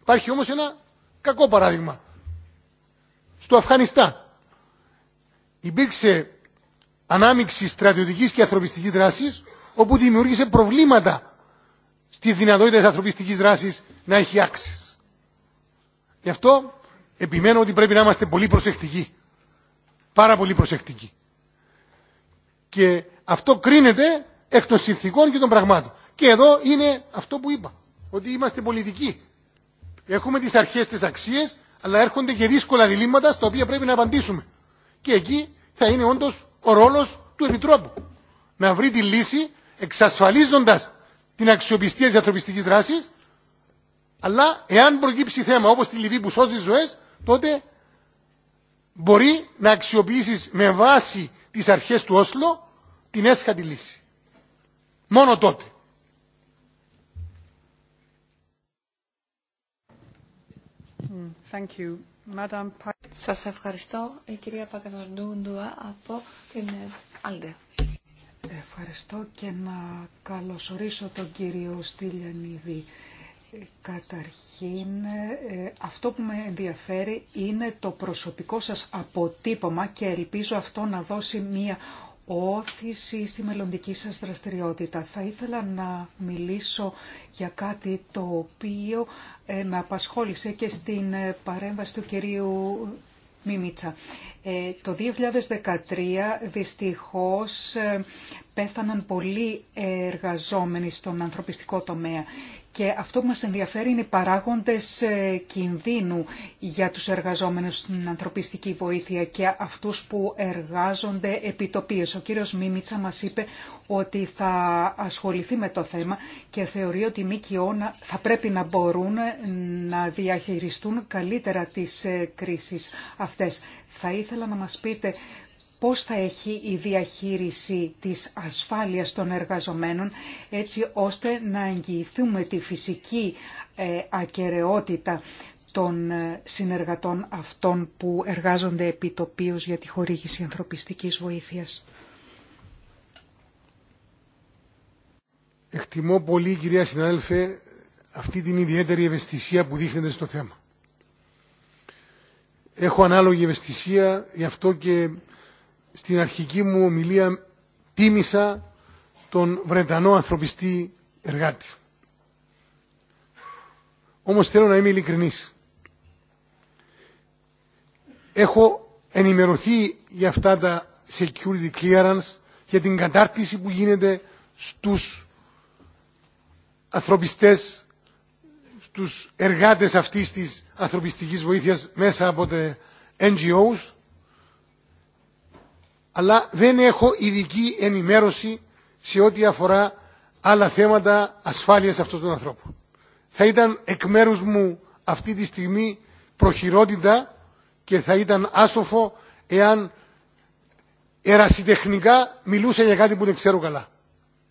Υπάρχει όμως ένα κακό παράδειγμα. Στο Αφγανιστάν υπήρξε ανάμειξη στρατιωτικής και ανθρωπιστικής δράσης όπου δημιούργησε προβλήματα στη δυνατότητα της ανθρωπιστικής δράσης να έχει άξεις. Γι' αυτό επιμένω ότι πρέπει να είμαστε πολύ προσεκτικοί. Πάρα πολύ προσεκτικοί. Και αυτό κρίνεται εκ των συνθήκων και των πραγμάτων. Και εδώ είναι αυτό που είπα. Ότι είμαστε πολιτικοί. Έχουμε τις αρχές, τις αξίες, αλλά έρχονται και δύσκολα διλήμματα στα οποία πρέπει να απαντήσουμε. Και εκεί θα είναι όντως ο ρόλος του Επιτρόπου. Να βρει τη λύση εξασφαλίζοντας την αξιοπιστία της ανθρωπιστικής δράσης αλλά εάν προκύψει θέμα όπως τη Λιβύη που σώζει ζωές, τότε μπορεί να αξιοποιήσεις με βάση τις αρχές του Όσλο την έσχατη λύση. Μόνο τότε. Σας ευχαριστώ, η κυρία Πακαδοντούντουα από την Αλντε. Ε, ευχαριστώ και να καλωσορίσω τον κύριο Στυλιανίδη. Καταρχήν, ε, αυτό που με ενδιαφέρει είναι το προσωπικό σας αποτύπωμα και ελπίζω αυτό να δώσει μία όθηση στη μελλοντική σας δραστηριότητα. Θα ήθελα να μιλήσω για κάτι το οποίο να ε, απασχόλησε και στην ε, παρέμβαση του κυρίου Μίμητσα. το 2013 δυστυχώς πέθαναν πολλοί εργαζόμενοι στον ανθρωπιστικό τομέα και αυτό που μας ενδιαφέρει είναι οι παράγοντες ε, κινδύνου για τους εργαζόμενους στην ανθρωπιστική βοήθεια και αυτούς που εργάζονται επί επιτοπίες. Ο κύριος Μίμητσα μας είπε ότι θα ασχοληθεί με το θέμα και θεωρεί ότι οι ΜΚΟ θα πρέπει να μπορούν να διαχειριστούν καλύτερα τις ε, κρίσεις αυτές. Θα ήθελα να μας πείτε πώς θα έχει η διαχείριση της ασφάλειας των εργαζομένων έτσι ώστε να εγγυηθούμε τη φυσική ε, ακαιρεότητα των ε, συνεργατών αυτών που εργάζονται επιτοπίως για τη χορήγηση ανθρωπιστικής βοήθειας. Εκτιμώ πολύ, κυρία συνάδελφε, αυτή την ιδιαίτερη ευαισθησία που δείχνετε στο θέμα. Έχω ανάλογη ευαισθησία, γι' αυτό και στην αρχική μου ομιλία τίμησα τον Βρετανό ανθρωπιστή εργάτη. Όμως θέλω να είμαι ειλικρινής. Έχω ενημερωθεί για αυτά τα security clearance, για την κατάρτιση που γίνεται στους ανθρωπιστές, στους εργάτες αυτής της ανθρωπιστικής βοήθειας μέσα από τα NGOs αλλά δεν έχω ειδική ενημέρωση σε ό,τι αφορά άλλα θέματα ασφάλειας αυτών των ανθρώπων. Θα ήταν εκ μέρους μου αυτή τη στιγμή προχειρότητα και θα ήταν άσοφο εάν ερασιτεχνικά μιλούσα για κάτι που δεν ξέρω καλά.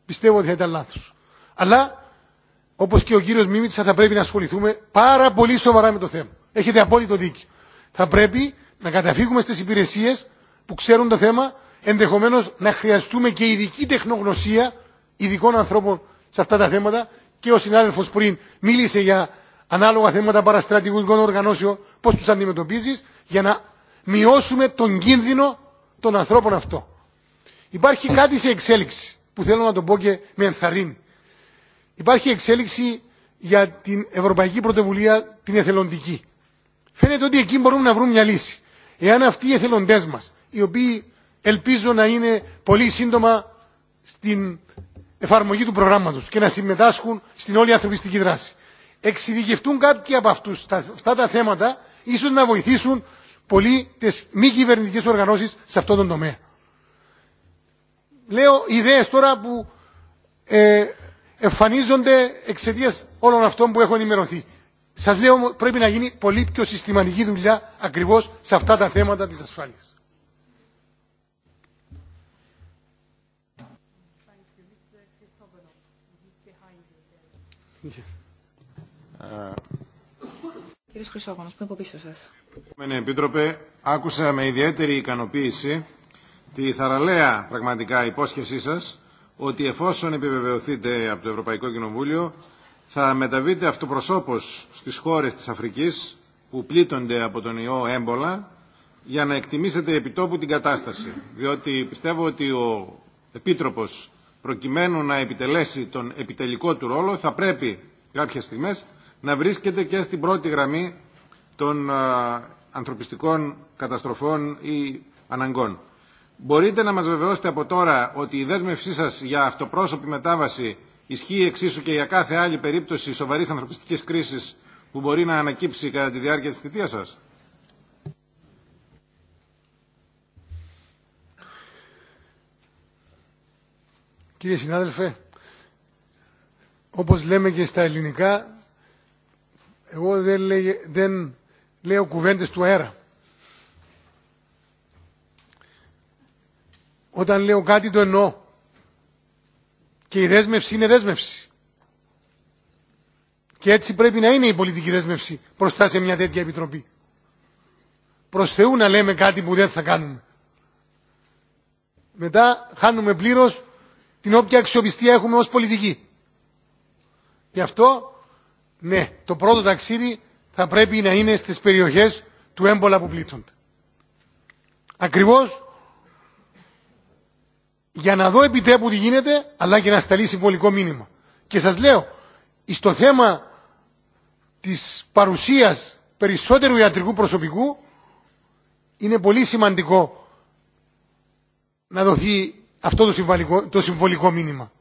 Πιστεύω ότι θα ήταν λάθος. Αλλά, όπως και ο κύριος Μίμητσα, θα πρέπει να ασχοληθούμε πάρα πολύ σοβαρά με το θέμα. Έχετε απόλυτο δίκιο. Θα πρέπει να καταφύγουμε στις υπηρεσίες που ξέρουν το θέμα, ενδεχομένω να χρειαστούμε και ειδική τεχνογνωσία ειδικών ανθρώπων σε αυτά τα θέματα και ο συνάδελφο πριν μίλησε για ανάλογα θέματα παραστρατηγικών οργανώσεων, πώ του αντιμετωπίζει, για να μειώσουμε τον κίνδυνο των ανθρώπων αυτό. Υπάρχει κάτι σε εξέλιξη που θέλω να το πω και με ενθαρρύνει. Υπάρχει εξέλιξη για την Ευρωπαϊκή Πρωτοβουλία την εθελοντική. Φαίνεται ότι εκεί μπορούμε να βρούμε μια λύση. Εάν αυτοί οι εθελοντέ μα οι οποίοι ελπίζω να είναι πολύ σύντομα στην εφαρμογή του προγράμματος και να συμμετάσχουν στην όλη ανθρωπιστική δράση. Εξειδικευτούν κάποιοι από αυτούς τα, αυτά τα θέματα, ίσως να βοηθήσουν πολύ τις μη κυβερνητικέ οργανώσεις σε αυτόν τον τομέα. Λέω ιδέες τώρα που ε, εμφανίζονται εξαιτία όλων αυτών που έχω ενημερωθεί. Σας λέω πρέπει να γίνει πολύ πιο συστηματική δουλειά ακριβώς σε αυτά τα θέματα της ασφάλειας. Ε, Κύριε Χρυσόγονος, πριν από πίσω σα Κύριε Επίτροπε, άκουσα με ιδιαίτερη ικανοποίηση τη θαραλέα πραγματικά υπόσχεσή σας ότι εφόσον επιβεβαιωθείτε από το Ευρωπαϊκό Κοινοβούλιο θα μεταβείτε αυτοπροσώπως στις χώρες της Αφρικής που πλήττονται από τον ιό έμπολα για να εκτιμήσετε επιτόπου την κατάσταση. Διότι πιστεύω ότι ο Επίτροπος προκειμένου να επιτελέσει τον επιτελικό του ρόλο θα πρέπει κάποιες στιγμές να βρίσκεται και στην πρώτη γραμμή των ανθρωπιστικών καταστροφών ή αναγκών. Μπορείτε να μας βεβαιώσετε από τώρα ότι η δέσμευσή σας για αυτοπρόσωπη μετάβαση ισχύει εξίσου και για κάθε άλλη περίπτωση σοβαρής ανθρωπιστικής κρίσης που μπορεί να ανακύψει κατά τη διάρκεια της θητείας σας. Κύριε συνάδελφε, όπως λέμε και στα ελληνικά, εγώ δεν, λέω κουβέντες του αέρα. Όταν λέω κάτι το εννοώ. Και η δέσμευση είναι δέσμευση. Και έτσι πρέπει να είναι η πολιτική δέσμευση μπροστά σε μια τέτοια επιτροπή. Προς Θεού να λέμε κάτι που δεν θα κάνουμε. Μετά χάνουμε πλήρως την όποια αξιοπιστία έχουμε ως πολιτική. Γι' αυτό, ναι, το πρώτο ταξίδι θα πρέπει να είναι στις περιοχές του έμπολα που πλήττονται. Ακριβώς για να δω επιτέπου τι γίνεται, αλλά και να σταλεί συμβολικό μήνυμα. Και σας λέω, στο θέμα της παρουσίας περισσότερου ιατρικού προσωπικού, είναι πολύ σημαντικό να δοθεί αυτό το συμβολικό, μήνυμα.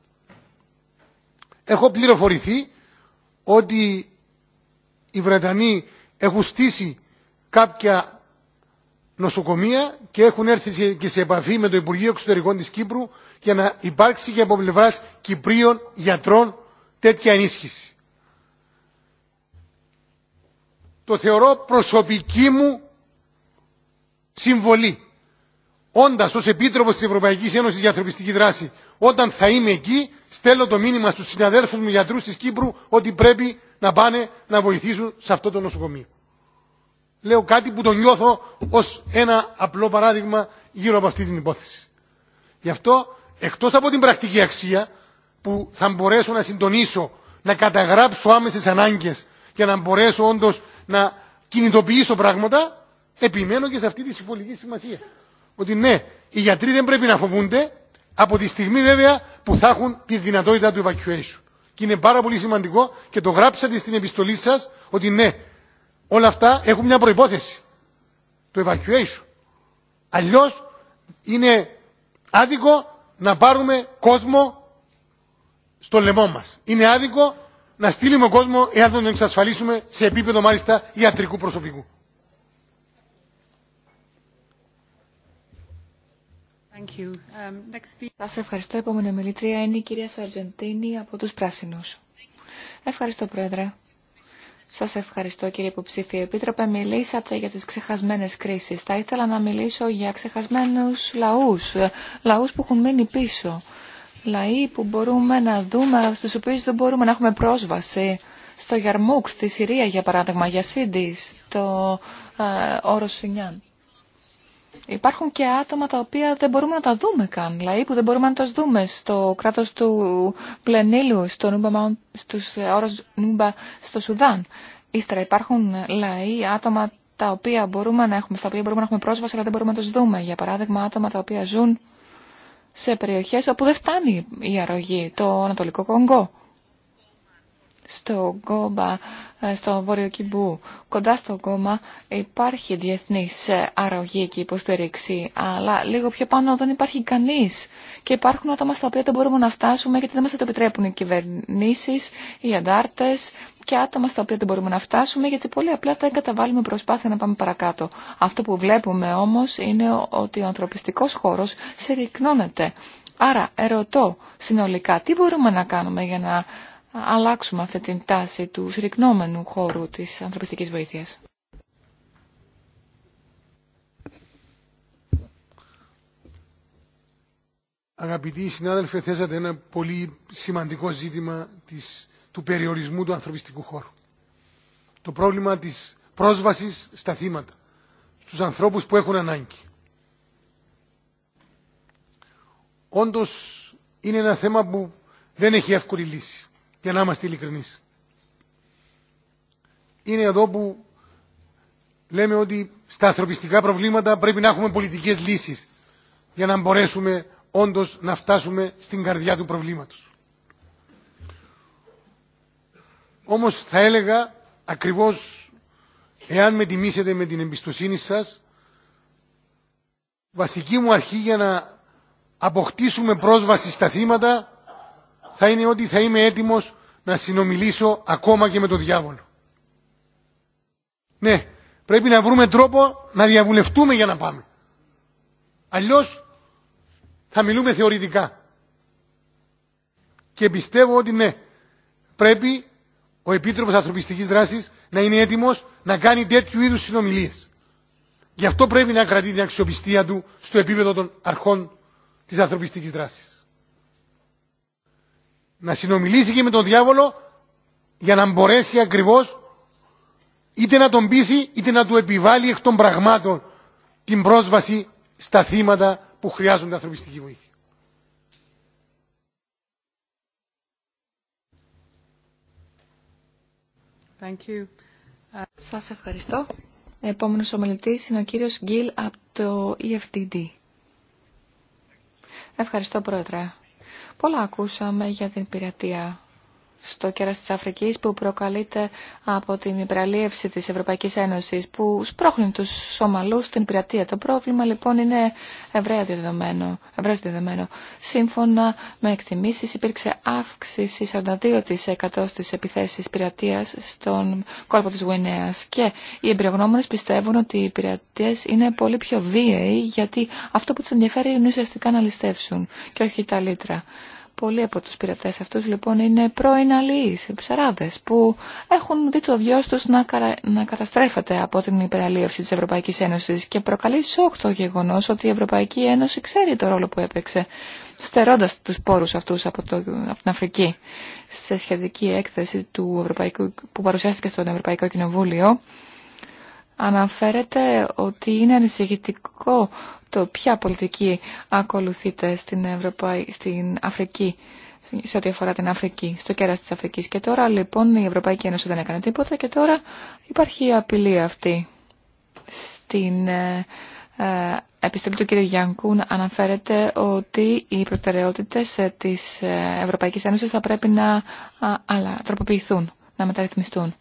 Έχω πληροφορηθεί ότι οι Βρετανοί έχουν στήσει κάποια νοσοκομεία και έχουν έρθει και σε επαφή με το Υπουργείο Εξωτερικών της Κύπρου για να υπάρξει και από πλευρά Κυπρίων γιατρών τέτοια ενίσχυση. Το θεωρώ προσωπική μου συμβολή. Όντα ω Επίτροπο τη Ευρωπαϊκή Ένωση για Ανθρωπιστική Δράση, όταν θα είμαι εκεί, στέλνω το μήνυμα στου συναδέλφου μου γιατρού τη Κύπρου ότι πρέπει να πάνε να βοηθήσουν σε αυτό το νοσοκομείο. Λέω κάτι που το νιώθω ω ένα απλό παράδειγμα γύρω από αυτή την υπόθεση. Γι' αυτό, εκτό από την πρακτική αξία που θα μπορέσω να συντονίσω, να καταγράψω άμεσε ανάγκε και να μπορέσω όντω να κινητοποιήσω πράγματα, επιμένω και σε αυτή τη συμβολική σημασία ότι ναι, οι γιατροί δεν πρέπει να φοβούνται από τη στιγμή βέβαια που θα έχουν τη δυνατότητα του evacuation. Και είναι πάρα πολύ σημαντικό και το γράψατε στην επιστολή σα ότι ναι, όλα αυτά έχουν μια προπόθεση. Το evacuation. Αλλιώ είναι άδικο να πάρουμε κόσμο στο λαιμό μα. Είναι άδικο να στείλουμε κόσμο εάν δεν τον εξασφαλίσουμε σε επίπεδο μάλιστα ιατρικού προσωπικού. Thank um, ευχαριστώ. Επόμενη μιλήτρια είναι η κυρία Σαρτζεντίνη από τους Πράσινους. Ευχαριστώ, Πρόεδρε. Σας ευχαριστώ κύριε υποψήφιε επίτροπε. Μιλήσατε για τις ξεχασμένες κρίσεις. Θα ήθελα να μιλήσω για ξεχασμένους λαούς, λαούς που έχουν μείνει πίσω. Λαοί που μπορούμε να δούμε, στους οποίους δεν μπορούμε να έχουμε πρόσβαση. Στο Γιαρμούκ, στη Συρία για παράδειγμα, για Σίντι, το ε, όρο Σινιάν. Υπάρχουν και άτομα τα οποία δεν μπορούμε να τα δούμε καν, Λαοί που δεν μπορούμε να τα δούμε στο κράτος του Πλενήλου, στο Νούμπα, στους Νούμπα στο Σουδάν. Ύστερα υπάρχουν λαοί, άτομα τα οποία μπορούμε να έχουμε, στα οποία μπορούμε να έχουμε πρόσβαση, αλλά δεν μπορούμε να τους δούμε. Για παράδειγμα, άτομα τα οποία ζουν σε περιοχές όπου δεν φτάνει η αρρωγή, το Ανατολικό Κονγκό στο κόμμα ε, στο Βόρειο Κιμπού, κοντά στο Γκόμα υπάρχει διεθνής ε, αρρωγή και υποστήριξη, αλλά λίγο πιο πάνω δεν υπάρχει κανείς. Και υπάρχουν άτομα στα οποία δεν μπορούμε να φτάσουμε γιατί δεν μας το επιτρέπουν οι κυβερνήσεις, οι αντάρτες και άτομα στα οποία δεν μπορούμε να φτάσουμε γιατί πολύ απλά δεν καταβάλουμε προσπάθεια να πάμε παρακάτω. Αυτό που βλέπουμε όμως είναι ότι ο ανθρωπιστικός χώρος συρρυκνώνεται. Άρα ερωτώ συνολικά τι μπορούμε να κάνουμε για να αλλάξουμε αυτή την τάση του συρρυκνόμενου χώρου της ανθρωπιστικής βοήθειας. Αγαπητοί συνάδελφοι, θέσατε ένα πολύ σημαντικό ζήτημα της, του περιορισμού του ανθρωπιστικού χώρου. Το πρόβλημα της πρόσβασης στα θύματα, στους ανθρώπους που έχουν ανάγκη. Όντως είναι ένα θέμα που δεν έχει εύκολη λύση για να είμαστε ειλικρινεί. Είναι εδώ που λέμε ότι στα ανθρωπιστικά προβλήματα πρέπει να έχουμε πολιτικές λύσεις για να μπορέσουμε όντως να φτάσουμε στην καρδιά του προβλήματος. Όμως θα έλεγα ακριβώς εάν με τιμήσετε με την εμπιστοσύνη σας βασική μου αρχή για να αποκτήσουμε πρόσβαση στα θύματα θα είναι ότι θα είμαι έτοιμος να συνομιλήσω ακόμα και με τον διάβολο. Ναι, πρέπει να βρούμε τρόπο να διαβουλευτούμε για να πάμε. Αλλιώς θα μιλούμε θεωρητικά. Και πιστεύω ότι ναι, πρέπει ο Επίτροπος Ανθρωπιστικής Δράσης να είναι έτοιμος να κάνει τέτοιου είδους συνομιλίες. Γι' αυτό πρέπει να κρατεί την αξιοπιστία του στο επίπεδο των αρχών της ανθρωπιστικής δράσης να συνομιλήσει και με τον διάβολο για να μπορέσει ακριβώς είτε να τον πείσει είτε να του επιβάλλει εκ των πραγμάτων την πρόσβαση στα θύματα που χρειάζονται ανθρωπιστική βοήθεια. Thank you. Ε, σας ευχαριστώ. Επόμενος ομιλητής είναι ο κύριος Γκίλ από το EFTD. Ευχαριστώ, Πρόεδρε. Πολλά ακούσαμε για την πειρατεία στο κέρας της Αφρικής που προκαλείται από την υπεραλίευση της Ευρωπαϊκής Ένωσης που σπρώχνει τους Σομαλούς στην πειρατεία. Το πρόβλημα λοιπόν είναι ευρέα δεδομένο, δεδομένο. Σύμφωνα με εκτιμήσεις υπήρξε αύξηση 42% στις επιθέσεις πειρατείας στον κόλπο της Γουινέας και οι εμπειρογνώμονες πιστεύουν ότι οι πειρατείες είναι πολύ πιο βίαιοι γιατί αυτό που τους ενδιαφέρει είναι ουσιαστικά να ληστεύσουν και όχι τα λίτρα. Πολλοί από τους πειρατές αυτούς λοιπόν είναι πρώην αλληλείς, ψαράδες που έχουν δει το βιός να, καρα... καταστρέφεται από την υπεραλίευση της Ευρωπαϊκής Ένωσης και προκαλεί σοκ το γεγονός ότι η Ευρωπαϊκή Ένωση ξέρει το ρόλο που έπαιξε στερώντας τους πόρους αυτούς από, το... την Αφρική. Σε σχετική έκθεση του Ευρωπαϊκού... που παρουσιάστηκε στον Ευρωπαϊκό Κοινοβούλιο αναφέρεται ότι είναι ανησυχητικό το ποια πολιτική ακολουθείται στην, στην Αφρική σε ό,τι αφορά την Αφρική, στο κέρας της Αφρικής. Και τώρα λοιπόν η Ευρωπαϊκή Ένωση δεν έκανε τίποτα και τώρα υπάρχει απειλή αυτή. Στην ε, ε επιστολή του κ. Γιάνκουν αναφέρεται ότι οι προτεραιότητες ε, της ε, Ευρωπαϊκής Ένωσης θα πρέπει να τροποποιηθούν, να μεταρρυθμιστούν.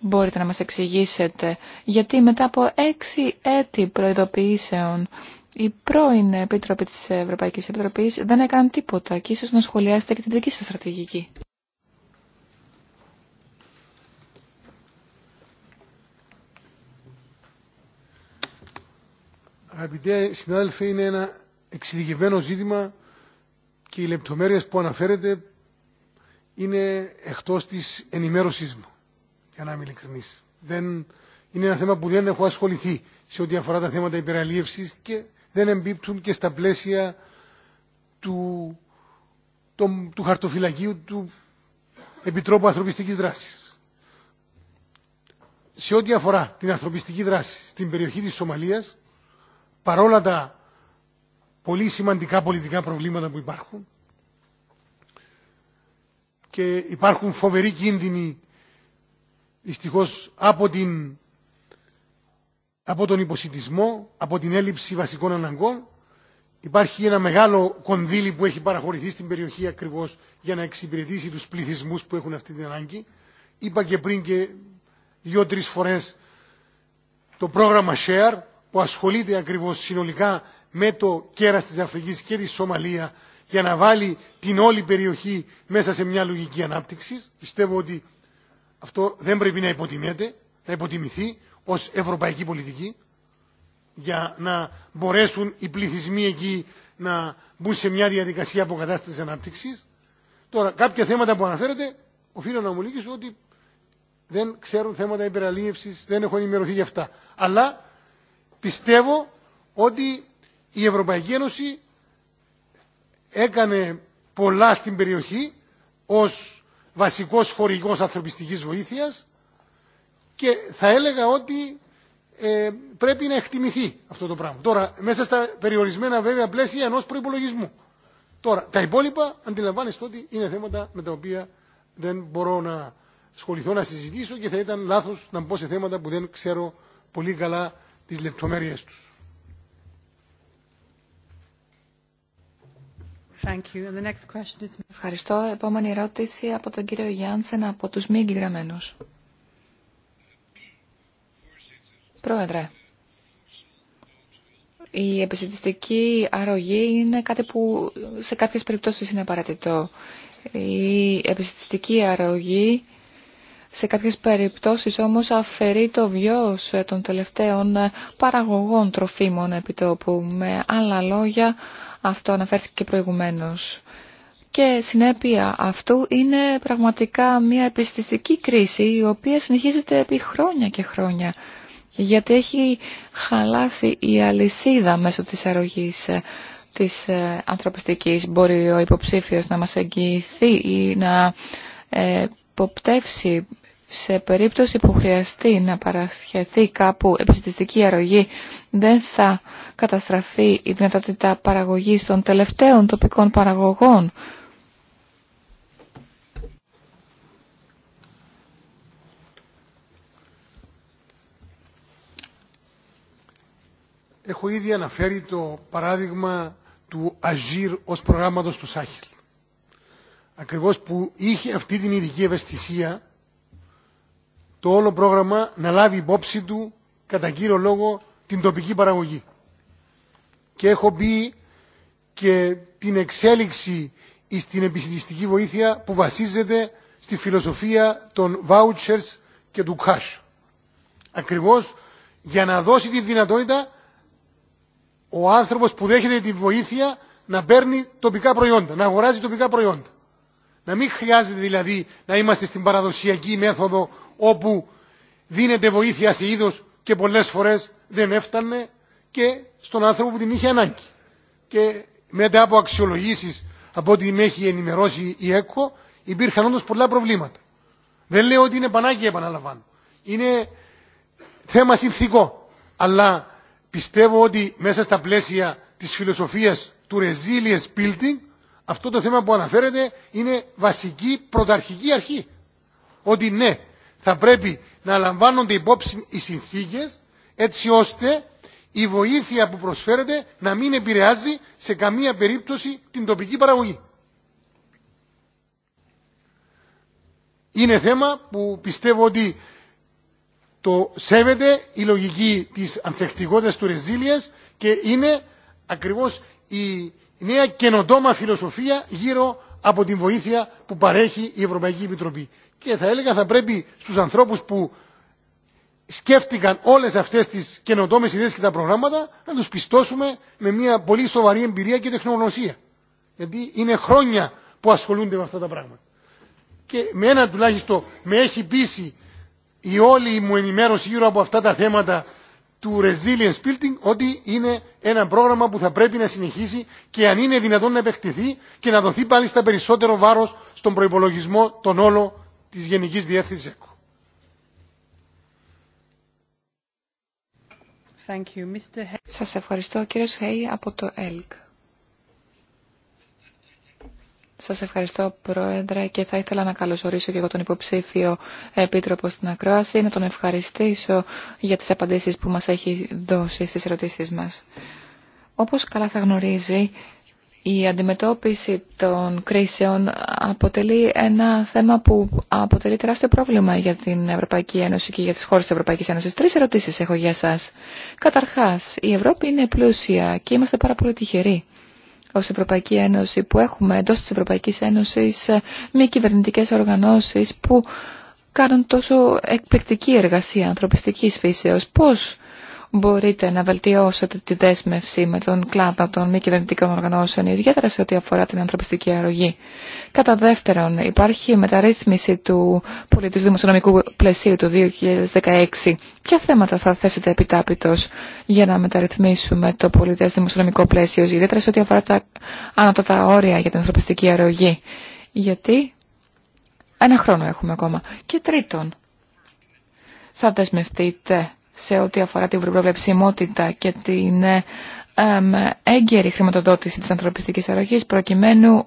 Μπορείτε να μας εξηγήσετε γιατί μετά από έξι έτη προειδοποιήσεων η πρώην Επίτροπη της Ευρωπαϊκής Επιτροπής δεν έκανε τίποτα και ίσως να σχολιάσετε και την δική σας στρατηγική. Αγαπητέ συνάδελφε είναι ένα εξειδικευμένο ζήτημα και οι λεπτομέρειες που αναφέρετε είναι εκτός της ενημέρωσής μου για να είμαι ειλικρινή. Είναι ένα θέμα που δεν έχω ασχοληθεί σε ό,τι αφορά τα θέματα υπεραλίευση και δεν εμπίπτουν και στα πλαίσια του, του χαρτοφυλακίου του Επιτρόπου ανθρωπιστική δράση. Σε ό,τι αφορά την ανθρωπιστική δράση στην περιοχή τη Σομαλίας, παρόλα τα πολύ σημαντικά πολιτικά προβλήματα που υπάρχουν και υπάρχουν φοβεροί κίνδυνοι δυστυχώς από, την, από τον υποσυντισμό, από την έλλειψη βασικών αναγκών. Υπάρχει ένα μεγάλο κονδύλι που έχει παραχωρηθεί στην περιοχή ακριβώς για να εξυπηρετήσει τους πληθυσμούς που έχουν αυτή την ανάγκη. Είπα και πριν και δύο-τρεις φορές το πρόγραμμα SHARE που ασχολείται ακριβώς συνολικά με το κέρας της Αφρικής και τη Σομαλία για να βάλει την όλη περιοχή μέσα σε μια λογική ανάπτυξη. Πιστεύω ότι αυτό δεν πρέπει να υποτιμείται, να υποτιμηθεί ως ευρωπαϊκή πολιτική για να μπορέσουν οι πληθυσμοί εκεί να μπουν σε μια διαδικασία αποκατάστασης ανάπτυξης. Τώρα, κάποια θέματα που αναφέρετε, οφείλω να μου ότι δεν ξέρουν θέματα υπεραλίευσης, δεν έχω ενημερωθεί για αυτά. Αλλά πιστεύω ότι η Ευρωπαϊκή Ένωση έκανε πολλά στην περιοχή ως βασικός χορηγός ανθρωπιστικής βοήθειας και θα έλεγα ότι ε, πρέπει να εκτιμηθεί αυτό το πράγμα. Τώρα, μέσα στα περιορισμένα βέβαια πλαίσια ενός προϋπολογισμού. Τώρα, τα υπόλοιπα αντιλαμβάνεστε ότι είναι θέματα με τα οποία δεν μπορώ να σχοληθώ να συζητήσω και θα ήταν λάθος να μπω σε θέματα που δεν ξέρω πολύ καλά τις λεπτομέρειες τους. Ευχαριστώ. Επόμενη ερώτηση από τον κύριο Γιάνσεν από τους μη εγγυγραμμένους. Πρόεδρε, η επιστημιστική αρρωγή είναι κάτι που σε κάποιες περιπτώσεις είναι απαραίτητο. Η επιστημιστική αρρωγή σε κάποιες περιπτώσεις όμως αφαιρεί το βιός ε, των τελευταίων ε, παραγωγών τροφίμων επιτόπου. Με άλλα λόγια, αυτό αναφέρθηκε προηγουμένως. Και συνέπεια αυτού είναι πραγματικά μια επιστηστική κρίση η οποία συνεχίζεται επί χρόνια και χρόνια. Γιατί έχει χαλάσει η αλυσίδα μέσω της αρρωγής ε, της ανθρωπιστικής. Μπορεί ο υποψήφιος να μας εγγυηθεί ή να υποπτεύσει σε περίπτωση που χρειαστεί να παρασχεθεί κάπου επιστηστική αρρωγή, δεν θα καταστραφεί η δυνατότητα παραγωγής των τελευταίων τοπικών παραγωγών. Έχω ήδη αναφέρει το παράδειγμα του Αζίρ ως προγράμματος του Σάχελ. Ακριβώς που είχε αυτή την ειδική ευαισθησία το όλο πρόγραμμα να λάβει υπόψη του κατά κύριο λόγο την τοπική παραγωγή. Και έχω πει και την εξέλιξη στην επιστημιστική βοήθεια που βασίζεται στη φιλοσοφία των vouchers και του cash. Ακριβώς για να δώσει τη δυνατότητα ο άνθρωπος που δέχεται τη βοήθεια να παίρνει τοπικά προϊόντα, να αγοράζει τοπικά προϊόντα. Να μην χρειάζεται δηλαδή να είμαστε στην παραδοσιακή μέθοδο όπου δίνεται βοήθεια σε είδο και πολλές φορές δεν έφτανε και στον άνθρωπο που την είχε ανάγκη. Και μετά από αξιολογήσεις από ό,τι με έχει ενημερώσει η ΕΚΟ υπήρχαν όντως πολλά προβλήματα. Δεν λέω ότι είναι πανάκια επαναλαμβάνω. Είναι θέμα συνθήκο. Αλλά πιστεύω ότι μέσα στα πλαίσια της φιλοσοφίας του resilience building αυτό το θέμα που αναφέρεται είναι βασική πρωταρχική αρχή. Ότι ναι, θα πρέπει να λαμβάνονται υπόψη οι συνθήκες έτσι ώστε η βοήθεια που προσφέρεται να μην επηρεάζει σε καμία περίπτωση την τοπική παραγωγή. Είναι θέμα που πιστεύω ότι το σέβεται η λογική της ανθεκτικότητας του ρεζίλιας και είναι ακριβώς η μια καινοτόμα φιλοσοφία γύρω από την βοήθεια που παρέχει η Ευρωπαϊκή Επιτροπή. Και θα έλεγα θα πρέπει στους ανθρώπους που σκέφτηκαν όλες αυτές τις καινοτόμες ιδέες και τα προγράμματα να τους πιστώσουμε με μια πολύ σοβαρή εμπειρία και τεχνογνωσία. Γιατί είναι χρόνια που ασχολούνται με αυτά τα πράγματα. Και με ένα τουλάχιστον με έχει πείσει η όλη μου ενημέρωση γύρω από αυτά τα θέματα του resilience building ότι είναι ένα πρόγραμμα που θα πρέπει να συνεχίσει και αν είναι δυνατόν να επεκτηθεί και να δοθεί πάλι στα περισσότερο βάρος στον προϋπολογισμό των όλων της Γενικής Διεύθυνσης ΕΚΟ. Σας ευχαριστώ κύριος Χέι από το ΕΛΚ. Σας ευχαριστώ Πρόεδρε και θα ήθελα να καλωσορίσω και εγώ τον υποψήφιο Επίτροπο στην Ακρόαση να τον ευχαριστήσω για τις απαντήσεις που μας έχει δώσει στις ερωτήσεις μας. Όπως καλά θα γνωρίζει, η αντιμετώπιση των κρίσεων αποτελεί ένα θέμα που αποτελεί τεράστιο πρόβλημα για την Ευρωπαϊκή Ένωση και για τις χώρες της Ευρωπαϊκής Ένωσης. Τρεις ερωτήσεις έχω για σας. Καταρχάς, η Ευρώπη είναι πλούσια και είμαστε πάρα πολύ τυχεροί ως Ευρωπαϊκή Ένωση που έχουμε εντός της Ευρωπαϊκής Ένωσης ε, μη κυβερνητικές οργανώσεις που κάνουν τόσο εκπληκτική εργασία ανθρωπιστικής φύσεως. Πώς μπορείτε να βελτιώσετε τη δέσμευση με τον κλάδο των μη κυβερνητικών οργανώσεων, ιδιαίτερα σε ό,τι αφορά την ανθρωπιστική αρρωγή. Κατά δεύτερον, υπάρχει μεταρρύθμιση του πολιτικού δημοσιονομικού πλαισίου του 2016. Ποια θέματα θα θέσετε επιτάπητο για να μεταρρυθμίσουμε το πολιτισμό δημοσιονομικό πλαίσιο, ιδιαίτερα σε ό,τι αφορά τα άνωτα όρια για την ανθρωπιστική αρρωγή. Γιατί ένα χρόνο έχουμε ακόμα. Και τρίτον, θα δεσμευτείτε σε ό,τι αφορά την προβλεψιμότητα και την ε, έγκαιρη χρηματοδότηση της ανθρωπιστικής αρρωγής προκειμένου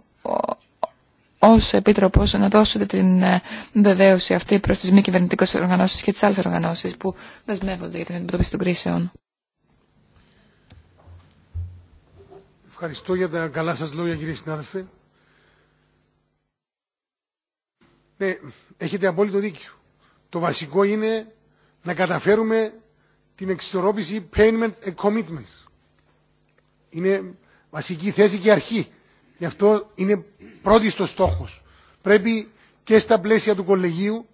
ως Επίτροπος να δώσετε την ε, βεβαίωση αυτή προς τις μη κυβερνητικές οργανώσεις και τις άλλες οργανώσεις που δεσμεύονται για την αντιμετώπιση των κρίσεων. Ευχαριστώ για τα καλά σας λόγια κύριε συνάδελφε. Ναι, έχετε απόλυτο δίκιο. Το βασικό είναι να καταφέρουμε την εξισορρόπηση payment and commitments. Είναι βασική θέση και αρχή. Γι' αυτό είναι πρώτη στο στόχος. Πρέπει και στα πλαίσια του κολεγίου,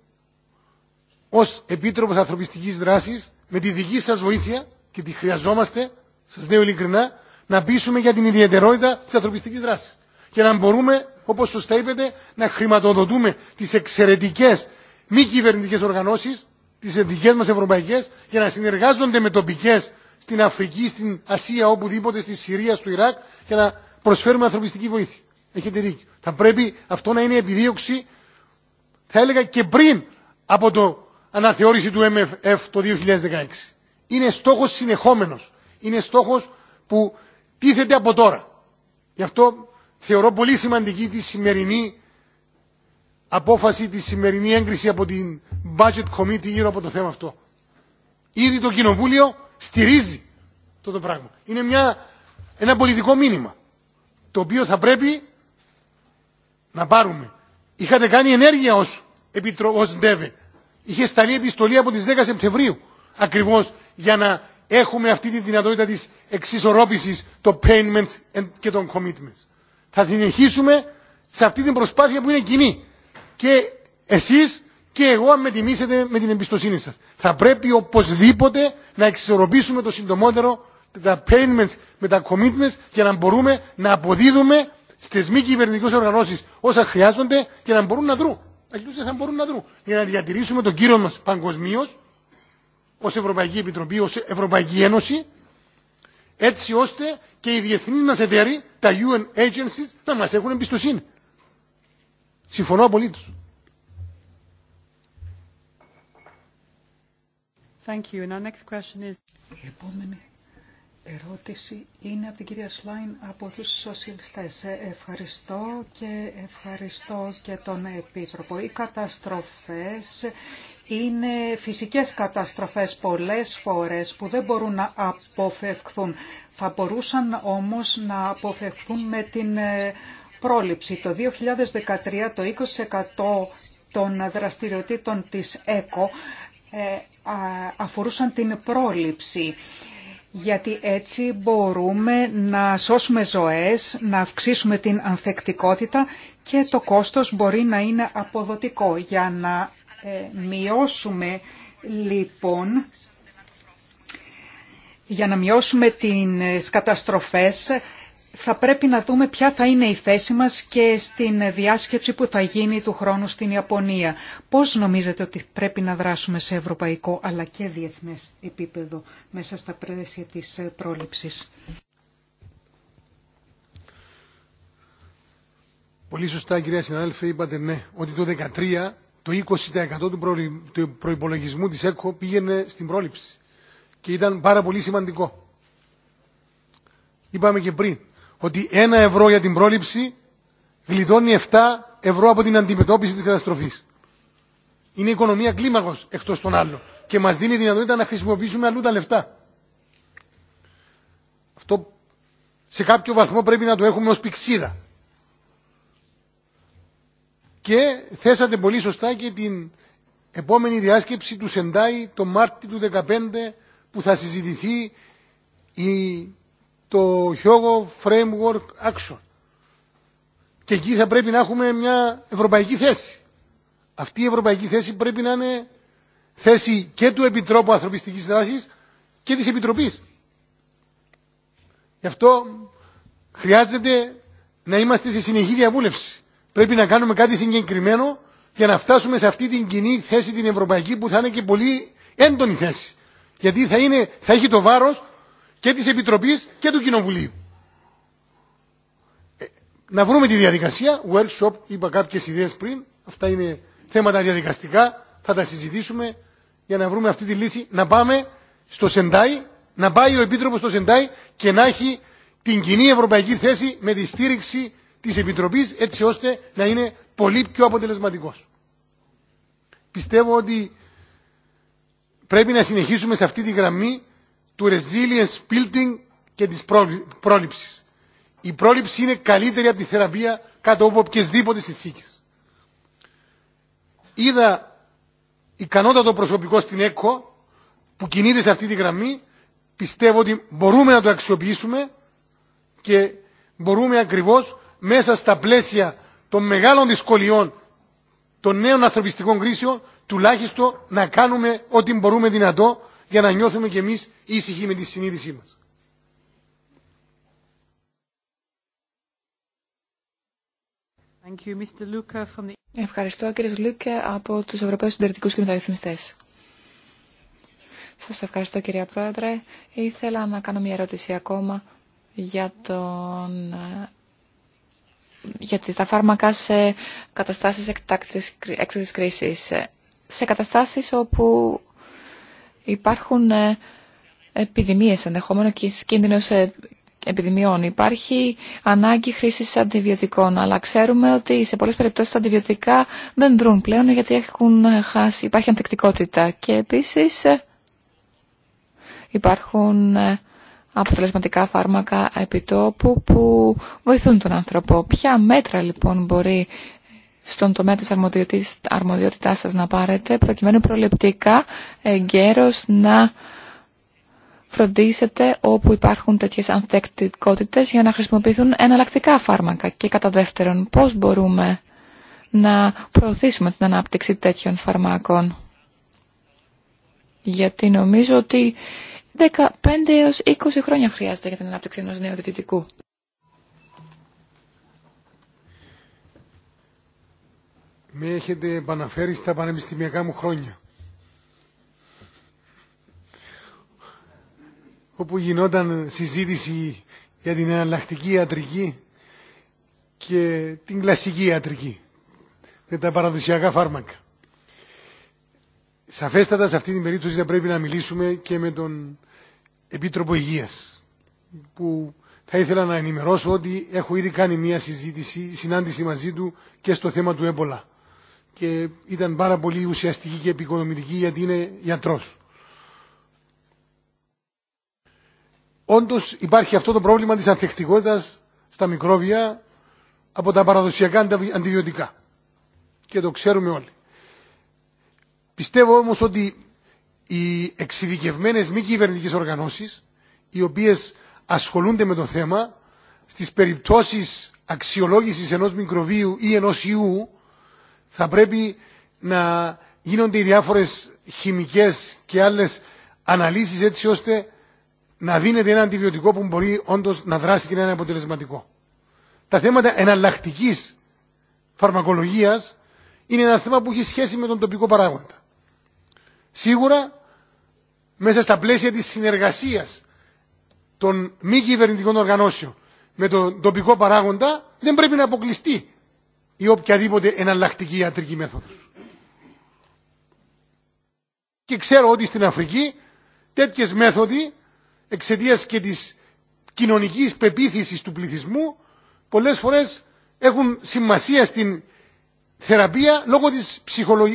ως Επίτροπος Ανθρωπιστικής Δράσης, με τη δική σας βοήθεια, και τη χρειαζόμαστε, σας λέω ειλικρινά, να πείσουμε για την ιδιαιτερότητα της ανθρωπιστικής δράσης. Και να μπορούμε, όπως σωστά είπετε, να χρηματοδοτούμε τις εξαιρετικές μη κυβερνητικές οργανώσεις τις δικές μας ευρωπαϊκές για να συνεργάζονται με τοπικές στην Αφρική, στην Ασία, οπουδήποτε, στη Συρία, στο Ιράκ για να προσφέρουμε ανθρωπιστική βοήθεια. Έχετε δίκιο. Θα πρέπει αυτό να είναι επιδίωξη, θα έλεγα και πριν από το αναθεώρηση του MFF το 2016. Είναι στόχος συνεχόμενος. Είναι στόχος που τίθεται από τώρα. Γι' αυτό θεωρώ πολύ σημαντική τη σημερινή απόφαση τη σημερινή έγκριση από την Budget Committee γύρω από το θέμα αυτό. Ήδη το Κοινοβούλιο στηρίζει αυτό το πράγμα. Είναι μια, ένα πολιτικό μήνυμα το οποίο θα πρέπει να πάρουμε. Είχατε κάνει ενέργεια ως, ως Είχε σταλεί επιστολή από τις 10 Σεπτεμβρίου ακριβώς για να έχουμε αυτή τη δυνατότητα της εξισορρόπησης των payments και των commitments. Θα συνεχίσουμε σε αυτή την προσπάθεια που είναι κοινή και εσείς και εγώ αν με τιμήσετε με την εμπιστοσύνη σας. Θα πρέπει οπωσδήποτε να εξισορροπήσουμε το συντομότερο τα payments με τα commitments για να μπορούμε να αποδίδουμε στι μη κυβερνητικέ οργανώσει όσα χρειάζονται και να μπορούν να δρουν. Αλλιώ δεν θα μπορούν να δρουν. Για να διατηρήσουμε τον κύριο μα παγκοσμίω, ω Ευρωπαϊκή Επιτροπή, ω Ευρωπαϊκή Ένωση, έτσι ώστε και οι διεθνεί μα εταίροι, τα UN agencies, να μα έχουν εμπιστοσύνη. Συμφωνώ πολύ Thank you. And our next question is... Η επόμενη ερώτηση είναι από την κυρία Σλάιν από τους σοσιαλιστές. Ε, ευχαριστώ και ευχαριστώ και τον Επίτροπο. Οι καταστροφές είναι φυσικές καταστροφές πολλές φορές που δεν μπορούν να αποφευχθούν. Θα μπορούσαν όμως να αποφευχθούν με την ε, πρόληψη. Το 2013 το 20% των δραστηριοτήτων της ΕΚΟ ε, αφορούσαν την πρόληψη γιατί έτσι μπορούμε να σώσουμε ζωές, να αυξήσουμε την ανθεκτικότητα και το κόστος μπορεί να είναι αποδοτικό. Για να ε, μειώσουμε λοιπόν για να μειώσουμε τις καταστροφές θα πρέπει να δούμε ποια θα είναι η θέση μας και στην διάσκεψη που θα γίνει του χρόνου στην Ιαπωνία. Πώς νομίζετε ότι πρέπει να δράσουμε σε ευρωπαϊκό αλλά και διεθνές επίπεδο μέσα στα πλαίσια της πρόληψης. Πολύ σωστά κυρία συνάδελφε είπατε ναι ότι το 2013 το 20% του προϋπολογισμού της ΕΚΟ πήγαινε στην πρόληψη και ήταν πάρα πολύ σημαντικό. Είπαμε και πριν ότι ένα ευρώ για την πρόληψη γλιτώνει 7 ευρώ από την αντιμετώπιση της καταστροφής. Είναι η οικονομία κλίμακος εκτός των άλλων και μας δίνει δυνατότητα να χρησιμοποιήσουμε αλλού τα λεφτά. Αυτό σε κάποιο βαθμό πρέπει να το έχουμε ως πηξίδα. Και θέσατε πολύ σωστά και την επόμενη διάσκεψη του Σεντάι το Μάρτι του 2015 που θα συζητηθεί η το Hyogo Framework Action. Και εκεί θα πρέπει να έχουμε μια ευρωπαϊκή θέση. Αυτή η ευρωπαϊκή θέση πρέπει να είναι θέση και του Επιτρόπου Ανθρωπιστικής Δράσης και της Επιτροπής. Γι' αυτό χρειάζεται να είμαστε σε συνεχή διαβούλευση. Πρέπει να κάνουμε κάτι συγκεκριμένο για να φτάσουμε σε αυτή την κοινή θέση την ευρωπαϊκή που θα είναι και πολύ έντονη θέση. Γιατί θα, θα έχει το βάρος και της Επιτροπής και του Κοινοβουλίου. Ε, να βρούμε τη διαδικασία, workshop, είπα κάποιες ιδέες πριν, αυτά είναι θέματα διαδικαστικά, θα τα συζητήσουμε για να βρούμε αυτή τη λύση, να πάμε στο Σεντάι, να πάει ο Επίτροπος στο Σεντάι και να έχει την κοινή ευρωπαϊκή θέση με τη στήριξη της Επιτροπής έτσι ώστε να είναι πολύ πιο αποτελεσματικός. Πιστεύω ότι πρέπει να συνεχίσουμε σε αυτή τη γραμμή του resilience building και της πρόληψης. Η πρόληψη είναι καλύτερη από τη θεραπεία κάτω από οποιασδήποτε συνθήκες. Είδα ικανότατο προσωπικό στην ΕΚΟ που κινείται σε αυτή τη γραμμή. Πιστεύω ότι μπορούμε να το αξιοποιήσουμε και μπορούμε ακριβώς μέσα στα πλαίσια των μεγάλων δυσκολιών των νέων ανθρωπιστικών κρίσεων τουλάχιστον να κάνουμε ό,τι μπορούμε δυνατό για να νιώθουμε κι εμείς ήσυχοι με τη συνείδησή μας. Ευχαριστώ κύριε Λούκε από τους Ευρωπαίους Συντηρητικούς και Μεταρρυθμιστές. Σας ευχαριστώ κυρία Πρόεδρε. Ήθελα να κάνω μια ερώτηση ακόμα για, τον... Ε, τα φάρμακα σε καταστάσεις εκτάκτης, έκτακτης κρίσης. Ε, σε καταστάσεις όπου υπάρχουν ε, επιδημίες ενδεχόμενο και κίνδυνος ε, επιδημιών. Υπάρχει ανάγκη χρήσης αντιβιωτικών, αλλά ξέρουμε ότι σε πολλές περιπτώσεις τα αντιβιωτικά δεν δρούν πλέον γιατί έχουν ε, χάσει, υπάρχει ανθεκτικότητα. Και επίσης υπάρχουν αποτελεσματικά φάρμακα επιτόπου που βοηθούν τον άνθρωπο. Ποια μέτρα λοιπόν μπορεί στον τομέα της αρμοδιότητάς σας να πάρετε, προκειμένου προληπτικά εγκαίρως να φροντίσετε όπου υπάρχουν τέτοιες ανθεκτικότητες για να χρησιμοποιηθούν εναλλακτικά φάρμακα. Και κατά δεύτερον, πώς μπορούμε να προωθήσουμε την ανάπτυξη τέτοιων φαρμάκων. Γιατί νομίζω ότι 15 έως 20 χρόνια χρειάζεται για την ανάπτυξη ενός νέου διδυτικού. με έχετε επαναφέρει στα πανεπιστημιακά μου χρόνια. όπου γινόταν συζήτηση για την εναλλακτική ιατρική και την κλασική ιατρική με τα παραδοσιακά φάρμακα. Σαφέστατα σε αυτή την περίπτωση θα πρέπει να μιλήσουμε και με τον Επίτροπο Υγείας που θα ήθελα να ενημερώσω ότι έχω ήδη κάνει μια συζήτηση, συνάντηση μαζί του και στο θέμα του έμπολα και ήταν πάρα πολύ ουσιαστική και επικοδομητική γιατί είναι γιατρός. Όντως υπάρχει αυτό το πρόβλημα της ανθεκτικότητας στα μικρόβια από τα παραδοσιακά αντιβιωτικά. Και το ξέρουμε όλοι. Πιστεύω όμως ότι οι εξειδικευμένες μη κυβερνητικέ οργανώσεις οι οποίες ασχολούνται με το θέμα στις περιπτώσεις αξιολόγησης ενός μικροβίου ή ενός ιού θα πρέπει να γίνονται οι διάφορες χημικές και άλλες αναλύσεις έτσι ώστε να δίνεται ένα αντιβιωτικό που μπορεί όντως να δράσει και να είναι αποτελεσματικό. Τα θέματα εναλλακτική φαρμακολογίας είναι ένα θέμα που έχει σχέση με τον τοπικό παράγοντα. Σίγουρα μέσα στα πλαίσια της συνεργασίας των μη κυβερνητικών οργανώσεων με τον τοπικό παράγοντα δεν πρέπει να αποκλειστεί ή οποιαδήποτε εναλλακτική ιατρική μέθοδος. Και ξέρω ότι στην Αφρική τέτοιες μέθοδοι εξαιτίας και της κοινωνικής πεποίθησης του πληθυσμού πολλές φορές έχουν σημασία στην θεραπεία λόγω, της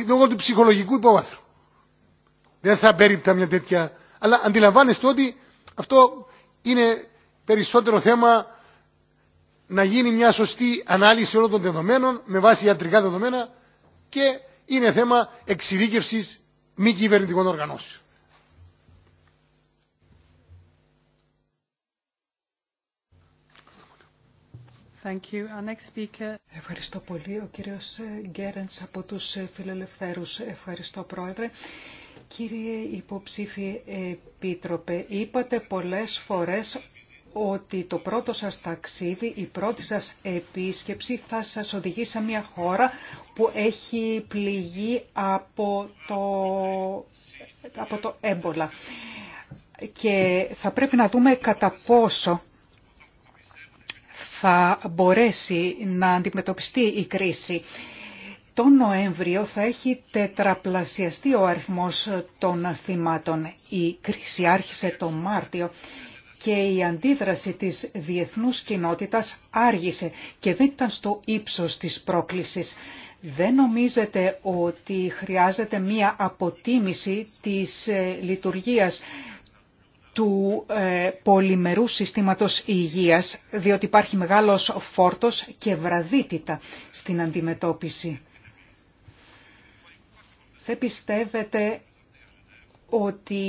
λόγω του ψυχολογικού υποβάθρου. Δεν θα περίπτα μια τέτοια... Αλλά αντιλαμβάνεστε ότι αυτό είναι περισσότερο θέμα να γίνει μια σωστή ανάλυση όλων των δεδομένων με βάση ιατρικά δεδομένα και είναι θέμα εξειδίκευσης μη κυβερνητικών οργανώσεων. Thank you. Our next speaker... Ευχαριστώ πολύ. Ο κύριος ε, Γκέρενς από τους ε, Φιλελευθέρους. Ευχαριστώ Πρόεδρε. Κύριε υποψήφι Επίτροπε, είπατε πολλές φορές ότι το πρώτο σας ταξίδι, η πρώτη σας επίσκεψη θα σας οδηγεί σε μια χώρα που έχει πληγεί από το, από το έμπολα. Και θα πρέπει να δούμε κατά πόσο θα μπορέσει να αντιμετωπιστεί η κρίση. Το Νοέμβριο θα έχει τετραπλασιαστεί ο αριθμός των θυμάτων. Η κρίση άρχισε το Μάρτιο και η αντίδραση της διεθνούς κοινότητας άργησε και δεν ήταν στο ύψος της πρόκλησης. Δεν νομίζετε ότι χρειάζεται μία αποτίμηση της ε, λειτουργίας του ε, πολυμερού συστήματος υγείας, διότι υπάρχει μεγάλος φόρτος και βραδύτητα στην αντιμετώπιση. Δεν πιστεύετε ότι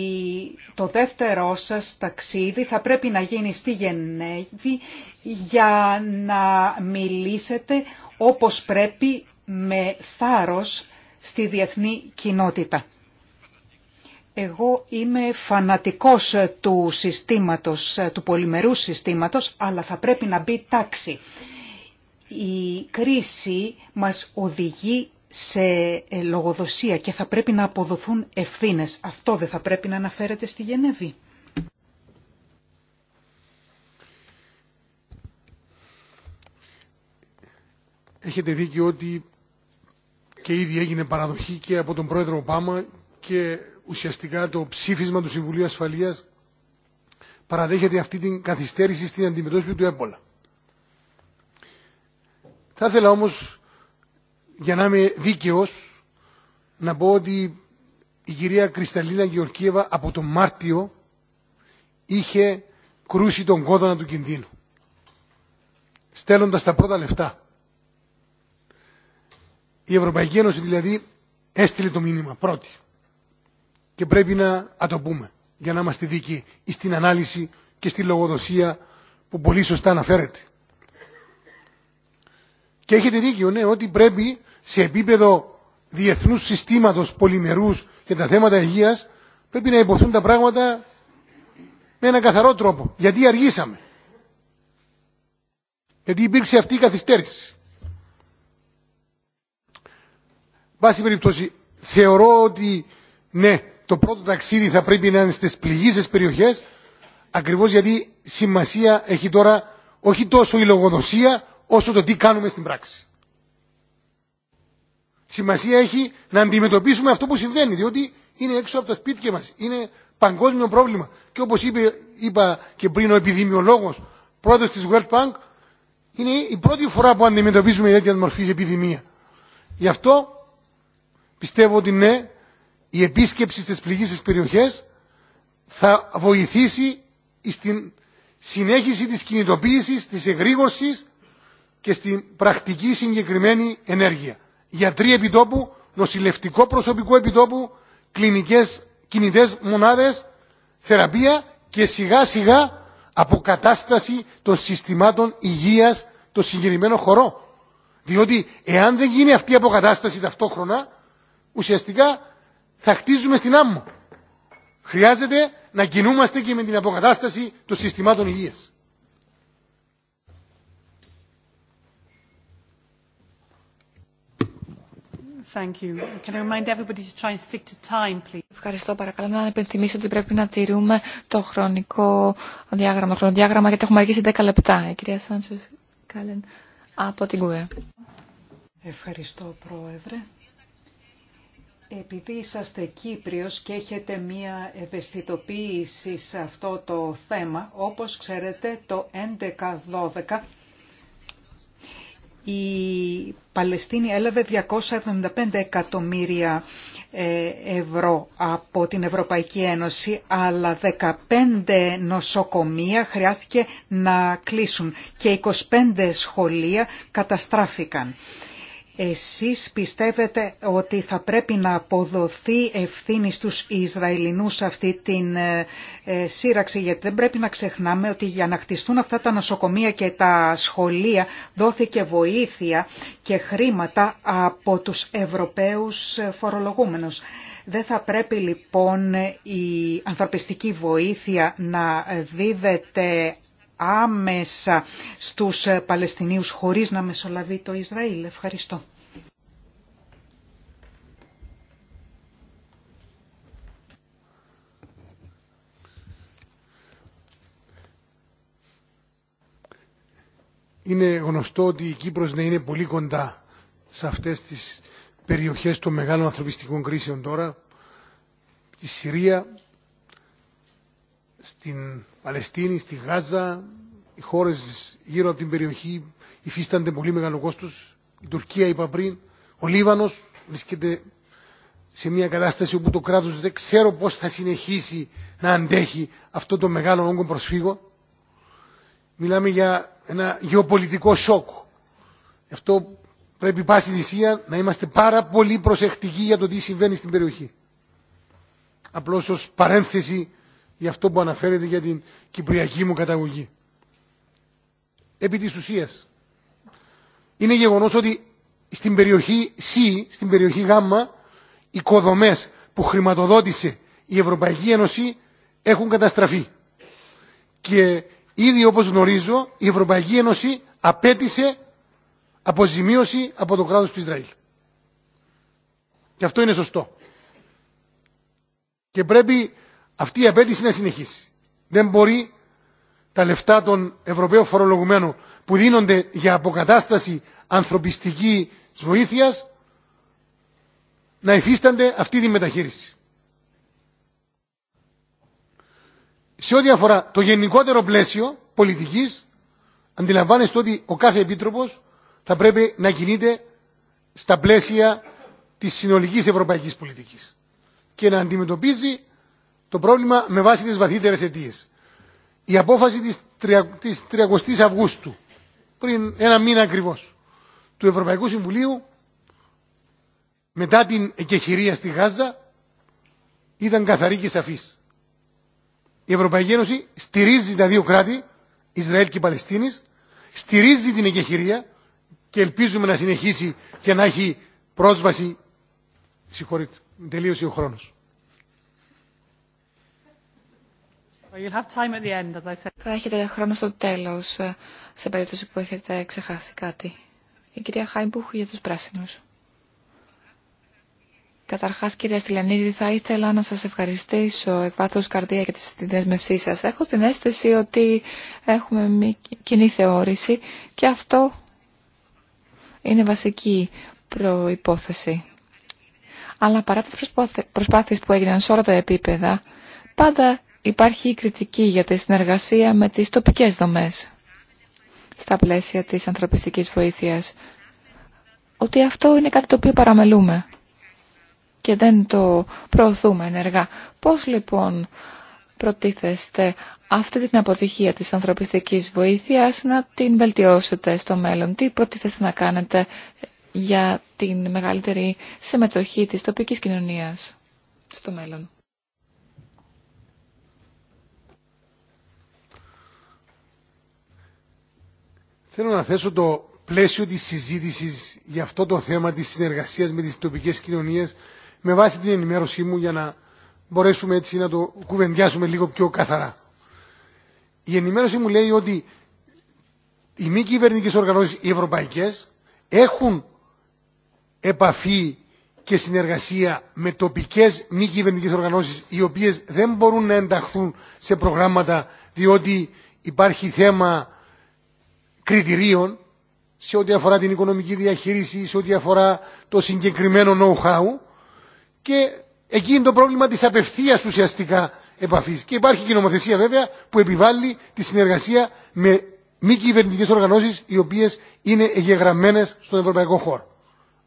το δεύτερό σας ταξίδι θα πρέπει να γίνει στη Γενέβη για να μιλήσετε όπως πρέπει με θάρρος στη διεθνή κοινότητα. Εγώ είμαι φανατικός του συστήματος, του πολυμερού συστήματος, αλλά θα πρέπει να μπει τάξη. Η κρίση μας οδηγεί σε ε, λογοδοσία και θα πρέπει να αποδοθούν ευθύνες. Αυτό δεν θα πρέπει να αναφέρεται στη Γενέβη. Έχετε δίκιο ότι και ήδη έγινε παραδοχή και από τον πρόεδρο Ομπάμα και ουσιαστικά το ψήφισμα του Συμβουλίου Ασφαλείας παραδέχεται αυτή την καθυστέρηση στην αντιμετώπιση του έμπολα. Θα ήθελα όμως για να είμαι δίκαιος να πω ότι η κυρία Κρυσταλίνα Γεωργίευα από τον Μάρτιο είχε κρούσει τον κόδωνα του κινδύνου στέλνοντας τα πρώτα λεφτά. Η Ευρωπαϊκή Ένωση δηλαδή έστειλε το μήνυμα πρώτη και πρέπει να το πούμε για να είμαστε δίκοι στην ανάλυση και στη λογοδοσία που πολύ σωστά αναφέρεται. Και έχετε δίκιο, ναι, ότι πρέπει σε επίπεδο διεθνού συστήματο πολυμερού και τα θέματα υγεία πρέπει να υποθούν τα πράγματα με ένα καθαρό τρόπο. Γιατί αργήσαμε. Γιατί υπήρξε αυτή η καθυστέρηση. Βάση περιπτώσει, θεωρώ ότι ναι, το πρώτο ταξίδι θα πρέπει να είναι στις πληγήσεις περιοχές, ακριβώς γιατί σημασία έχει τώρα όχι τόσο η λογοδοσία, όσο το τι κάνουμε στην πράξη. Σημασία έχει να αντιμετωπίσουμε αυτό που συμβαίνει, διότι είναι έξω από τα σπίτια μας, είναι παγκόσμιο πρόβλημα. Και όπως είπε, είπα και πριν ο επιδημιολόγος, πρόεδρος της World Bank, είναι η πρώτη φορά που αντιμετωπίζουμε τέτοια μορφή επιδημία. Γι' αυτό πιστεύω ότι ναι, η επίσκεψη στις πληγήσεις περιοχές θα βοηθήσει στην συνέχιση της κινητοποίησης, της εγρήγορσης και στην πρακτική συγκεκριμένη ενέργεια. Γιατροί επιτόπου, νοσηλευτικό προσωπικό επιτόπου, κλινικές κινητές μονάδες, θεραπεία και σιγά σιγά αποκατάσταση των συστημάτων υγείας των συγκεκριμένων χωρών. Διότι εάν δεν γίνει αυτή η αποκατάσταση ταυτόχρονα, ουσιαστικά θα χτίζουμε στην άμμο. Χρειάζεται να κινούμαστε και με την αποκατάσταση των συστημάτων υγείας. Ευχαριστώ. Παρακαλώ να επενθυμίσω ότι πρέπει να τηρούμε το χρονικό διάγραμμα, το χρονοδιάγραμμα, γιατί έχουμε αργήσει 10 λεπτά. Η κυρία Σάντσες Κάλεν από την ΚΟΕ. Ευχαριστώ, Πρόεδρε. Επειδή είσαστε Κύπριος και έχετε μία ευαισθητοποίηση σε αυτό το θέμα, όπως ξέρετε το 11-12 η Παλαιστίνη έλαβε 275 εκατομμύρια ε, ευρώ από την Ευρωπαϊκή Ένωση, αλλά 15 νοσοκομεία χρειάστηκε να κλείσουν και 25 σχολεία καταστράφηκαν. Εσείς πιστεύετε ότι θα πρέπει να αποδοθεί ευθύνη στους Ισραηλινούς αυτή την ε, ε, σύραξη, γιατί δεν πρέπει να ξεχνάμε ότι για να χτιστούν αυτά τα νοσοκομεία και τα σχολεία δόθηκε βοήθεια και χρήματα από τους Ευρωπαίους φορολογούμενους. Δεν θα πρέπει λοιπόν η ανθρωπιστική βοήθεια να δίδεται άμεσα στους Παλαιστινίους χωρίς να μεσολαβεί το Ισραήλ. Ευχαριστώ. Είναι γνωστό ότι η Κύπρος να είναι πολύ κοντά σε αυτές τις περιοχές των μεγάλων ανθρωπιστικών κρίσεων τώρα, στη Συρία, στην Παλαιστίνη, στη Γάζα, οι χώρες γύρω από την περιοχή υφίστανται πολύ μεγάλο κόστος. Η Τουρκία, είπα πριν, ο Λίβανος βρίσκεται σε μια κατάσταση όπου το κράτος δεν ξέρω πώς θα συνεχίσει να αντέχει αυτό το μεγάλο όγκο προσφύγων μιλάμε για ένα γεωπολιτικό σοκ. Γι' αυτό πρέπει πάση θυσία να είμαστε πάρα πολύ προσεκτικοί για το τι συμβαίνει στην περιοχή. Απλώς ως παρένθεση για αυτό που αναφέρεται για την κυπριακή μου καταγωγή. Επί της ουσίας, είναι γεγονός ότι στην περιοχή C, στην περιοχή Γ, οι κοδομές που χρηματοδότησε η Ευρωπαϊκή Ένωση έχουν καταστραφεί. Και Ήδη όπως γνωρίζω η Ευρωπαϊκή Ένωση απέτησε αποζημίωση από το κράτος του Ισραήλ. Και αυτό είναι σωστό. Και πρέπει αυτή η απέτηση να συνεχίσει. Δεν μπορεί τα λεφτά των Ευρωπαίων φορολογουμένων που δίνονται για αποκατάσταση ανθρωπιστικής βοήθειας να υφίστανται αυτή τη μεταχείριση. σε ό,τι αφορά το γενικότερο πλαίσιο πολιτικής, αντιλαμβάνεστε ότι ο κάθε επίτροπος θα πρέπει να κινείται στα πλαίσια της συνολικής ευρωπαϊκής πολιτικής και να αντιμετωπίζει το πρόβλημα με βάση τις βαθύτερες αιτίες. Η απόφαση της, 30, Αυγούστου, πριν ένα μήνα ακριβώς, του Ευρωπαϊκού Συμβουλίου, μετά την εκεχηρία στη Γάζα, ήταν καθαρή και σαφής. Η Ευρωπαϊκή Ένωση στηρίζει τα δύο κράτη, Ισραήλ και Παλαιστίνη, στηρίζει την εγκεχηρία και ελπίζουμε να συνεχίσει και να έχει πρόσβαση. Συγχωρείτε, τελείωσε ο χρόνο. Θα έχετε χρόνο στο τέλο, σε περίπτωση που έχετε ξεχάσει κάτι. Η κυρία Χάιμπουχ για του πράσινου. Καταρχά, κυρία Στυλιανίδη θα ήθελα να σα ευχαριστήσω εκ βάθου καρδία για τη συνδέσμευσή σα. Έχω την αίσθηση ότι έχουμε μια κοινή θεώρηση και αυτό είναι βασική προπόθεση. Αλλά παρά τι προσπάθειες που έγιναν σε όλα τα επίπεδα, πάντα υπάρχει η κριτική για τη συνεργασία με τις τοπικέ δομέ στα πλαίσια τη ανθρωπιστική βοήθεια. Ότι αυτό είναι κάτι το οποίο παραμελούμε και δεν το προωθούμε ενεργά. Πώς λοιπόν προτίθεστε αυτή την αποτυχία της ανθρωπιστικής βοήθειας να την βελτιώσετε στο μέλλον. Τι προτίθεστε να κάνετε για την μεγαλύτερη συμμετοχή της τοπικής κοινωνίας στο μέλλον. Θέλω να θέσω το πλαίσιο της συζήτησης για αυτό το θέμα της συνεργασίας με τις τοπικές κοινωνίες με βάση την ενημέρωσή μου για να μπορέσουμε έτσι να το κουβεντιάσουμε λίγο πιο καθαρά. Η ενημέρωση μου λέει ότι οι μη κυβερνητικέ οργανώσει, οι ευρωπαϊκέ, έχουν επαφή και συνεργασία με τοπικέ μη κυβερνητικέ οργανώσει, οι οποίε δεν μπορούν να ενταχθούν σε προγράμματα διότι υπάρχει θέμα κριτηρίων σε ό,τι αφορά την οικονομική διαχείριση, σε ό,τι αφορά το συγκεκριμένο know-how και εκεί είναι το πρόβλημα της απευθείας ουσιαστικά επαφής. Και υπάρχει και νομοθεσία βέβαια που επιβάλλει τη συνεργασία με μη κυβερνητικέ οργανώσεις οι οποίες είναι εγγεγραμμένες στον ευρωπαϊκό χώρο.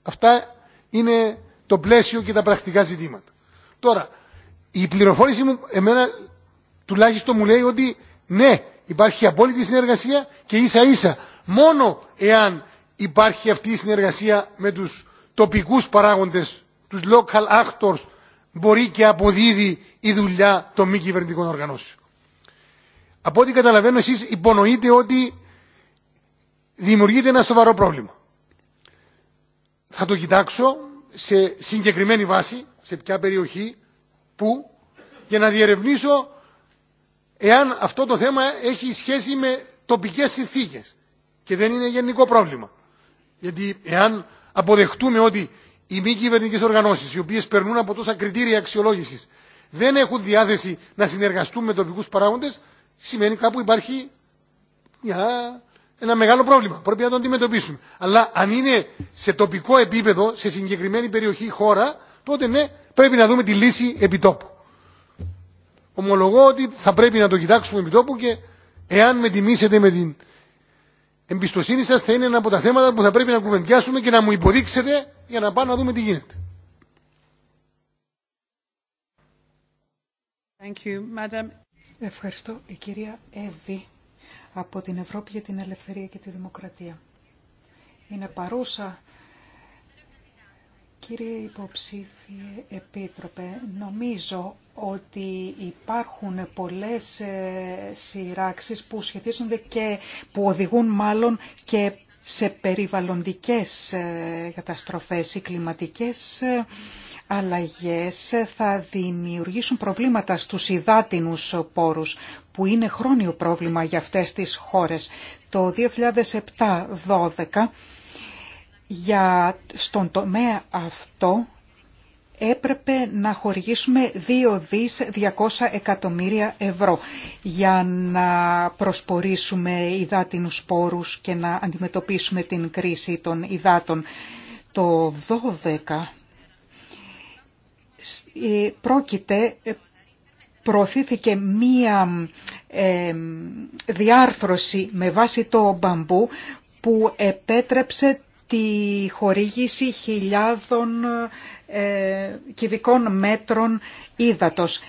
Αυτά είναι το πλαίσιο και τα πρακτικά ζητήματα. Τώρα, η πληροφόρηση μου εμένα τουλάχιστον μου λέει ότι ναι, υπάρχει απόλυτη συνεργασία και ίσα ίσα μόνο εάν υπάρχει αυτή η συνεργασία με τους τοπικούς παράγοντες τους local actors μπορεί και αποδίδει η δουλειά των μη κυβερνητικών οργανώσεων. Από ό,τι καταλαβαίνω εσείς υπονοείτε ότι δημιουργείται ένα σοβαρό πρόβλημα. Θα το κοιτάξω σε συγκεκριμένη βάση, σε ποια περιοχή, πού, για να διερευνήσω εάν αυτό το θέμα έχει σχέση με τοπικές συνθήκες και δεν είναι γενικό πρόβλημα. Γιατί εάν αποδεχτούμε ότι οι μη κυβερνητικέ οργανώσει, οι οποίε περνούν από τόσα κριτήρια αξιολόγηση, δεν έχουν διάθεση να συνεργαστούν με τοπικού παράγοντε, σημαίνει κάπου υπάρχει ένα μεγάλο πρόβλημα. Πρέπει να το αντιμετωπίσουμε. Αλλά αν είναι σε τοπικό επίπεδο, σε συγκεκριμένη περιοχή, χώρα, τότε ναι, πρέπει να δούμε τη λύση επιτόπου. Ομολογώ ότι θα πρέπει να το κοιτάξουμε επιτόπου και εάν με τιμήσετε με την εμπιστοσύνη σας θα είναι ένα από τα θέματα που θα πρέπει να κουβεντιάσουμε και να μου υποδείξετε για να πάω να δούμε τι γίνεται. Ευχαριστώ. Η κυρία Εύη από την Ευρώπη για την Ελευθερία και τη Δημοκρατία. Είναι παρούσα Κύριε Υποψήφιε Επίτροπε, νομίζω ότι υπάρχουν πολλές ε, σειράξεις που σχετίζονται και που οδηγούν μάλλον και σε περιβαλλοντικές ε, καταστροφές ή κλιματικές ε, αλλαγές θα δημιουργήσουν προβλήματα στους υδάτινους πόρους που είναι χρόνιο πρόβλημα για αυτές τις χώρες. Το 2007-12 για στον τομέα αυτό έπρεπε να χορηγήσουμε 2 δις 200 εκατομμύρια ευρώ για να προσπορήσουμε υδάτινους σπόρους και να αντιμετωπίσουμε την κρίση των υδάτων. Το 12 πρόκειται προωθήθηκε μία ε, διάρθρωση με βάση το μπαμπού που επέτρεψε τη χορήγηση χιλιάδων ε, κυβικών μέτρων ύδατος.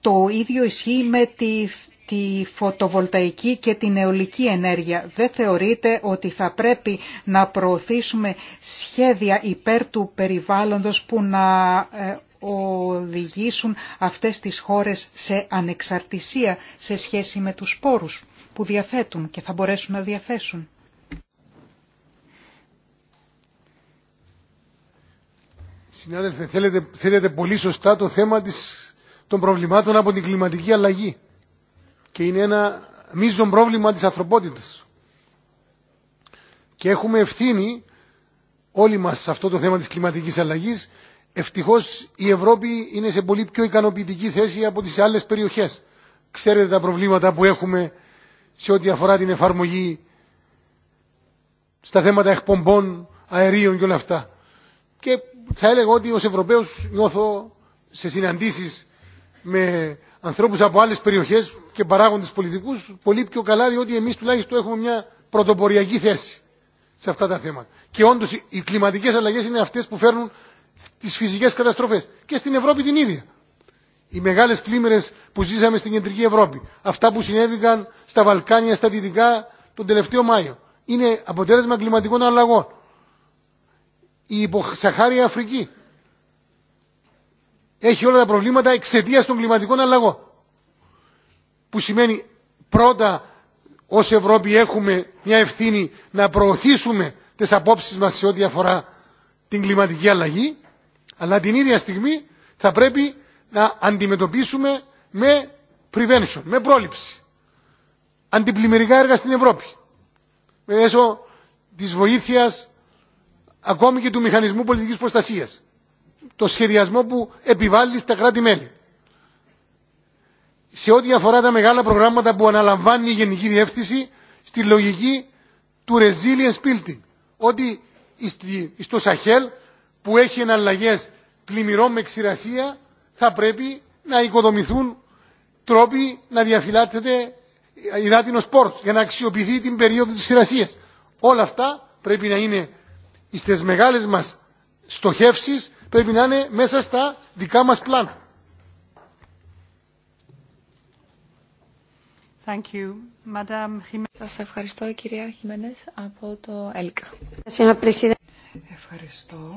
Το ίδιο ισχύει με τη, φωτοβολταϊκή και την αιωλική ενέργεια. Δεν θεωρείτε ότι θα πρέπει να προωθήσουμε σχέδια υπέρ του περιβάλλοντος που να ε, οδηγήσουν αυτές τις χώρες σε ανεξαρτησία σε σχέση με τους πόρους που διαθέτουν και θα μπορέσουν να διαθέσουν. Συνάδελφε, θέλετε, πολύ σωστά το θέμα των προβλημάτων από την κλιματική αλλαγή. Και είναι ένα μείζον πρόβλημα της ανθρωπότητας. Και έχουμε ευθύνη όλοι μας σε αυτό το θέμα της κλιματικής αλλαγής. Ευτυχώς η Ευρώπη είναι σε πολύ πιο ικανοποιητική θέση από τις άλλες περιοχές. Ξέρετε τα προβλήματα που έχουμε σε ό,τι αφορά την εφαρμογή στα θέματα εκπομπών, αερίων και όλα αυτά. Και θα έλεγα ότι ως Ευρωπαίος νιώθω σε συναντήσεις με ανθρώπους από άλλες περιοχές και παράγοντες πολιτικούς πολύ πιο καλά διότι εμείς τουλάχιστον έχουμε μια πρωτοποριακή θέση σε αυτά τα θέματα. Και όντω οι κλιματικές αλλαγές είναι αυτές που φέρνουν τις φυσικές καταστροφές. Και στην Ευρώπη την ίδια. Οι μεγάλες κλίμερες που ζήσαμε στην κεντρική Ευρώπη. Αυτά που συνέβηκαν στα Βαλκάνια, στα Δυτικά τον τελευταίο Μάιο. Είναι αποτέλεσμα κλιματικών αλλαγών η υποσαχάρια Αφρική. Έχει όλα τα προβλήματα εξαιτία των κλιματικών αλλαγών. Που σημαίνει πρώτα ως Ευρώπη έχουμε μια ευθύνη να προωθήσουμε τις απόψεις μας σε ό,τι αφορά την κλιματική αλλαγή, αλλά την ίδια στιγμή θα πρέπει να αντιμετωπίσουμε με prevention, με πρόληψη. Αντιπλημμυρικά έργα στην Ευρώπη. Μέσω της βοήθειας ακόμη και του μηχανισμού πολιτικής προστασίας. Το σχεδιασμό που επιβάλλει στα κράτη-μέλη. Σε ό,τι αφορά τα μεγάλα προγράμματα που αναλαμβάνει η Γενική Διεύθυνση, στη λογική του resilience building. Ότι στο Σαχέλ που έχει εναλλαγές πλημμυρών με ξηρασία θα πρέπει να οικοδομηθούν τρόποι να διαφυλάτεται υδάτινος σπόρτ για να αξιοποιηθεί την περίοδο της ξηρασίας. Όλα αυτά πρέπει να είναι στις μεγάλες μας στοχεύσεις πρέπει να είναι μέσα στα δικά μας πλάνα. Thank ευχαριστώ κυρία Χιμένες από το ΕΛΚΑ. Ευχαριστώ.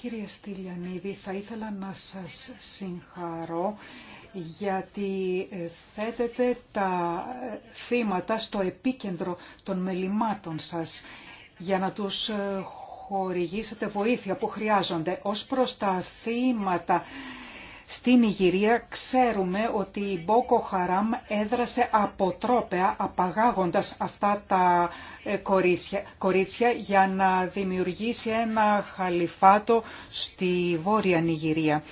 Κύριε Στυλιανίδη, θα ήθελα να σας συγχαρώ γιατί ε, θέτετε τα ε, θύματα στο επίκεντρο των μελημάτων σας για να τους ε, χορηγήσετε βοήθεια που χρειάζονται. Ως προς τα θύματα στην Ιγυρία ξέρουμε ότι η Μπόκο Χαράμ έδρασε αποτρόπαια απαγάγοντας αυτά τα ε, κορίτσια, κορίτσια για να δημιουργήσει ένα χαλιφάτο στη Βόρεια Νιγηρία.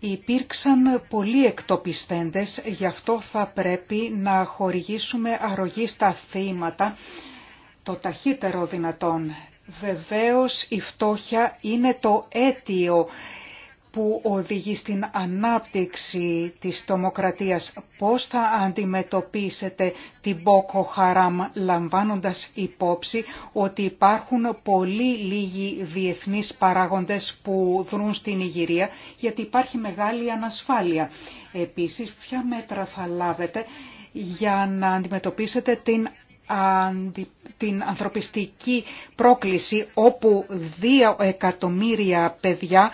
Υπήρξαν πολλοί εκτοπιστέντες, γι' αυτό θα πρέπει να χορηγήσουμε αρρωγή στα θύματα το ταχύτερο δυνατόν. Βεβαίως η φτώχεια είναι το αίτιο που οδηγεί στην ανάπτυξη της τομοκρατίας. Πώς θα αντιμετωπίσετε την πόκο Χαράμ λαμβάνοντας υπόψη ότι υπάρχουν πολύ λίγοι διεθνείς παράγοντες που δρούν στην Ιγυρία γιατί υπάρχει μεγάλη ανασφάλεια. Επίσης, ποια μέτρα θα λάβετε για να αντιμετωπίσετε την την ανθρωπιστική πρόκληση όπου δύο εκατομμύρια παιδιά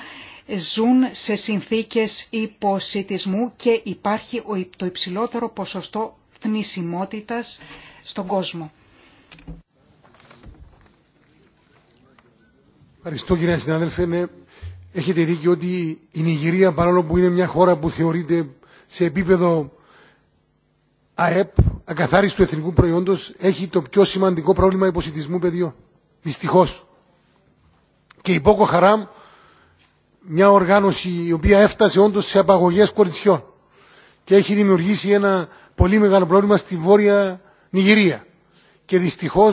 ζουν σε συνθήκες υποσυτισμού και υπάρχει το υψηλότερο ποσοστό θνησιμότητας στον κόσμο. Ευχαριστώ κυρία συνάδελφε. Έχετε δίκιο ότι η Νιγηρία παρόλο που είναι μια χώρα που θεωρείται σε επίπεδο ΑΕΠ ακαθάριση του εθνικού προϊόντος έχει το πιο σημαντικό πρόβλημα υποσυντισμού παιδιών. Δυστυχώ. Και η Πόκο Χαράμ, μια οργάνωση η οποία έφτασε όντω σε απαγωγέ κοριτσιών και έχει δημιουργήσει ένα πολύ μεγάλο πρόβλημα στη Βόρεια Νιγηρία. Και δυστυχώ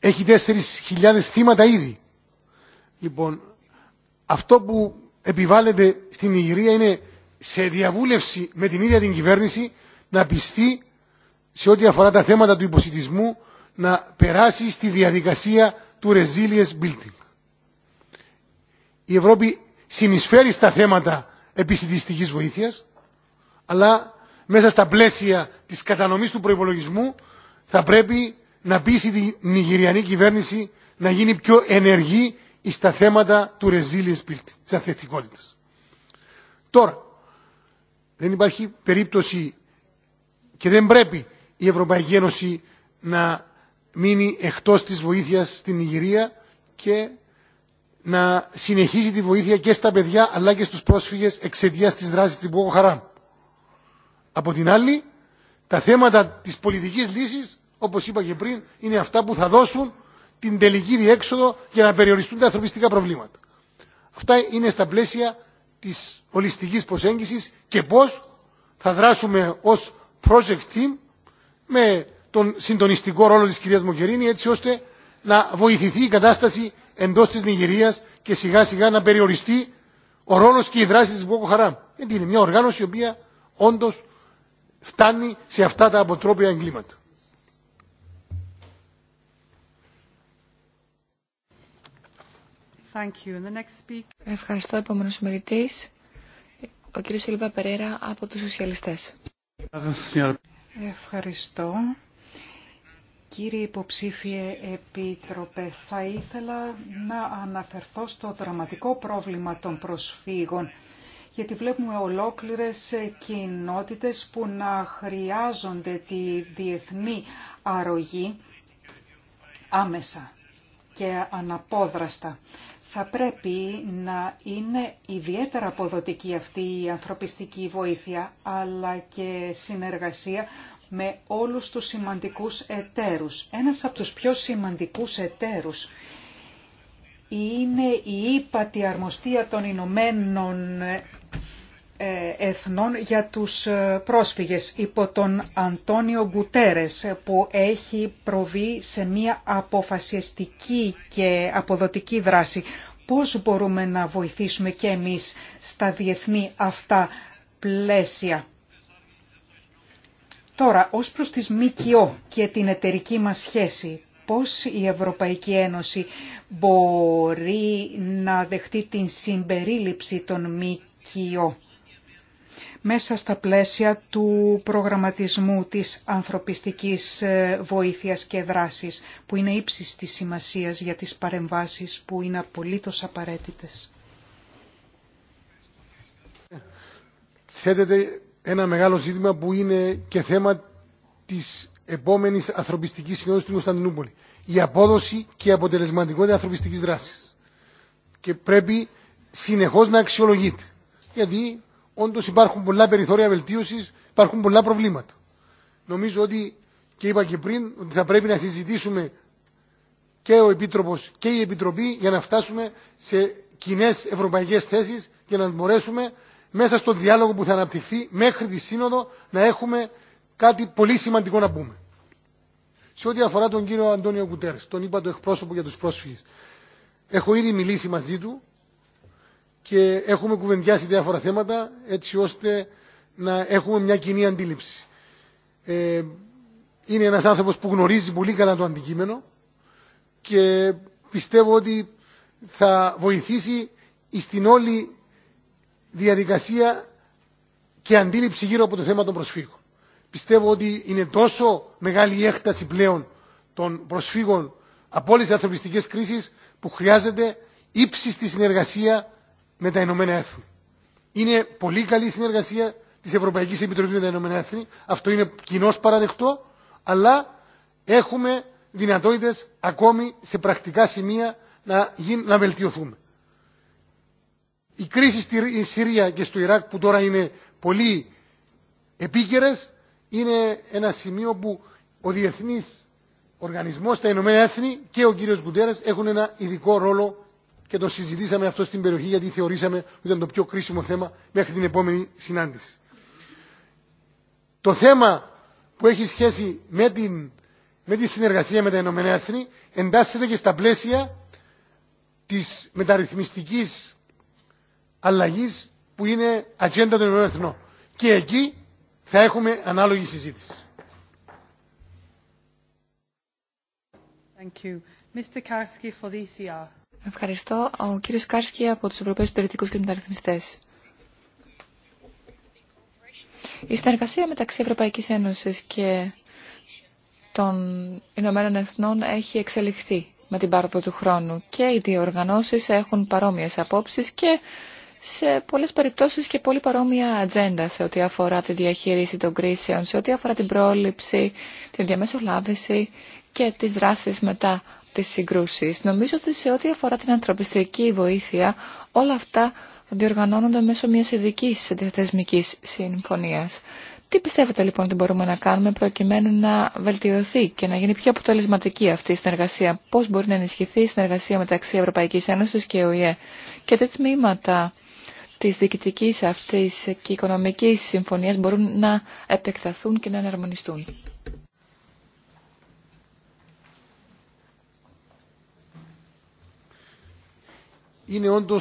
έχει 4.000 θύματα ήδη. Λοιπόν, αυτό που επιβάλλεται στην Νιγηρία είναι σε διαβούλευση με την ίδια την κυβέρνηση να πιστεί σε ό,τι αφορά τα θέματα του υποσυτισμού να περάσει στη διαδικασία του resilience building. Η Ευρώπη συνεισφέρει στα θέματα επισυντιστικής βοήθειας, αλλά μέσα στα πλαίσια της κατανομής του προϋπολογισμού θα πρέπει να πείσει την Νιγηριανή κυβέρνηση να γίνει πιο ενεργή στα θέματα του resilience building, της αθετικότητας. Τώρα, δεν υπάρχει περίπτωση και δεν πρέπει η Ευρωπαϊκή Ένωση να μείνει εκτός της βοήθειας στην Ιγυρία και να συνεχίζει τη βοήθεια και στα παιδιά αλλά και στους πρόσφυγες εξαιτίας της δράσης της Μπόκο Από την άλλη, τα θέματα της πολιτικής λύσης, όπως είπα και πριν, είναι αυτά που θα δώσουν την τελική διέξοδο για να περιοριστούν τα ανθρωπιστικά προβλήματα. Αυτά είναι στα πλαίσια της ολιστικής προσέγγισης και πώς θα δράσουμε ως project team με τον συντονιστικό ρόλο της κυρίας Μογκερίνη έτσι ώστε να βοηθηθεί η κατάσταση εντός της Νιγηρίας και σιγά σιγά να περιοριστεί ο ρόλος και η δράση της Μπόκο Γιατί είναι μια οργάνωση η οποία όντως φτάνει σε αυτά τα αποτρόπια εγκλήματα. Ευχαριστώ, επόμενος ο κύριος Σιλβα Περέρα από τους Σοσιαλιστές. Ευχαριστώ. Κύριε Υποψήφιε Επίτροπε, θα ήθελα να αναφερθώ στο δραματικό πρόβλημα των προσφύγων, γιατί βλέπουμε ολόκληρες κοινότητες που να χρειάζονται τη διεθνή αρρωγή άμεσα και αναπόδραστα θα πρέπει να είναι ιδιαίτερα αποδοτική αυτή η ανθρωπιστική βοήθεια, αλλά και συνεργασία με όλους τους σημαντικούς εταίρους. Ένας από τους πιο σημαντικούς εταίρους είναι η ύπατη αρμοστία των Ηνωμένων ε, Εθνών για τους ε, πρόσφυγες υπό τον Αντώνιο Γκουτέρες που έχει προβεί σε μια αποφασιστική και αποδοτική δράση πώς μπορούμε να βοηθήσουμε και εμείς στα διεθνή αυτά πλαίσια. Τώρα, ως προς τις ΜΚΟ και την εταιρική μας σχέση, πώς η Ευρωπαϊκή Ένωση μπορεί να δεχτεί την συμπερίληψη των ΜΚΟ μέσα στα πλαίσια του προγραμματισμού της ανθρωπιστικής ε, βοήθειας και δράσης, που είναι ύψης της σημασίας για τις παρεμβάσεις που είναι απολύτως απαραίτητες. Θέτεται ένα μεγάλο ζήτημα που είναι και θέμα της επόμενης ανθρωπιστικής συνόδου στην Κωνσταντινούπολη. Η απόδοση και η αποτελεσματικότητα ανθρωπιστικής δράσης. Και πρέπει συνεχώς να αξιολογείται. Γιατί όντω υπάρχουν πολλά περιθώρια βελτίωση, υπάρχουν πολλά προβλήματα. Νομίζω ότι και είπα και πριν ότι θα πρέπει να συζητήσουμε και ο Επίτροπο και η Επιτροπή για να φτάσουμε σε κοινέ ευρωπαϊκέ θέσει για να μπορέσουμε μέσα στο διάλογο που θα αναπτυχθεί μέχρι τη Σύνοδο να έχουμε κάτι πολύ σημαντικό να πούμε. Σε ό,τι αφορά τον κύριο Αντώνιο Κουτέρ, τον είπα το εκπρόσωπο για του πρόσφυγε, έχω ήδη μιλήσει μαζί του και έχουμε κουβεντιάσει διάφορα θέματα έτσι ώστε να έχουμε μια κοινή αντίληψη. Ε, είναι ένας άνθρωπος που γνωρίζει πολύ καλά το αντικείμενο και πιστεύω ότι θα βοηθήσει στην όλη διαδικασία και αντίληψη γύρω από το θέμα των προσφύγων. Πιστεύω ότι είναι τόσο μεγάλη η έκταση πλέον των προσφύγων από όλε τι ανθρωπιστικέ κρίσει που χρειάζεται ύψιστη συνεργασία με τα Ηνωμένα Έθνη. Είναι πολύ καλή συνεργασία της Ευρωπαϊκής Επιτροπής με τα Ηνωμένα Έθνη. Αυτό είναι κοινώ παραδεκτό, αλλά έχουμε δυνατότητες ακόμη σε πρακτικά σημεία να, γίν, να βελτιωθούμε. Η κρίση στη Συρία και στο Ιράκ που τώρα είναι πολύ επίκαιρες είναι ένα σημείο που ο διεθνής οργανισμός, τα Ηνωμένα Έθνη και ο κύριος Γκουτέρες έχουν ένα ειδικό ρόλο και το συζητήσαμε αυτό στην περιοχή γιατί θεωρήσαμε ότι ήταν το πιο κρίσιμο θέμα μέχρι την επόμενη συνάντηση. Το θέμα που έχει σχέση με, την, με τη συνεργασία με τα Ηνωμένα Έθνη εντάσσεται και στα πλαίσια της μεταρρυθμιστικής αλλαγής που είναι ατζέντα των Ηνωμένων Εθνών. Και εκεί θα έχουμε ανάλογη συζήτηση. Thank you. Mr. Karski for the e Ευχαριστώ. Ο κύριος Κάρσκι από τους Ευρωπαίους Συντηρητικούς και Μεταρρυθμιστές. Η συνεργασία μεταξύ Ευρωπαϊκής Ένωσης και των Ηνωμένων Εθνών έχει εξελιχθεί με την πάροδο του χρόνου και οι δύο οργανώσεις έχουν παρόμοιες απόψεις και σε πολλές περιπτώσεις και πολύ παρόμοια ατζέντα σε ό,τι αφορά τη διαχείριση των κρίσεων, σε ό,τι αφορά την πρόληψη, την διαμεσολάβηση και τις δράσεις μετά τις συγκρούσεις. Νομίζω ότι σε ό,τι αφορά την ανθρωπιστική βοήθεια, όλα αυτά διοργανώνονται μέσω μια ειδική διαθεσμικής συμφωνία. Τι πιστεύετε λοιπόν ότι μπορούμε να κάνουμε προκειμένου να βελτιωθεί και να γίνει πιο αποτελεσματική αυτή η συνεργασία. πώ μπορεί να ενισχυθεί η συνεργασία μεταξύ Ευρωπαϊκή Ένωση και ΟΗΕ και τι τμήματα τη διοικητικής αυτή και οικονομική συμφωνία μπορούν να επεκταθούν και να εναρμονιστούν. είναι όντω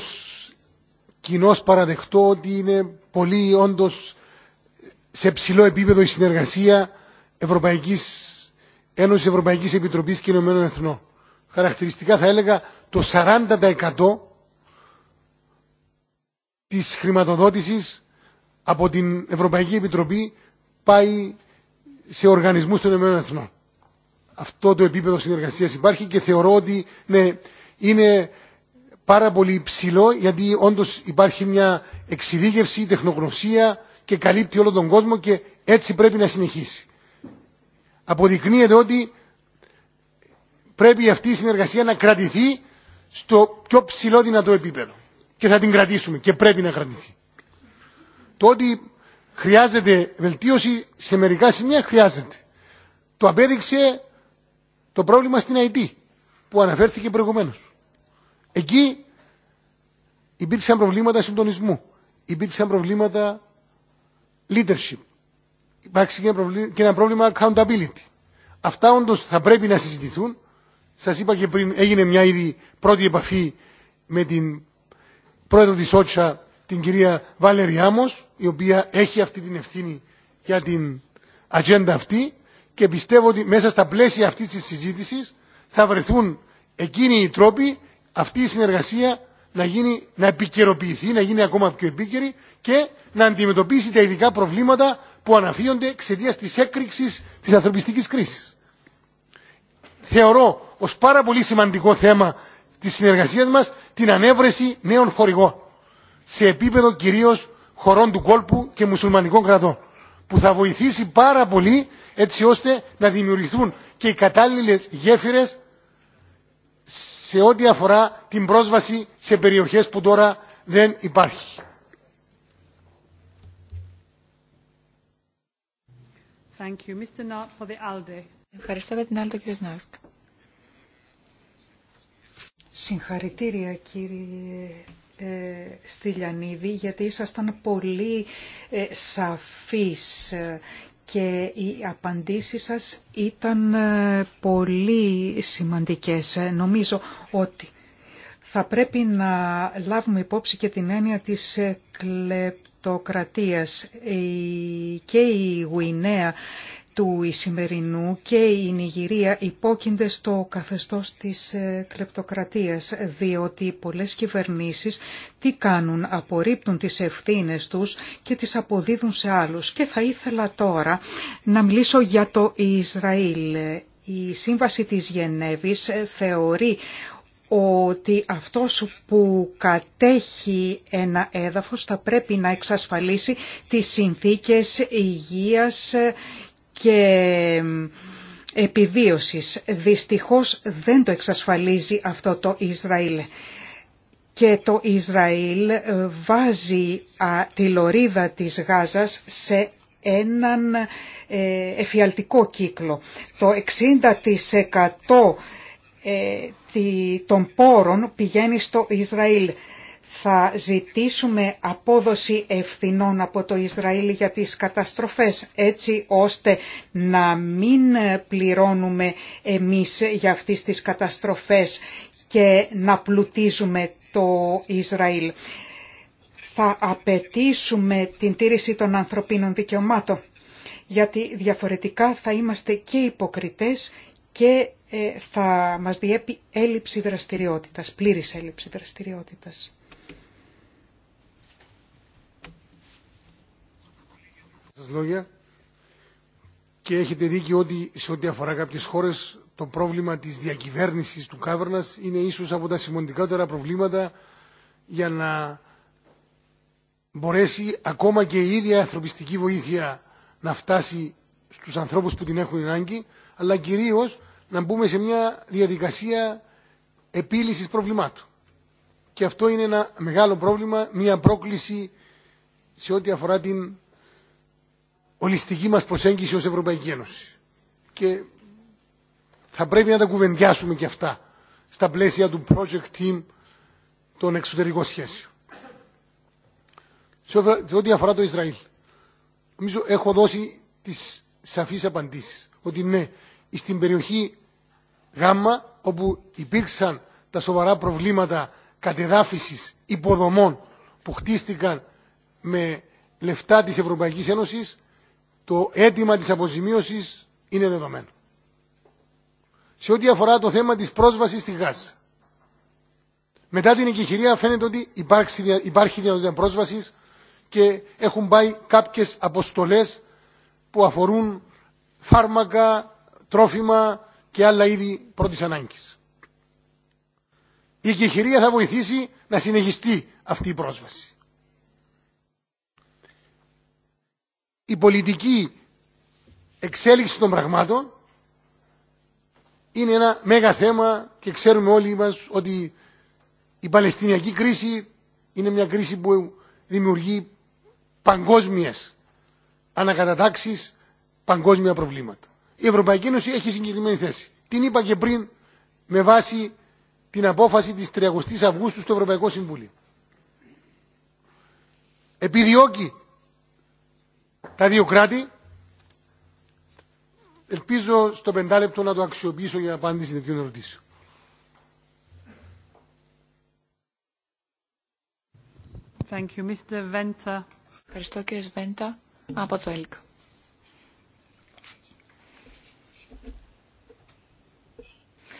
κοινώ παραδεκτό ότι είναι πολύ όντω σε ψηλό επίπεδο η συνεργασία Ευρωπαϊκή Ένωση Ευρωπαϊκή Επιτροπής και Ηνωμένων Εθνών. Χαρακτηριστικά θα έλεγα το 40% της χρηματοδότησης από την Ευρωπαϊκή Επιτροπή πάει σε οργανισμούς των Ηνωμένων Εθνών. Αυτό το επίπεδο συνεργασίας υπάρχει και θεωρώ ότι ναι, είναι πάρα πολύ υψηλό γιατί όντω υπάρχει μια εξειδίκευση, τεχνογνωσία και καλύπτει όλο τον κόσμο και έτσι πρέπει να συνεχίσει. Αποδεικνύεται ότι πρέπει αυτή η συνεργασία να κρατηθεί στο πιο ψηλό δυνατό επίπεδο. Και θα την κρατήσουμε και πρέπει να κρατηθεί. Το ότι χρειάζεται βελτίωση σε μερικά σημεία χρειάζεται. Το απέδειξε το πρόβλημα στην ΑΕΤ που αναφέρθηκε προηγουμένως. Εκεί υπήρξαν προβλήματα συντονισμού, υπήρξαν προβλήματα leadership, υπάρξει και ένα πρόβλημα accountability. Αυτά όντω θα πρέπει να συζητηθούν. Σα είπα και πριν, έγινε μια ήδη πρώτη επαφή με την πρόεδρο τη Ότσα, την κυρία Βάλερη Άμο, η οποία έχει αυτή την ευθύνη για την ατζέντα αυτή και πιστεύω ότι μέσα στα πλαίσια αυτή τη συζήτηση θα βρεθούν εκείνοι οι τρόποι αυτή η συνεργασία να, γίνει, να επικαιροποιηθεί, να γίνει ακόμα πιο επίκαιρη και να αντιμετωπίσει τα ειδικά προβλήματα που αναφύονται εξαιτία τη έκρηξη τη ανθρωπιστική κρίση. Θεωρώ ω πάρα πολύ σημαντικό θέμα τη συνεργασία μα την ανέβρεση νέων χορηγών σε επίπεδο κυρίω χωρών του κόλπου και μουσουλμανικών κρατών που θα βοηθήσει πάρα πολύ έτσι ώστε να δημιουργηθούν και οι κατάλληλε γέφυρες σε ό,τι αφορά την πρόσβαση σε περιοχές που τώρα δεν υπάρχει. Thank you. Mr. Nart for the ALDE. Ευχαριστώ για την άλλη, κύριε Νάρσκ. Συγχαρητήρια κύριε ε, Στυλιανίδη γιατί ήσασταν πολύ ε, σαφής ε, και οι απαντήσεις σας ήταν ε, πολύ σημαντικές. Ε, νομίζω ότι θα πρέπει να λάβουμε υπόψη και την έννοια της ε, κλεπτοκρατίας. Και η Γουινέα του Ισημερινού και η Νιγηρία υπόκεινται στο καθεστώς της ε, κλεπτοκρατίας, διότι πολλές κυβερνήσεις τι κάνουν, απορρίπτουν τις ευθύνες τους και τις αποδίδουν σε άλλους. Και θα ήθελα τώρα να μιλήσω για το Ισραήλ. Η Σύμβαση της Γενέβης ε, θεωρεί ότι αυτός που κατέχει ένα έδαφος θα πρέπει να εξασφαλίσει τις συνθήκες υγείας ε, και επιβίωσης. Δυστυχώς δεν το εξασφαλίζει αυτό το Ισραήλ. Και το Ισραήλ ε, βάζει τη λωρίδα της Γάζας σε έναν ε, εφιαλτικό κύκλο. Το 60% ε, των πόρων πηγαίνει στο Ισραήλ θα ζητήσουμε απόδοση ευθυνών από το Ισραήλ για τις καταστροφές έτσι ώστε να μην πληρώνουμε εμείς για αυτές τις καταστροφές και να πλουτίζουμε το Ισραήλ. Θα απαιτήσουμε την τήρηση των ανθρωπίνων δικαιωμάτων γιατί διαφορετικά θα είμαστε και υποκριτές και ε, θα μας διέπει έλλειψη δραστηριότητας, πλήρης έλλειψη δραστηριότητας. σας λόγια και έχετε δίκιο ότι σε ό,τι αφορά κάποιες χώρες το πρόβλημα της διακυβέρνησης του Κάβερνας είναι ίσως από τα σημαντικότερα προβλήματα για να μπορέσει ακόμα και η ίδια ανθρωπιστική βοήθεια να φτάσει στους ανθρώπους που την έχουν ανάγκη, αλλά κυρίως να μπούμε σε μια διαδικασία επίλυσης προβλημάτων. Και αυτό είναι ένα μεγάλο πρόβλημα, μια πρόκληση σε ό,τι αφορά την ολιστική μας προσέγγιση ως Ευρωπαϊκή Ένωση. Και θα πρέπει να τα κουβεντιάσουμε και αυτά στα πλαίσια του project team των εξωτερικών σχέσεων. Σε ό,τι αφορά το Ισραήλ, νομίζω έχω δώσει τις σαφείς απαντήσεις. Ότι ναι, στην περιοχή Γάμα, όπου υπήρξαν τα σοβαρά προβλήματα κατεδάφισης υποδομών που χτίστηκαν με λεφτά της Ευρωπαϊκής Ένωσης, το αίτημα της αποζημίωσης είναι δεδομένο. Σε ό,τι αφορά το θέμα της πρόσβασης στη Γάζα. Μετά την εγκυχηρία φαίνεται ότι υπάρχει, υπάρχει δυνατότητα πρόσβασης και έχουν πάει κάποιες αποστολές που αφορούν φάρμακα, τρόφιμα και άλλα είδη πρώτης ανάγκης. Η εγκυχηρία θα βοηθήσει να συνεχιστεί αυτή η πρόσβαση. η πολιτική εξέλιξη των πραγμάτων είναι ένα μέγα θέμα και ξέρουμε όλοι μας ότι η Παλαιστινιακή κρίση είναι μια κρίση που δημιουργεί παγκόσμιες ανακατατάξεις, παγκόσμια προβλήματα. Η Ευρωπαϊκή Ένωση έχει συγκεκριμένη θέση. Την είπα και πριν με βάση την απόφαση της 30 Αυγούστου στο Ευρωπαϊκό Συμβούλιο. Επιδιώκει τα δύο κράτη, ελπίζω στο πεντάλεπτο να το αξιοποιήσω για απάντηση απαντήσει ερωτήσεων. Thank you, Mr. Ευχαριστώ κύριε Βέντα από το ΕΛΚ.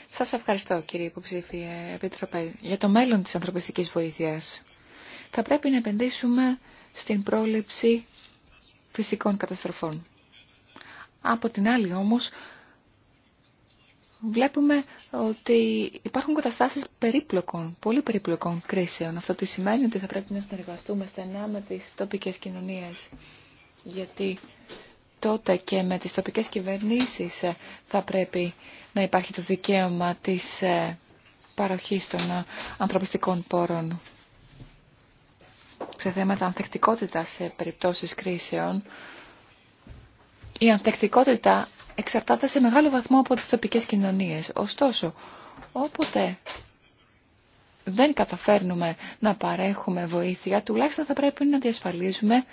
Σας ευχαριστώ κύριε υποψήφιε Επίτροπε για το μέλλον της ανθρωπιστικής βοήθειας. Θα πρέπει να επενδύσουμε στην πρόληψη φυσικών καταστροφών. Από την άλλη όμως βλέπουμε ότι υπάρχουν καταστάσεις περίπλοκων, πολύ περίπλοκων κρίσεων. Αυτό τι σημαίνει ότι θα πρέπει να συνεργαστούμε στενά με τις τοπικές κοινωνίες. Γιατί τότε και με τις τοπικές κυβερνήσεις ε, θα πρέπει να υπάρχει το δικαίωμα της ε, παροχής των ε, ανθρωπιστικών πόρων σε θέματα ανθεκτικότητα σε περιπτώσεις κρίσεων. Η ανθεκτικότητα εξαρτάται σε μεγάλο βαθμό από τις τοπικές κοινωνίες. Ωστόσο, όποτε δεν καταφέρνουμε να παρέχουμε βοήθεια, τουλάχιστον θα πρέπει να διασφαλίζουμε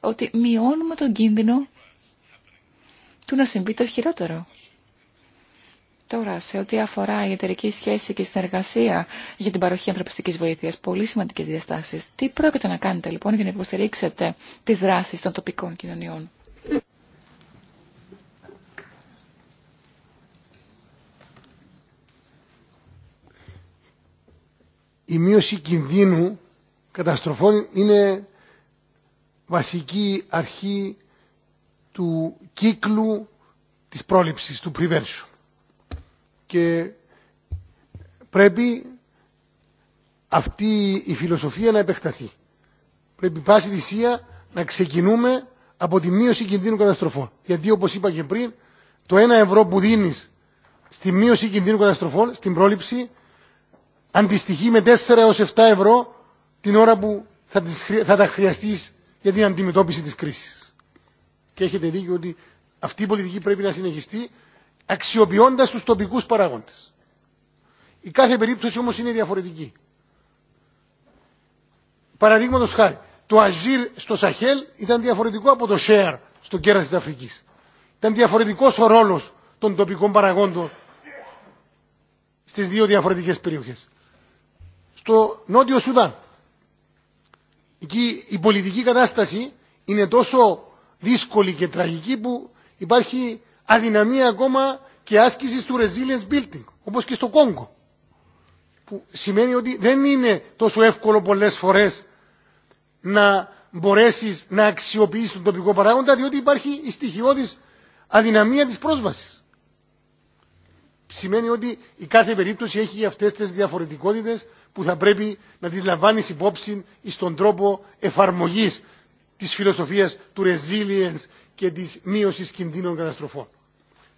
ότι μειώνουμε τον κίνδυνο του να συμβεί το χειρότερο. Τώρα, σε ό,τι αφορά η εταιρική σχέση και συνεργασία για την παροχή ανθρωπιστικής βοήθειας, πολύ σημαντικές διαστάσεις. Τι πρόκειται να κάνετε λοιπόν για να υποστηρίξετε τις δράσεις των τοπικών κοινωνιών. Η μείωση κινδύνου καταστροφών είναι βασική αρχή του κύκλου της πρόληψης, του prevention και πρέπει αυτή η φιλοσοφία να επεκταθεί. Πρέπει πάση θυσία να ξεκινούμε από τη μείωση κινδύνου καταστροφών. Γιατί όπως είπα και πριν, το ένα ευρώ που δίνεις στη μείωση κινδύνου καταστροφών, στην πρόληψη, αντιστοιχεί με 4 έως 7 ευρώ την ώρα που θα, θα τα χρειαστείς για την αντιμετώπιση της κρίσης. Και έχετε δίκιο ότι αυτή η πολιτική πρέπει να συνεχιστεί αξιοποιώντα του τοπικού παραγόντε. Η κάθε περίπτωση όμω είναι διαφορετική. Παραδείγματο χάρη, το Αζίρ στο Σαχέλ ήταν διαφορετικό από το Σέαρ στο κέρα τη Αφρική. Ήταν διαφορετικό ο ρόλο των τοπικών παραγόντων στι δύο διαφορετικέ περιοχέ. Στο Νότιο Σουδάν, εκεί η πολιτική κατάσταση είναι τόσο δύσκολη και τραγική που υπάρχει αδυναμία ακόμα και άσκηση του resilience building, όπως και στο Κόγκο. Που σημαίνει ότι δεν είναι τόσο εύκολο πολλές φορές να μπορέσεις να αξιοποιήσεις τον τοπικό παράγοντα, διότι υπάρχει η στοιχειώδης αδυναμία της πρόσβασης. Σημαίνει ότι η κάθε περίπτωση έχει αυτές τις διαφορετικότητες που θα πρέπει να τις λαμβάνεις υπόψη στον τρόπο εφαρμογής της φιλοσοφίας του resilience και της μείωσης κινδύνων καταστροφών.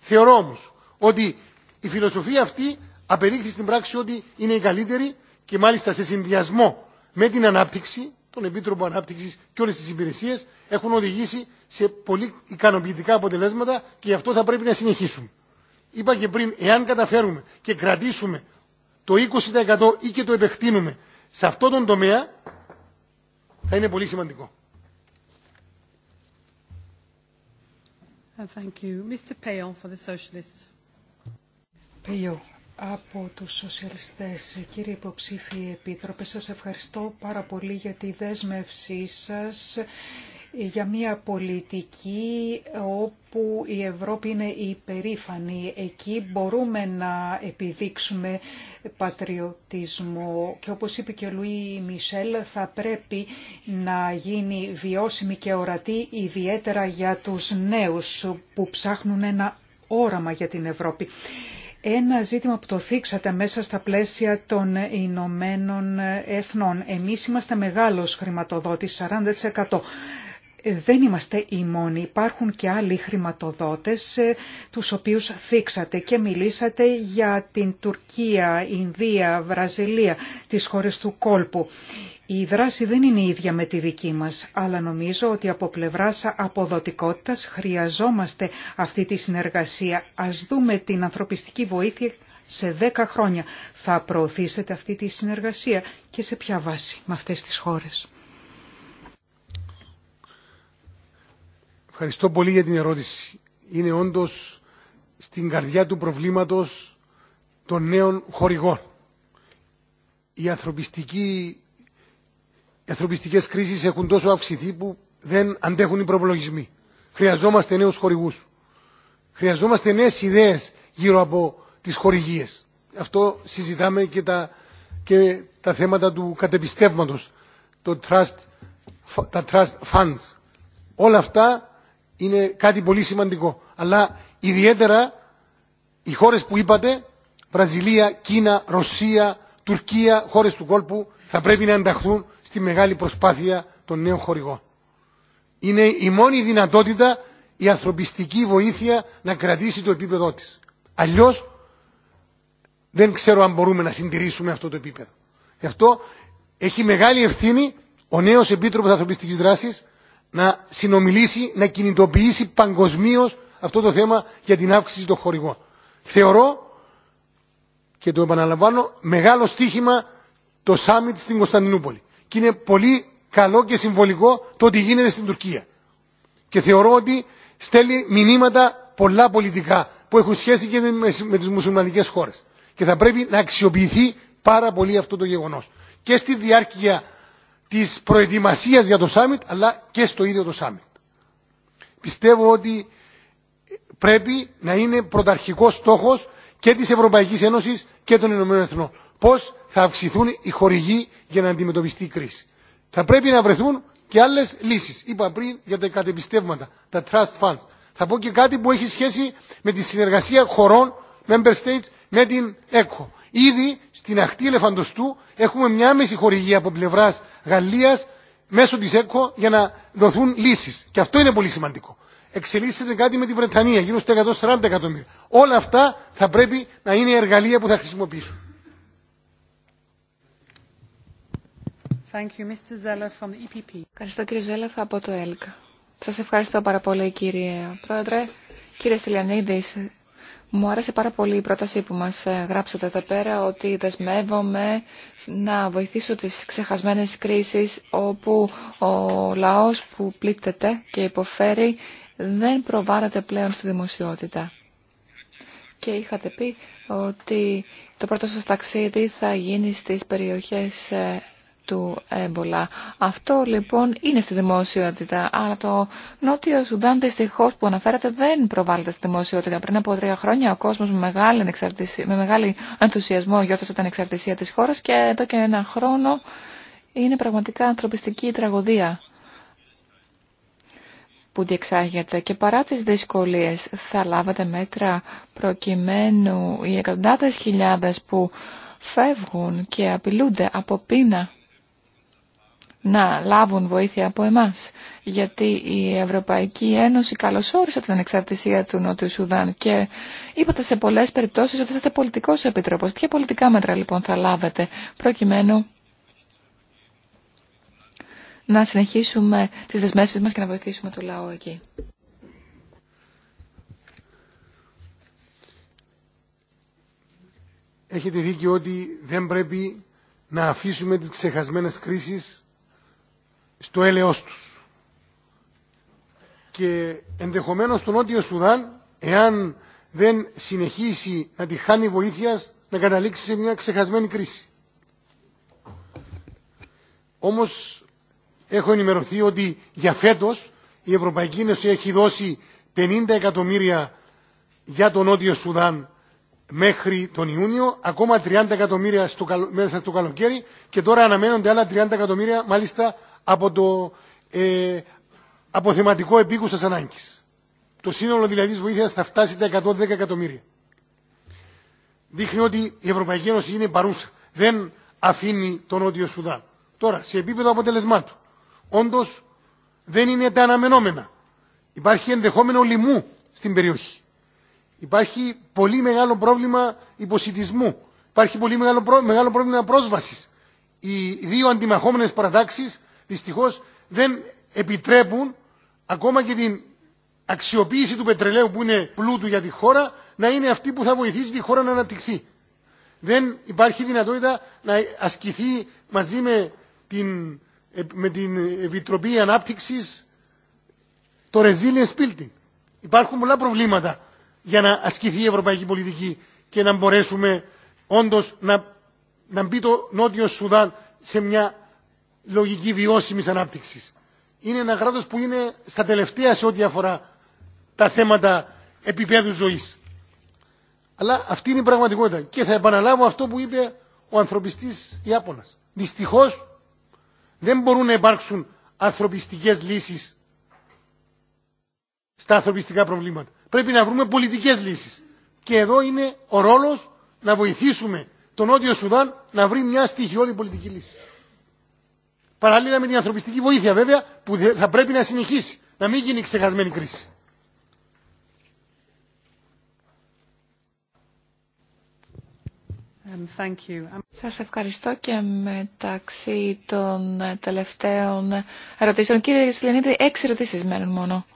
Θεωρώ όμω ότι η φιλοσοφία αυτή απεδείχθη στην πράξη ότι είναι η καλύτερη και μάλιστα σε συνδυασμό με την ανάπτυξη, τον Επίτροπο Ανάπτυξη και όλε τι υπηρεσίε έχουν οδηγήσει σε πολύ ικανοποιητικά αποτελέσματα και γι' αυτό θα πρέπει να συνεχίσουμε. Είπα και πριν, εάν καταφέρουμε και κρατήσουμε το 20% ή και το επεκτείνουμε σε αυτόν τον τομέα, θα είναι πολύ σημαντικό. Uh, thank από τους σοσιαλιστές. Κύριε υποψήφιοι επίτροπε, σας ευχαριστώ πάρα πολύ για τη δέσμευσή σας για μια πολιτική όπου η Ευρώπη είναι υπερήφανη. Εκεί μπορούμε να επιδείξουμε πατριωτισμό και όπως είπε και ο Λουί Μισελ θα πρέπει να γίνει βιώσιμη και ορατή ιδιαίτερα για τους νέους που ψάχνουν ένα όραμα για την Ευρώπη. Ένα ζήτημα που το θίξατε μέσα στα πλαίσια των Ηνωμένων Εθνών. Εμείς είμαστε μεγάλος χρηματοδότης, 40% δεν είμαστε οι μόνοι. Υπάρχουν και άλλοι χρηματοδότες ε, τους οποίους θίξατε και μιλήσατε για την Τουρκία, Ινδία, Βραζιλία, τις χώρες του κόλπου. Η δράση δεν είναι ίδια με τη δική μας, αλλά νομίζω ότι από πλευράς αποδοτικότητας χρειαζόμαστε αυτή τη συνεργασία. Ας δούμε την ανθρωπιστική βοήθεια σε 10 χρόνια. Θα προωθήσετε αυτή τη συνεργασία και σε ποια βάση με αυτές τις χώρες. Ευχαριστώ πολύ για την ερώτηση. Είναι όντως στην καρδιά του προβλήματος των νέων χορηγών. Οι ανθρωπιστικές κρίσεις έχουν τόσο αυξηθεί που δεν αντέχουν οι προπολογισμοί. Χρειαζόμαστε νέους χορηγούς. Χρειαζόμαστε νέες ιδέες γύρω από τις χορηγίες. Αυτό συζητάμε και τα, και τα θέματα του κατεπιστεύματος, trust, τα trust funds. Όλα αυτά είναι κάτι πολύ σημαντικό. Αλλά ιδιαίτερα οι χώρες που είπατε, Βραζιλία, Κίνα, Ρωσία, Τουρκία, χώρες του κόλπου, θα πρέπει να ενταχθούν στη μεγάλη προσπάθεια των νέων χορηγών. Είναι η μόνη δυνατότητα η ανθρωπιστική βοήθεια να κρατήσει το επίπεδό της. Αλλιώς δεν ξέρω αν μπορούμε να συντηρήσουμε αυτό το επίπεδο. Γι' αυτό έχει μεγάλη ευθύνη ο νέος Επίτροπος Ανθρωπιστικής Δράσης να συνομιλήσει, να κινητοποιήσει παγκοσμίω αυτό το θέμα για την αύξηση των χορηγών. Θεωρώ και το επαναλαμβάνω μεγάλο στίχημα το summit στην Κωνσταντινούπολη. Και είναι πολύ καλό και συμβολικό το ότι γίνεται στην Τουρκία. Και θεωρώ ότι στέλνει μηνύματα πολλά πολιτικά που έχουν σχέση και με τις μουσουλμανικές χώρες. Και θα πρέπει να αξιοποιηθεί πάρα πολύ αυτό το γεγονός. Και στη διάρκεια της προετοιμασίας για το Σάμιτ, αλλά και στο ίδιο το summit. Πιστεύω ότι πρέπει να είναι πρωταρχικός στόχος και της Ευρωπαϊκής Ένωσης και των Ηνωμένων Εθνών. Πώς θα αυξηθούν οι χορηγοί για να αντιμετωπιστεί η κρίση. Θα πρέπει να βρεθούν και άλλες λύσεις. Είπα πριν για τα κατεπιστεύματα, τα trust funds. Θα πω και κάτι που έχει σχέση με τη συνεργασία χωρών, member states με την ΕΚΟ. Ήδη στην αχτή Ελεφαντοστού έχουμε μια άμεση χορηγία από πλευρά Γαλλία μέσω τη ΕΚΟ για να δοθούν λύσει. Και αυτό είναι πολύ σημαντικό. Εξελίσσεται κάτι με τη Βρετανία, γύρω στα 140 εκατομμύρια. Όλα αυτά θα πρέπει να είναι εργαλεία που θα χρησιμοποιήσουν. E ευχαριστώ κύριε Ζέλεφ από το ΕΛΚΑ. Σας ευχαριστώ πάρα πολύ κύριε Πρόεδρε. Κύριε μου άρεσε πάρα πολύ η πρόταση που μας ε, γράψατε εδώ πέρα ότι δεσμεύομαι να βοηθήσω τις ξεχασμένες κρίσεις όπου ο λαός που πλήττεται και υποφέρει δεν προβάλλεται πλέον στη δημοσιότητα. Και είχατε πει ότι το πρώτο σας ταξίδι θα γίνει στις περιοχές ε, του έμπολα. Αυτό λοιπόν είναι στη δημοσιότητα, αλλά το Νότιο Σουδάν δυστυχώ που αναφέρατε δεν προβάλλεται στη δημοσιότητα. Πριν από τρία χρόνια ο κόσμο με, μεγάλη με ενθουσιασμό γιόρτασε την εξαρτησία τη χώρα και εδώ και ένα χρόνο είναι πραγματικά ανθρωπιστική τραγωδία που διεξάγεται και παρά τις δυσκολίες θα λάβετε μέτρα προκειμένου οι εκατοντάδες χιλιάδες που φεύγουν και απειλούνται από πείνα να λάβουν βοήθεια από εμάς. Γιατί η Ευρωπαϊκή Ένωση καλωσόρισε την ανεξαρτησία του Νότιου Σουδάν και είπατε σε πολλές περιπτώσεις ότι είστε πολιτικός επιτροπός. Ποια πολιτικά μέτρα λοιπόν θα λάβετε προκειμένου να συνεχίσουμε τις δεσμεύσεις μας και να βοηθήσουμε το λαό εκεί. Έχετε δίκιο ότι δεν πρέπει να αφήσουμε τις ξεχασμένες κρίσεις στο έλεος τους. Και ενδεχομένως το Νότιο Σουδάν, εάν δεν συνεχίσει να τη χάνει βοήθεια να καταλήξει σε μια ξεχασμένη κρίση. Όμως έχω ενημερωθεί ότι για φέτος η Ευρωπαϊκή Ένωση έχει δώσει 50 εκατομμύρια για τον Νότιο Σουδάν μέχρι τον Ιούνιο, ακόμα 30 εκατομμύρια μέσα στο καλοκαίρι και τώρα αναμένονται άλλα 30 εκατομμύρια μάλιστα από το ε, αποθεματικό επίκουσα ανάγκη. Το σύνολο δηλαδή τη βοήθεια θα φτάσει τα 110 εκατομμύρια. Δείχνει ότι η Ευρωπαϊκή Ένωση είναι παρούσα. Δεν αφήνει τον Νότιο Σουδάν. Τώρα, σε επίπεδο αποτελεσμάτων. Όντω δεν είναι τα αναμενόμενα. Υπάρχει ενδεχόμενο λοιμού στην περιοχή. Υπάρχει πολύ μεγάλο πρόβλημα υποσυτισμού. Υπάρχει πολύ μεγάλο, μεγάλο πρόβλημα πρόσβαση. Οι δύο αντιμαχόμενε παρατάξει δυστυχώς δεν επιτρέπουν ακόμα και την αξιοποίηση του πετρελαίου που είναι πλούτου για τη χώρα να είναι αυτή που θα βοηθήσει τη χώρα να αναπτυχθεί. Δεν υπάρχει δυνατότητα να ασκηθεί μαζί με την, με την Επιτροπή Ανάπτυξης το resilience building. Υπάρχουν πολλά προβλήματα για να ασκηθεί η ευρωπαϊκή πολιτική και να μπορέσουμε όντως να, να μπει το Νότιο Σουδάν σε μια λογική βιώσιμη ανάπτυξη. Είναι ένα κράτο που είναι στα τελευταία σε ό,τι αφορά τα θέματα επίπεδου ζωή. Αλλά αυτή είναι η πραγματικότητα. Και θα επαναλάβω αυτό που είπε ο ανθρωπιστής Ιάπωνας. Δυστυχώ, δεν μπορούν να υπάρξουν ανθρωπιστικές λύσεις στα ανθρωπιστικά προβλήματα. Πρέπει να βρούμε πολιτικέ λύσει. Και εδώ είναι ο ρόλο να βοηθήσουμε τον Νότιο Σουδάν να βρει μια στοιχειώδη πολιτική λύση. Παράλληλα με την ανθρωπιστική βοήθεια βέβαια που θα πρέπει να συνεχίσει, να μην γίνει ξεχασμένη κρίση. Σα um, um, Σας ευχαριστώ και μεταξύ των τελευταίων ερωτήσεων. Κύριε Σιλενίδη, έξι ερωτήσεις μένουν μόνο.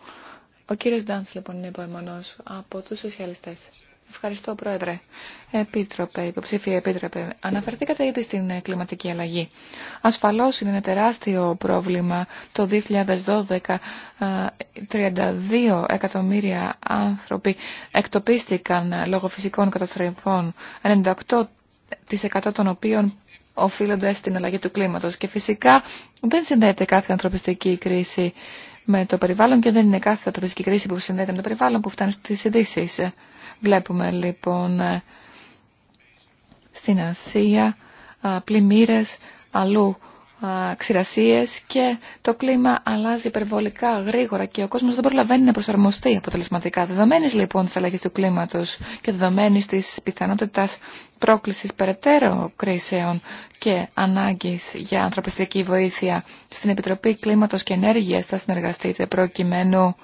Ο κύριος Ντάνς λοιπόν είναι υποεμονός από τους σοσιαλιστές. Ευχαριστώ, Πρόεδρε. Επίτροπε, υποψήφια επίτροπε, αναφερθήκατε ήδη στην ε, κλιματική αλλαγή. Ασφαλώς είναι ένα τεράστιο πρόβλημα. Το 2012 32 ε, εκατομμύρια άνθρωποι εκτοπίστηκαν ε, λόγω φυσικών καταστροφών, 98% των οποίων οφείλονται στην αλλαγή του κλίματος. Και φυσικά δεν συνδέεται κάθε ανθρωπιστική κρίση με το περιβάλλον και δεν είναι κάθε ανθρωπιστική κρίση που συνδέεται με το περιβάλλον που φτάνει στις ειδήσει. Βλέπουμε λοιπόν ε, στην Ασία ε, πλημμύρες, αλλού ε, ξηρασίες και το κλίμα αλλάζει υπερβολικά γρήγορα και ο κόσμος δεν προλαβαίνει να προσαρμοστεί αποτελεσματικά. Δεδομένης λοιπόν της αλλαγή του κλίματος και δεδομένης της πιθανότητας πρόκλησης περαιτέρω κρίσεων και ανάγκης για ανθρωπιστική βοήθεια στην Επιτροπή Κλίματος και Ενέργειας θα συνεργαστείτε προκειμένου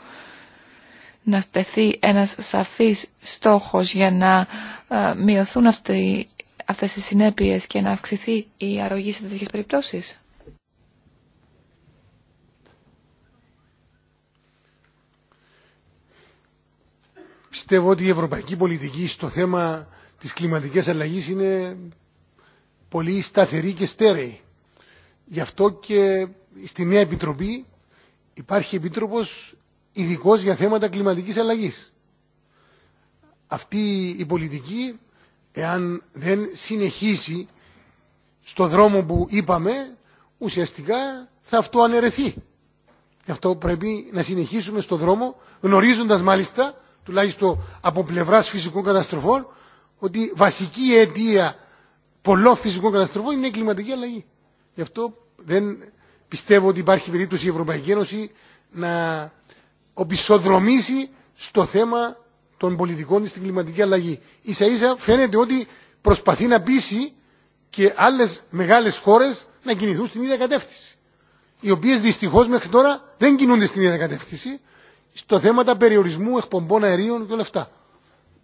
να τεθεί ένας σαφής στόχος για να ε, μειωθούν αυτοί, αυτές οι συνέπειες και να αυξηθεί η αρρωγή σε τέτοιες περιπτώσεις. Πιστεύω ότι η ευρωπαϊκή πολιτική στο θέμα της κλιματικής αλλαγής είναι πολύ σταθερή και στέρεη. Γι' αυτό και στη Νέα Επιτροπή υπάρχει επίτροπος ειδικό για θέματα κλιματικής αλλαγής. Αυτή η πολιτική, εάν δεν συνεχίσει στο δρόμο που είπαμε, ουσιαστικά θα αυτοαναιρεθεί. Γι' αυτό πρέπει να συνεχίσουμε στο δρόμο, γνωρίζοντας μάλιστα, τουλάχιστον από πλευράς φυσικών καταστροφών, ότι βασική αιτία πολλών φυσικών καταστροφών είναι η κλιματική αλλαγή. Γι' αυτό δεν πιστεύω ότι υπάρχει περίπτωση η Ευρωπαϊκή Ένωση να οπισθοδρομήσει στο θέμα των πολιτικών στην κλιματική αλλαγή. Ίσα ίσα φαίνεται ότι προσπαθεί να πείσει και άλλε μεγάλε χώρε να κινηθούν στην ίδια κατεύθυνση. Οι οποίε δυστυχώ μέχρι τώρα δεν κινούνται στην ίδια κατεύθυνση στο θέμα τα περιορισμού εκπομπών αερίων και όλα αυτά.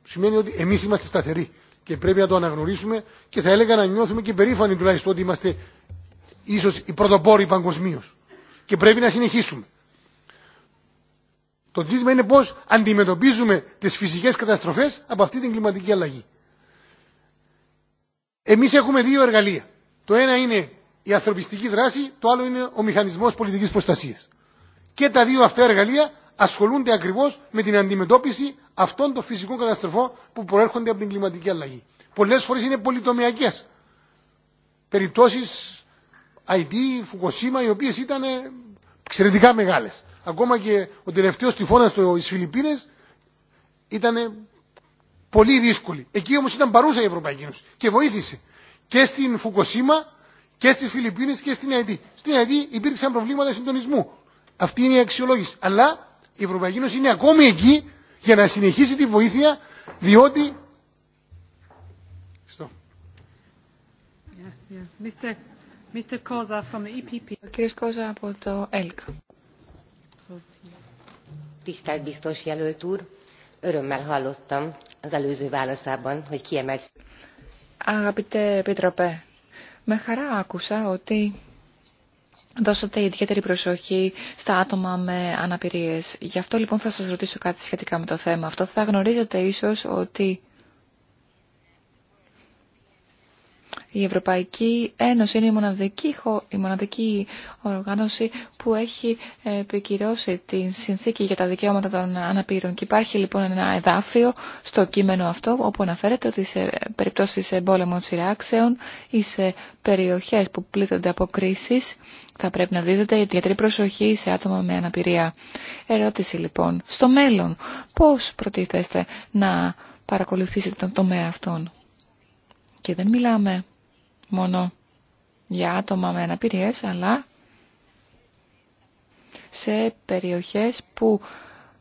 Σημαίνει ότι εμεί είμαστε σταθεροί και πρέπει να το αναγνωρίσουμε και θα έλεγα να νιώθουμε και περήφανοι τουλάχιστον ότι είμαστε ίσω οι πρωτοπόροι παγκοσμίω. Και πρέπει να συνεχίσουμε. Το δίδυμα είναι πώς αντιμετωπίζουμε τις φυσικές καταστροφές από αυτή την κλιματική αλλαγή. Εμείς έχουμε δύο εργαλεία. Το ένα είναι η ανθρωπιστική δράση, το άλλο είναι ο μηχανισμός πολιτικής προστασίας. Και τα δύο αυτά εργαλεία ασχολούνται ακριβώς με την αντιμετώπιση αυτών των φυσικών καταστροφών που προέρχονται από την κλιματική αλλαγή. Πολλές φορές είναι πολυτομιακές. Περιπτώσεις IT, Φουκοσίμα, οι οποίες ήταν εξαιρετικά μεγάλες. Ακόμα και ο τελευταίος τυφώνας στις Φιλιππίνες ήταν πολύ δύσκολη. Εκεί όμως ήταν παρούσα η Ευρωπαϊκή Ένωση και βοήθησε και στην Φουκοσίμα και στις Φιλιππίνες και στην ΑΕΤ. Στην ΑΕΤ υπήρξαν προβλήματα συντονισμού. Αυτή είναι η αξιολόγηση. Αλλά η Ευρωπαϊκή Ένωση είναι ακόμη εκεί για να συνεχίσει τη βοήθεια διότι. Tisztelt biztos jelölt úr, örömmel hallottam az előző válaszában, hogy kiemelt. Αγαπητέ Επίτροπε, με χαρά άκουσα ότι δώσατε ιδιαίτερη προσοχή στα άτομα με αναπηρίες. Γι' αυτό λοιπόν θα σας ρωτήσω κάτι σχετικά με το θέμα αυτό. Θα γνωρίζετε ίσως ότι Η Ευρωπαϊκή Ένωση είναι η μοναδική, η μοναδική οργάνωση που έχει επικυρώσει την συνθήκη για τα δικαιώματα των αναπήρων. Και υπάρχει λοιπόν ένα εδάφιο στο κείμενο αυτό όπου αναφέρεται ότι σε περιπτώσεις εμπόλεμων σειράξεων ή σε περιοχές που πλήττονται από κρίσεις θα πρέπει να δίδεται ιδιαίτερη προσοχή σε άτομα με αναπηρία. Ερώτηση λοιπόν, στο μέλλον πώς προτίθεστε να παρακολουθήσετε τον τομέα αυτόν. Και δεν μιλάμε μόνο για άτομα με αναπηρίες, αλλά σε περιοχές που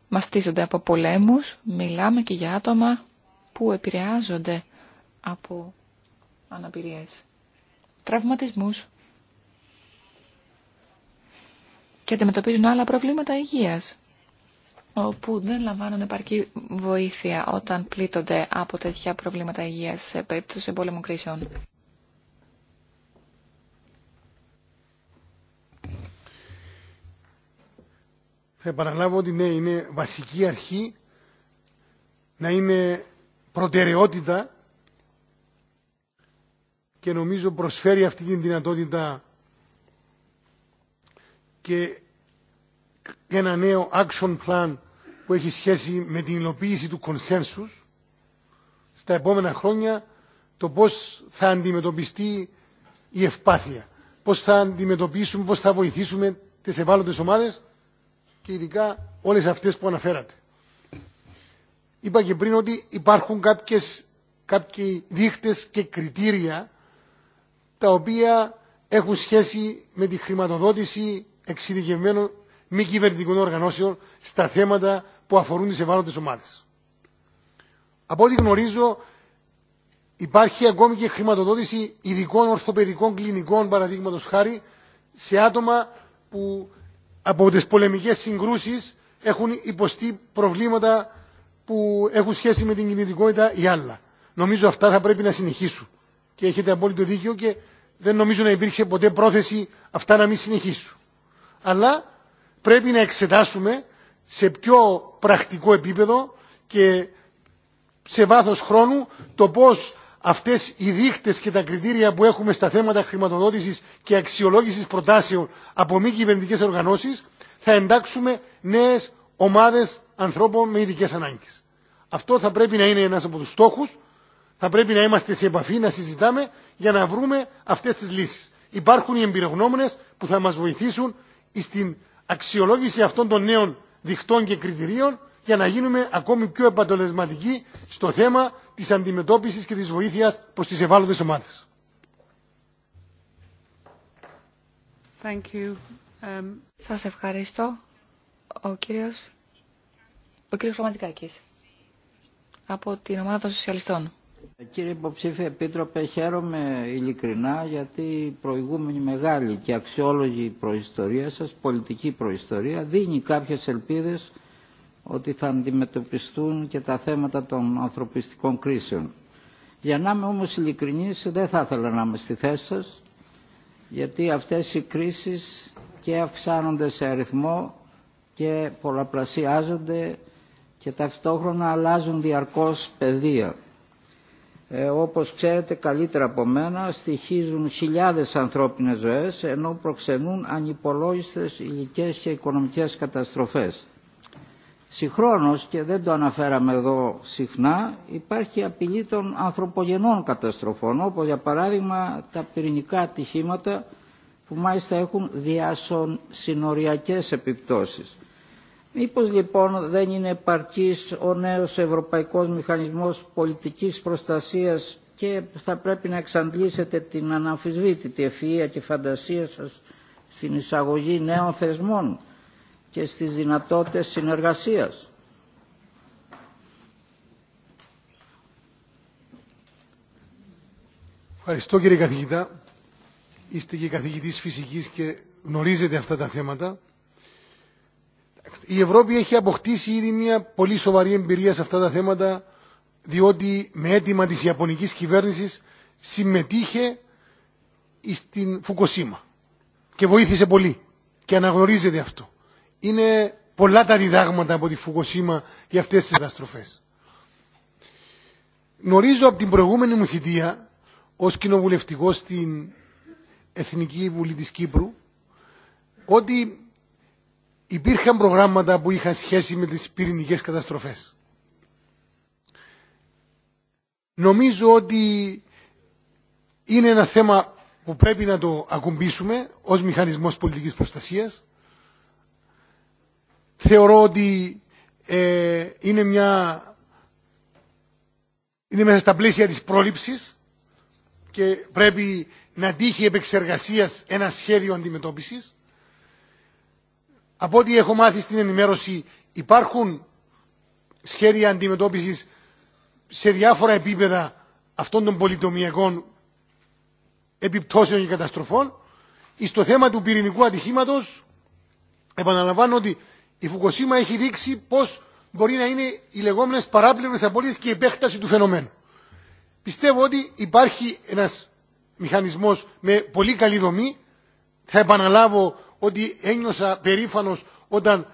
μαστίζονται από πολέμους, μιλάμε και για άτομα που επηρεάζονται από αναπηρίες, τραυματισμούς και αντιμετωπίζουν άλλα προβλήματα υγείας όπου δεν λαμβάνουν επαρκή βοήθεια όταν πλήττονται από τέτοια προβλήματα υγείας σε περίπτωση πολέμων κρίσεων. Θα επαναλάβω ότι ναι, είναι βασική αρχή να είναι προτεραιότητα και νομίζω προσφέρει αυτή την δυνατότητα και ένα νέο action plan που έχει σχέση με την υλοποίηση του consensus στα επόμενα χρόνια το πώς θα αντιμετωπιστεί η ευπάθεια, πώς θα αντιμετωπίσουμε, πώς θα βοηθήσουμε τις ευάλωτες ομάδες και ειδικά όλες αυτές που αναφέρατε. Είπα και πριν ότι υπάρχουν κάποιες, κάποιοι δείχτες και κριτήρια τα οποία έχουν σχέση με τη χρηματοδότηση εξειδικευμένων μη κυβερνητικών οργανώσεων στα θέματα που αφορούν τις ευάλωτες ομάδες. Από ό,τι γνωρίζω υπάρχει ακόμη και χρηματοδότηση ειδικών ορθοπαιδικών κλινικών παραδείγματος χάρη σε άτομα που από τις πολεμικές συγκρούσεις έχουν υποστεί προβλήματα που έχουν σχέση με την κινητικότητα ή άλλα. Νομίζω αυτά θα πρέπει να συνεχίσουν. Και έχετε απόλυτο δίκιο και δεν νομίζω να υπήρξε ποτέ πρόθεση αυτά να μην συνεχίσουν. Αλλά πρέπει να εξετάσουμε σε πιο πρακτικό επίπεδο και σε βάθος χρόνου το πώς αυτές οι δείχτες και τα κριτήρια που έχουμε στα θέματα χρηματοδότησης και αξιολόγησης προτάσεων από μη κυβερνητικέ οργανώσεις θα εντάξουμε νέες ομάδες ανθρώπων με ειδικέ ανάγκες. Αυτό θα πρέπει να είναι ένας από τους στόχους, θα πρέπει να είμαστε σε επαφή, να συζητάμε για να βρούμε αυτές τις λύσεις. Υπάρχουν οι εμπειρογνώμονες που θα μας βοηθήσουν στην αξιολόγηση αυτών των νέων δικτών και κριτηρίων για να γίνουμε ακόμη πιο επαντολεσματικοί στο θέμα της αντιμετώπισης και της βοήθειας προς τις ευάλωτες ομάδες. Thank you. Um... Σας ευχαριστώ. Ο κύριος, ο κύριος από την ομάδα των Σοσιαλιστών. Κύριε Υποψήφιε Επίτροπε, χαίρομαι ειλικρινά γιατί η προηγούμενη μεγάλη και αξιόλογη προϊστορία σας, πολιτική προϊστορία, δίνει κάποιες ελπίδες ότι θα αντιμετωπιστούν και τα θέματα των ανθρωπιστικών κρίσεων. Για να είμαι όμως ειλικρινής δεν θα ήθελα να είμαι στη θέση σας γιατί αυτές οι κρίσεις και αυξάνονται σε αριθμό και πολλαπλασιάζονται και ταυτόχρονα αλλάζουν διαρκώς πεδία. Ε, όπως ξέρετε καλύτερα από μένα στοιχίζουν χιλιάδες ανθρώπινες ζωές ενώ προξενούν ανυπολόγιστες υλικές και οικονομικές καταστροφές. Συγχρόνως και δεν το αναφέραμε εδώ συχνά υπάρχει απειλή των ανθρωπογενών καταστροφών όπως για παράδειγμα τα πυρηνικά ατυχήματα που μάλιστα έχουν διάσων συνοριακές επιπτώσεις. Μήπως λοιπόν δεν είναι επαρκής ο νέος ευρωπαϊκός μηχανισμός πολιτικής προστασίας και θα πρέπει να εξαντλήσετε την αναμφισβήτητη ευφυΐα και φαντασία σας στην εισαγωγή νέων θεσμών και στις δυνατότητες συνεργασίας. Ευχαριστώ κύριε καθηγητά. Είστε και καθηγητής φυσικής και γνωρίζετε αυτά τα θέματα. Η Ευρώπη έχει αποκτήσει ήδη μια πολύ σοβαρή εμπειρία σε αυτά τα θέματα διότι με αίτημα της Ιαπωνικής κυβέρνησης συμμετείχε στην Φουκοσίμα και βοήθησε πολύ και αναγνωρίζεται αυτό. Είναι πολλά τα διδάγματα από τη Φουκοσίμα για αυτές τις καταστροφές. Γνωρίζω από την προηγούμενη μου θητεία ως κοινοβουλευτικό στην Εθνική Βουλή της Κύπρου ότι υπήρχαν προγράμματα που είχαν σχέση με τις πυρηνικές καταστροφές. Νομίζω ότι είναι ένα θέμα που πρέπει να το ακουμπήσουμε ως μηχανισμός πολιτικής προστασίας θεωρώ ότι ε, είναι μια είναι μέσα στα πλαίσια της πρόληψης και πρέπει να τύχει επεξεργασίας ένα σχέδιο αντιμετώπισης. Από ό,τι έχω μάθει στην ενημέρωση υπάρχουν σχέδια αντιμετώπισης σε διάφορα επίπεδα αυτών των πολυτομιακών επιπτώσεων και καταστροφών. Στο θέμα του πυρηνικού ατυχήματος επαναλαμβάνω ότι η Φουκοσίμα έχει δείξει πώ μπορεί να είναι οι λεγόμενε παράπλευρε απώλειε και η επέκταση του φαινομένου. Πιστεύω ότι υπάρχει ένας μηχανισμός με πολύ καλή δομή. Θα επαναλάβω ότι ένιωσα περήφανο όταν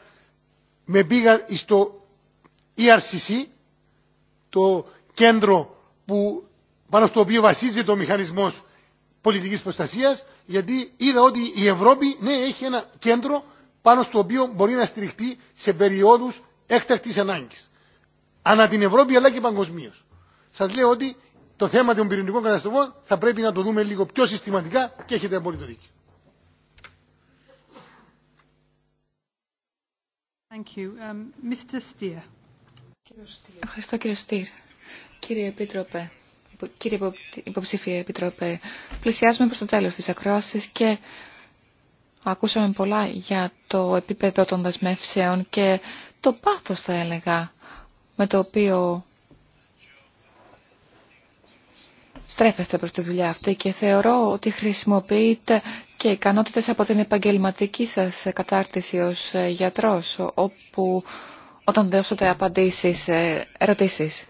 με πήγαν στο ERCC, το κέντρο που, πάνω στο οποίο βασίζεται ο μηχανισμός πολιτικής προστασίας, γιατί είδα ότι η Ευρώπη, ναι, έχει ένα κέντρο πάνω στο οποίο μπορεί να στηριχτεί σε περιόδου έκτακτη ανάγκη. Ανά την Ευρώπη αλλά και παγκοσμίω. Σα λέω ότι το θέμα των πυρηνικών καταστροφών θα πρέπει να το δούμε λίγο πιο συστηματικά και έχετε απόλυτο δίκιο. Um, Ευχαριστώ κύριε Στήρ. Επίτροπε, κύριε Υποψήφιε Επιτροπέ, πλησιάζουμε προς το τέλος της ακρόασης και Ακούσαμε πολλά για το επίπεδο των δεσμεύσεων και το πάθος θα έλεγα με το οποίο στρέφεστε προς τη δουλειά αυτή και θεωρώ ότι χρησιμοποιείτε και ικανότητες από την επαγγελματική σας κατάρτιση ως γιατρός όπου όταν δώσετε απαντήσεις, ε, ερωτήσεις.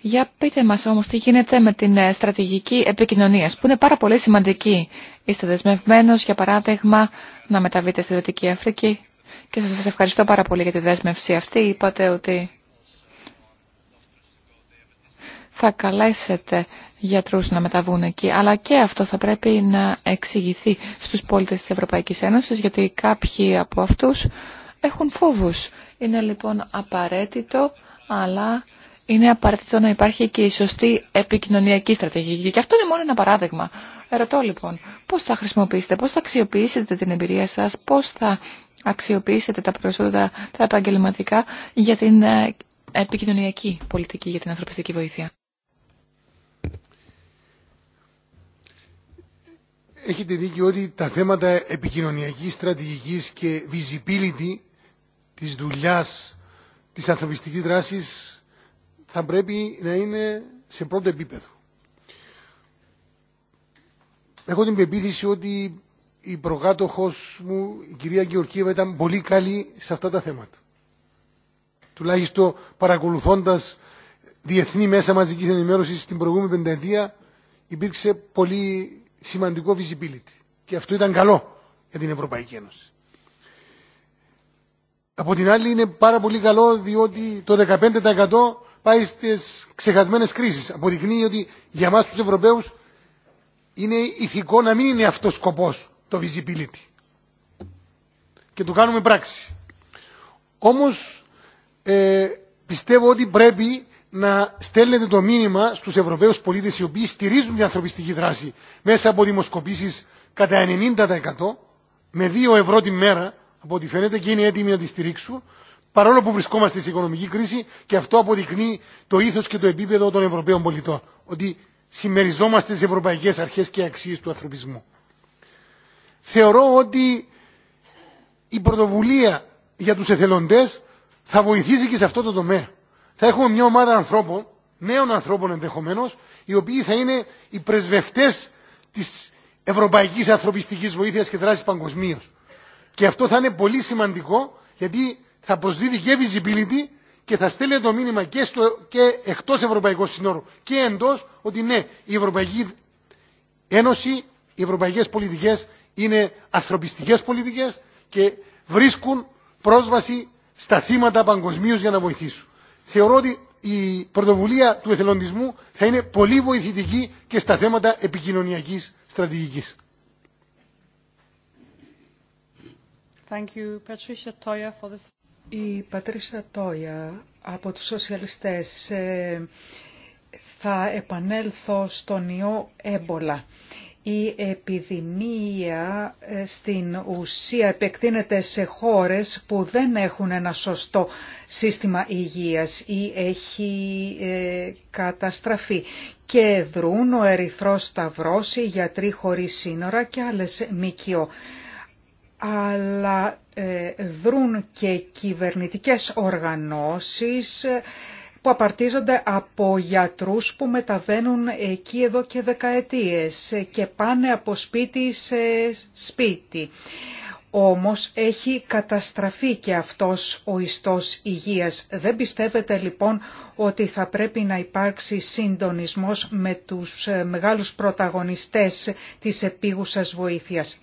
Για πείτε μας όμως τι γίνεται με την ε, στρατηγική επικοινωνίας που είναι πάρα πολύ σημαντική. Είστε δεσμευμένος για παράδειγμα να μεταβείτε στη Δυτική Αφρική και σας ευχαριστώ πάρα πολύ για τη δέσμευση αυτή. Είπατε ότι θα καλέσετε γιατρούς να μεταβούν εκεί. Αλλά και αυτό θα πρέπει να εξηγηθεί στους πολίτες της Ευρωπαϊκής Ένωσης, γιατί κάποιοι από αυτούς έχουν φόβους. Είναι λοιπόν απαραίτητο, αλλά είναι απαραίτητο να υπάρχει και η σωστή επικοινωνιακή στρατηγική. Και αυτό είναι μόνο ένα παράδειγμα. Ρωτώ λοιπόν, πώς θα χρησιμοποιήσετε, πώς θα αξιοποιήσετε την εμπειρία σας, πώς θα αξιοποιήσετε τα προσόντα, τα επαγγελματικά για την ε, επικοινωνιακή πολιτική, για την ανθρωπιστική βοήθεια. Έχετε δίκιο ότι τα θέματα επικοινωνιακής στρατηγικής και visibility της δουλειάς της ανθρωπιστικής δράσης θα πρέπει να είναι σε πρώτο επίπεδο. Έχω την πεποίθηση ότι η προκάτοχος μου, η κυρία Γεωργίευα, ήταν πολύ καλή σε αυτά τα θέματα. Τουλάχιστον παρακολουθώντας διεθνή μέσα μαζικής ενημέρωσης στην προηγούμενη πενταετία υπήρξε πολύ σημαντικό visibility. Και αυτό ήταν καλό για την Ευρωπαϊκή Ένωση. Από την άλλη είναι πάρα πολύ καλό διότι το 15% πάει στι ξεχασμένε κρίσει. Αποδεικνύει ότι για εμά του Ευρωπαίου είναι ηθικό να μην είναι αυτό σκοπό το visibility. Και το κάνουμε πράξη. Όμω ε, πιστεύω ότι πρέπει να στέλνετε το μήνυμα στους Ευρωπαίους πολίτες οι οποίοι στηρίζουν την ανθρωπιστική δράση μέσα από δημοσκοπήσεις κατά 90% με 2 ευρώ τη μέρα από ό,τι φαίνεται και είναι έτοιμοι να τη στηρίξουν παρόλο που βρισκόμαστε σε οικονομική κρίση και αυτό αποδεικνύει το ήθος και το επίπεδο των Ευρωπαίων πολιτών, ότι συμμεριζόμαστε στις ευρωπαϊκές αρχές και αξίες του ανθρωπισμού. Θεωρώ ότι η πρωτοβουλία για τους εθελοντές θα βοηθήσει και σε αυτό το τομέα. Θα έχουμε μια ομάδα ανθρώπων, νέων ανθρώπων ενδεχομένω, οι οποίοι θα είναι οι πρεσβευτές της ευρωπαϊκής ανθρωπιστικής βοήθειας και δράσης παγκοσμίω. Και αυτό θα είναι πολύ σημαντικό γιατί θα προσδίδει και visibility και θα στέλνει το μήνυμα και, στο, και εκτός Ευρωπαϊκού Σύνορου και εντός ότι ναι, η Ευρωπαϊκή Ένωση, οι ευρωπαϊκές πολιτικές είναι ανθρωπιστικές πολιτικές και βρίσκουν πρόσβαση στα θύματα παγκοσμίω για να βοηθήσουν. Θεωρώ ότι η πρωτοβουλία του εθελοντισμού θα είναι πολύ βοηθητική και στα θέματα επικοινωνιακής στρατηγικής. Thank η Πατρίσα Τόια από τους σοσιαλιστές ε, θα επανέλθω στον ιό έμπολα. Η επιδημία ε, στην ουσία επεκτείνεται σε χώρες που δεν έχουν ένα σωστό σύστημα υγείας ή έχει ε, καταστραφεί και δρούν ο Ερυθρός Σταυρός, οι γιατροί χωρίς σύνορα και άλλες μήκυο αλλά ε, δρούν και κυβερνητικές οργανώσεις ε, που απαρτίζονται από γιατρούς που μεταβαίνουν εκεί εδώ και δεκαετίες ε, και πάνε από σπίτι σε σπίτι. Όμως έχει καταστραφεί και αυτός ο ιστός υγείας. Δεν πιστεύετε λοιπόν ότι θα πρέπει να υπάρξει συντονισμός με τους μεγάλους πρωταγωνιστές της επίγουσας βοήθειας.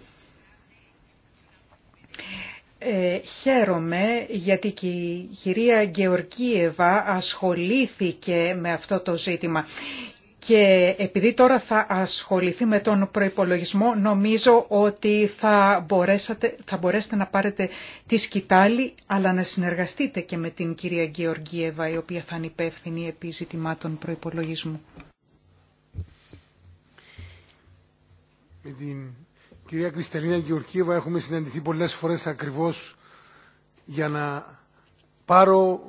Ε, χαίρομαι γιατί και η κυρία Γεωργίεβα ασχολήθηκε με αυτό το ζήτημα και επειδή τώρα θα ασχοληθεί με τον προϋπολογισμό νομίζω ότι θα, μπορέσατε, θα μπορέσετε να πάρετε τη σκητάλη αλλά να συνεργαστείτε και με την κυρία Γεωργίεβα η οποία θα είναι υπεύθυνη επί ζητημάτων προϋπολογισμού κυρία Κρυσταλίνα Γεωργίευα έχουμε συναντηθεί πολλές φορές ακριβώς για να πάρω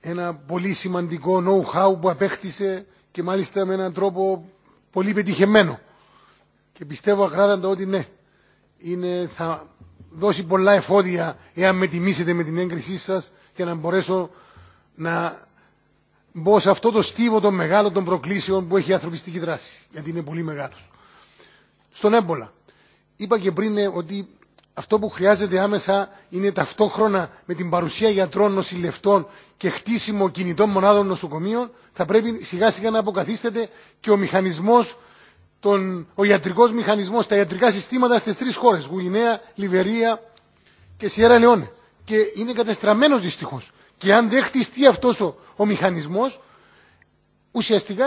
ένα πολύ σημαντικό know-how που απέκτησε και μάλιστα με έναν τρόπο πολύ πετυχεμένο. Και πιστεύω ακράδαντα ότι ναι, είναι, θα δώσει πολλά εφόδια εάν με τιμήσετε με την έγκρισή σας για να μπορέσω να μπω σε αυτό το στίβο των μεγάλων των προκλήσεων που έχει η ανθρωπιστική δράση, γιατί είναι πολύ μεγάλος. Στον έμπολα, Είπα και πριν ε, ότι αυτό που χρειάζεται άμεσα είναι ταυτόχρονα με την παρουσία γιατρών, νοσηλευτών και χτίσιμο κινητών μονάδων νοσοκομείων, θα πρέπει σιγά σιγά να αποκαθίσταται και ο μηχανισμός, ο ιατρικός μηχανισμός, τα ιατρικά συστήματα στις τρεις χώρες, Γουινέα, Λιβερία και Σιέρα Λεόνε. Και είναι κατεστραμμένος δυστυχώ. Και αν δεν χτιστεί αυτός ο, ο μηχανισμός, ουσιαστικά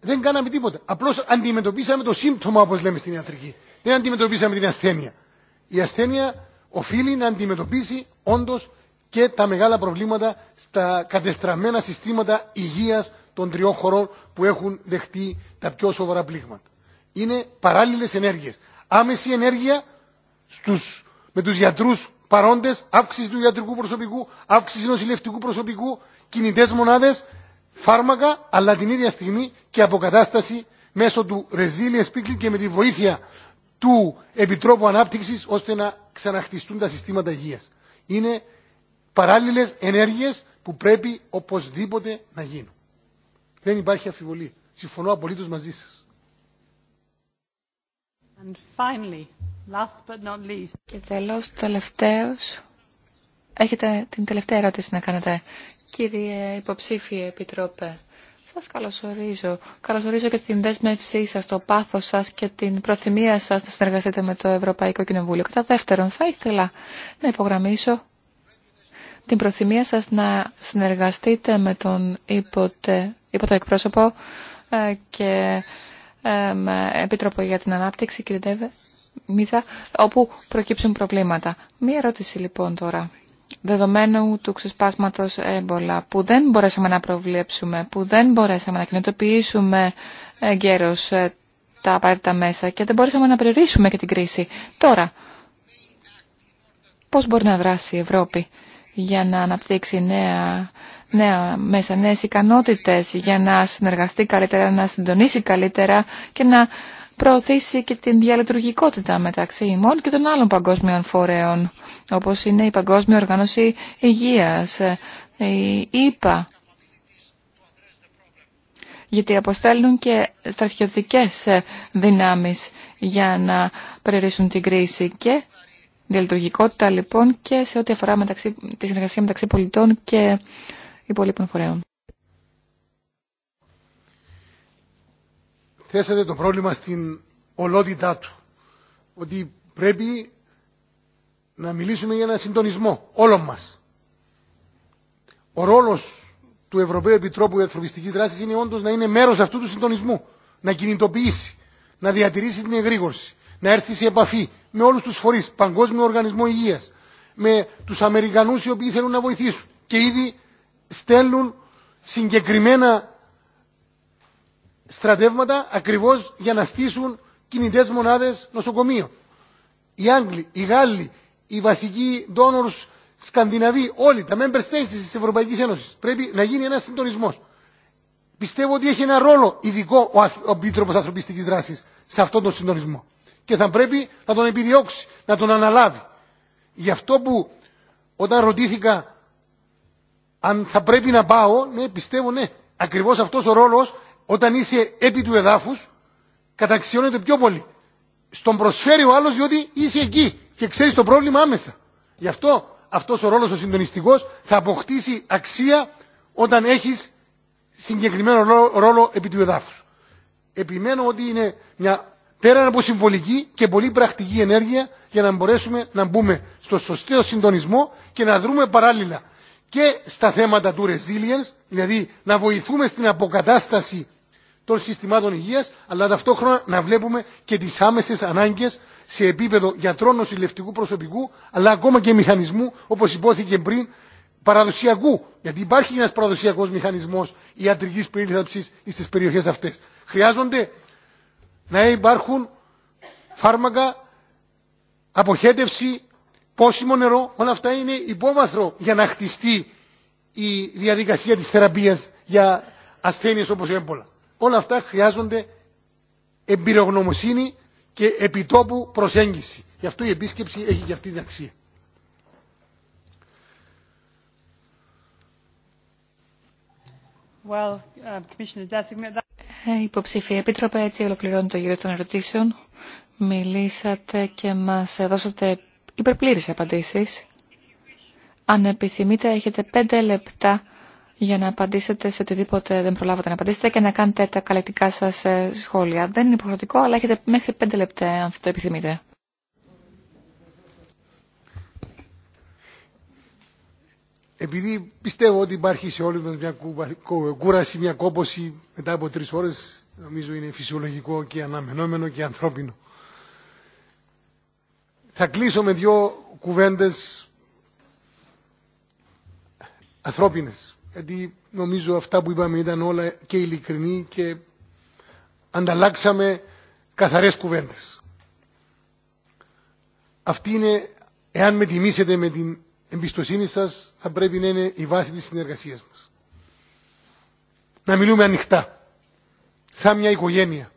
δεν κάναμε τίποτα. Απλώς αντιμετωπίσαμε το σύμπτωμα, όπως λέμε στην ιατρική δεν αντιμετωπίσαμε την ασθένεια. Η ασθένεια οφείλει να αντιμετωπίσει όντω και τα μεγάλα προβλήματα στα κατεστραμμένα συστήματα υγεία των τριών χωρών που έχουν δεχτεί τα πιο σοβαρά πλήγματα. Είναι παράλληλε ενέργειε. Άμεση ενέργεια στους, με του γιατρού παρόντε, αύξηση του ιατρικού προσωπικού, αύξηση νοσηλευτικού προσωπικού, κινητέ μονάδε, φάρμακα, αλλά την ίδια στιγμή και αποκατάσταση μέσω του Resilience Speaking και με τη βοήθεια του Επιτρόπου Ανάπτυξη ώστε να ξαναχτιστούν τα συστήματα υγεία. Είναι παράλληλε ενέργειε που πρέπει οπωσδήποτε να γίνουν. Δεν υπάρχει αφιβολία. Συμφωνώ απολύτω μαζί σα. Και τέλο, τελευταίο. Έχετε την τελευταία ερώτηση να κάνετε. Κύριε υποψήφιε επιτρόπε, σας καλωσορίζω. Καλωσορίζω και την δέσμευσή σας, το πάθος σας και την προθυμία σας να συνεργαστείτε με το Ευρωπαϊκό Κοινοβούλιο. Κατά δεύτερον, θα ήθελα να υπογραμμίσω την προθυμία σας να συνεργαστείτε με τον υποτε, υποτε εκπρόσωπο ε, και Επίτροπο για την Ανάπτυξη, κύριε Ντέβε, Μίθα, όπου προκύψουν προβλήματα. Μία ερώτηση λοιπόν τώρα δεδομένου του ξεσπάσματος έμπολα που δεν μπορέσαμε να προβλέψουμε, που δεν μπορέσαμε να κινητοποιήσουμε γέρος ε, τα απαραίτητα μέσα και δεν μπορέσαμε να περιορίσουμε και την κρίση. Τώρα, πώς μπορεί να δράσει η Ευρώπη για να αναπτύξει νέα, νέα μέσα, νέες ικανότητες, για να συνεργαστεί καλύτερα, να συντονίσει καλύτερα και να προωθήσει και την διαλειτουργικότητα μεταξύ ημών και των άλλων παγκόσμιων φορέων, όπως είναι η Παγκόσμια Οργάνωση Υγείας, η Ι.Π.Α. γιατί αποστέλνουν και στρατιωτικές δυνάμεις για να περιορίσουν την κρίση και διαλειτουργικότητα λοιπόν και σε ό,τι αφορά μεταξύ, τη συνεργασία μεταξύ πολιτών και υπολείπων φορέων. θέσατε το πρόβλημα στην ολότητά του. Ότι πρέπει να μιλήσουμε για ένα συντονισμό όλων μας. Ο ρόλος του Ευρωπαίου Επιτρόπου Ανθρωπιστική Δράσης είναι όντως να είναι μέρος αυτού του συντονισμού. Να κινητοποιήσει, να διατηρήσει την εγρήγορση, να έρθει σε επαφή με όλους τους φορείς, Παγκόσμιο Οργανισμό Υγείας, με τους Αμερικανούς οι οποίοι θέλουν να βοηθήσουν. Και ήδη στέλνουν συγκεκριμένα στρατεύματα ακριβώς για να στήσουν κινητές μονάδες νοσοκομείων. Οι Άγγλοι, οι Γάλλοι, οι βασικοί donors Σκανδιναβοί, όλοι τα member states της Ευρωπαϊκής Ένωσης. Πρέπει να γίνει ένας συντονισμός. Πιστεύω ότι έχει ένα ρόλο ειδικό ο Επίτροπος Ανθρωπιστικής Δράσης σε αυτόν τον συντονισμό. Και θα πρέπει να τον επιδιώξει, να τον αναλάβει. Γι' αυτό που όταν ρωτήθηκα αν θα πρέπει να πάω, ναι, πιστεύω ναι. ακριβώ αυτό ο ρόλο όταν είσαι επί του εδαφου καταξιώνεται πιο πολύ. Στον προσφέρει ο αλλο διότι είσαι εκεί και ξερει το πρόβλημα άμεσα. Γι' αυτό αυτός ο ρόλος ο συντονιστικο θα αποκτήσει αξία όταν έχεις συγκεκριμένο ρόλο επί του εδαφου Επιμένω ότι είναι μια πέραν από συμβολική και πολύ πρακτική ενέργεια για να μπορέσουμε να μπούμε στο σωστό συντονισμό και να δρούμε παράλληλα και στα θέματα του resilience δηλαδή να βοηθούμε στην αποκατάσταση των συστημάτων υγείας, αλλά ταυτόχρονα να βλέπουμε και τις άμεσες ανάγκες σε επίπεδο γιατρών, νοσηλευτικού προσωπικού, αλλά ακόμα και μηχανισμού, όπως υπόθηκε πριν, παραδοσιακού. Γιατί υπάρχει ένας παραδοσιακός μηχανισμός ιατρικής περίληψης στις περιοχές αυτές. Χρειάζονται να υπάρχουν φάρμακα, αποχέτευση, πόσιμο νερό, όλα αυτά είναι υπόβαθρο για να χτιστεί η διαδικασία της θεραπείας για ασθένειες όπως η έμπολα. Όλα αυτά χρειάζονται εμπειρογνωμοσύνη και επιτόπου προσέγγιση. Γι' αυτό η επίσκεψη έχει και αυτή την αξία. Well, uh, ε, Επίτροπε, έτσι ολοκληρώνει το γύρο των ερωτήσεων. Μιλήσατε και μας δώσατε υπερπλήρες απαντήσεις. Αν επιθυμείτε, έχετε πέντε λεπτά για να απαντήσετε σε οτιδήποτε δεν προλάβατε να απαντήσετε και να κάνετε τα καλλιτικά σας ε, σχόλια. Δεν είναι υποχρεωτικό, αλλά έχετε μέχρι πέντε λεπτά, ε, αν το επιθυμείτε. Επειδή πιστεύω ότι υπάρχει σε όλους μας μια κούραση, μια κόπωση μετά από τρεις ώρες, νομίζω είναι φυσιολογικό και αναμενόμενο και ανθρώπινο. Θα κλείσω με δύο κουβέντες ανθρώπινες. Γιατί νομίζω αυτά που είπαμε ήταν όλα και ειλικρινή και ανταλλάξαμε καθαρές κουβέντες. Αυτή είναι, εάν με τιμήσετε με την εμπιστοσύνη σας, θα πρέπει να είναι η βάση της συνεργασίας μας. Να μιλούμε ανοιχτά, σαν μια οικογένεια.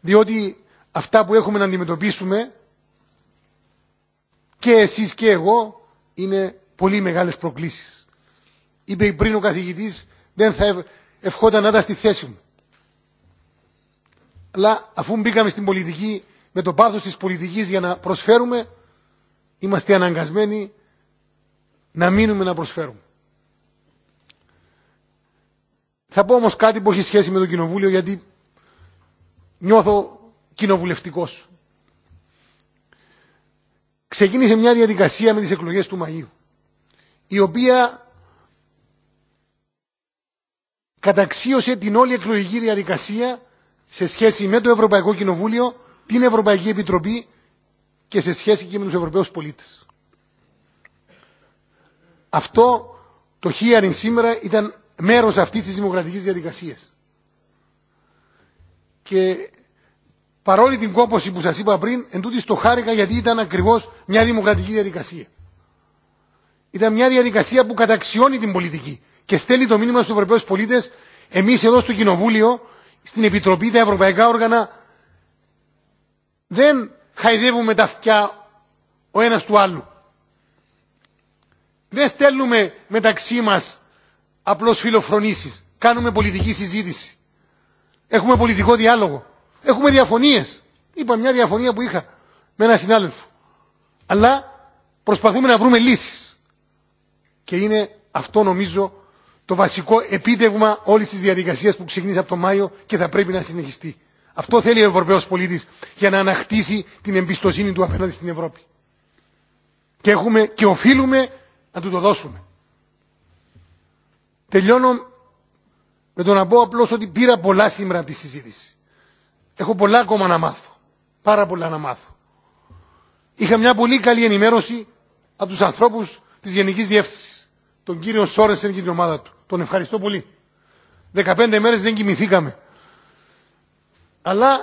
Διότι αυτά που έχουμε να αντιμετωπίσουμε, και εσείς και εγώ, είναι πολύ μεγάλες προκλήσεις. Είπε πριν ο καθηγητής, δεν θα ευχόταν να ήταν στη θέση μου. Αλλά αφού μπήκαμε στην πολιτική με το πάθος της πολιτικής για να προσφέρουμε, είμαστε αναγκασμένοι να μείνουμε να προσφέρουμε. Θα πω όμως κάτι που έχει σχέση με το Κοινοβούλιο γιατί νιώθω κοινοβουλευτικός ξεκίνησε μια διαδικασία με τις εκλογές του Μαΐου, η οποία καταξίωσε την όλη εκλογική διαδικασία σε σχέση με το Ευρωπαϊκό Κοινοβούλιο, την Ευρωπαϊκή Επιτροπή και σε σχέση και με τους Ευρωπαίους πολίτες. Αυτό το hearing σήμερα ήταν μέρος αυτής της δημοκρατικής διαδικασίας. Και παρόλη την κόπωση που σας είπα πριν, εν τούτης το χάρηκα γιατί ήταν ακριβώς μια δημοκρατική διαδικασία. Ήταν μια διαδικασία που καταξιώνει την πολιτική και στέλνει το μήνυμα στους Ευρωπαίους πολίτες, εμείς εδώ στο Κοινοβούλιο, στην Επιτροπή, τα ευρωπαϊκά όργανα, δεν χαϊδεύουμε τα αυτιά ο ένας του άλλου. Δεν στέλνουμε μεταξύ μας απλώς φιλοφρονήσεις. Κάνουμε πολιτική συζήτηση. Έχουμε πολιτικό διάλογο. Έχουμε διαφωνίε. Είπα μια διαφωνία που είχα με έναν συνάδελφο. Αλλά προσπαθούμε να βρούμε λύσει. Και είναι αυτό νομίζω το βασικό επίτευγμα όλη τη διαδικασία που ξεκίνησε από τον Μάιο και θα πρέπει να συνεχιστεί. Αυτό θέλει ο Ευρωπαίος πολίτη για να ανακτήσει την εμπιστοσύνη του απέναντι στην Ευρώπη. Και έχουμε και οφείλουμε να του το δώσουμε. Τελειώνω με το να πω απλώς ότι πήρα πολλά σήμερα από τη συζήτηση. Έχω πολλά ακόμα να μάθω. Πάρα πολλά να μάθω. Είχα μια πολύ καλή ενημέρωση από τους ανθρώπους της Γενικής Διεύθυνσης. Τον κύριο Σόρεσεν και την ομάδα του. Τον ευχαριστώ πολύ. 15 μέρες δεν κοιμηθήκαμε. Αλλά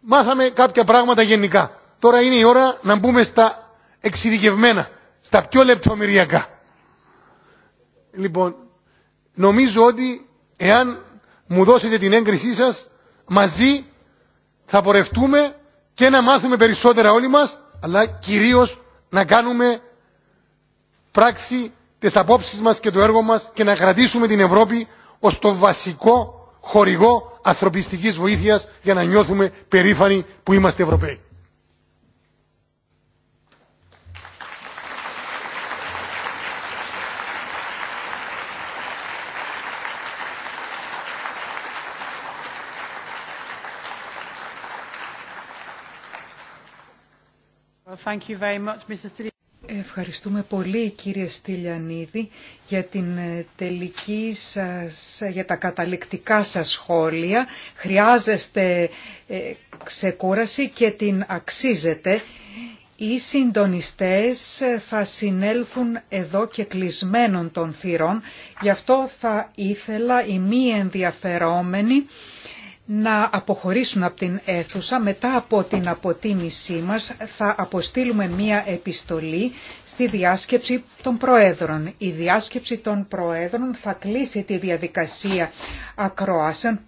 μάθαμε κάποια πράγματα γενικά. Τώρα είναι η ώρα να μπούμε στα εξειδικευμένα, στα πιο λεπτομεριακά. Λοιπόν, νομίζω ότι εάν μου δώσετε την έγκρισή σας, μαζί θα πορευτούμε και να μάθουμε περισσότερα όλοι μας, αλλά κυρίως να κάνουμε πράξη τις απόψεις μας και το έργο μας και να κρατήσουμε την Ευρώπη ως το βασικό χορηγό ανθρωπιστικής βοήθειας για να νιώθουμε περήφανοι που είμαστε Ευρωπαίοι. Ευχαριστούμε πολύ κύριε Στυλιανίδη για την ε, τελική σας, για τα καταληκτικά σας σχόλια. Χρειάζεστε ε, ξεκούραση και την αξίζετε. Οι συντονιστές θα συνέλθουν εδώ και κλεισμένων των θύρων, γι' αυτό θα ήθελα οι μη ενδιαφερόμενοι να αποχωρήσουν από την αίθουσα. Μετά από την αποτίμησή μας θα αποστείλουμε μία επιστολή στη διάσκεψη των Προέδρων. Η διάσκεψη των Προέδρων θα κλείσει τη διαδικασία ακροάσεων.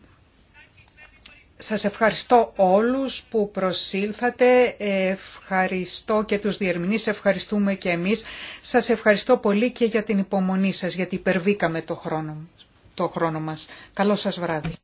Σας ευχαριστώ όλους που προσήλθατε, ευχαριστώ και τους διερμηνείς, ευχαριστούμε και εμείς. Σας ευχαριστώ πολύ και για την υπομονή σας, γιατί υπερβήκαμε το χρόνο, το χρόνο μας. Καλό σας βράδυ.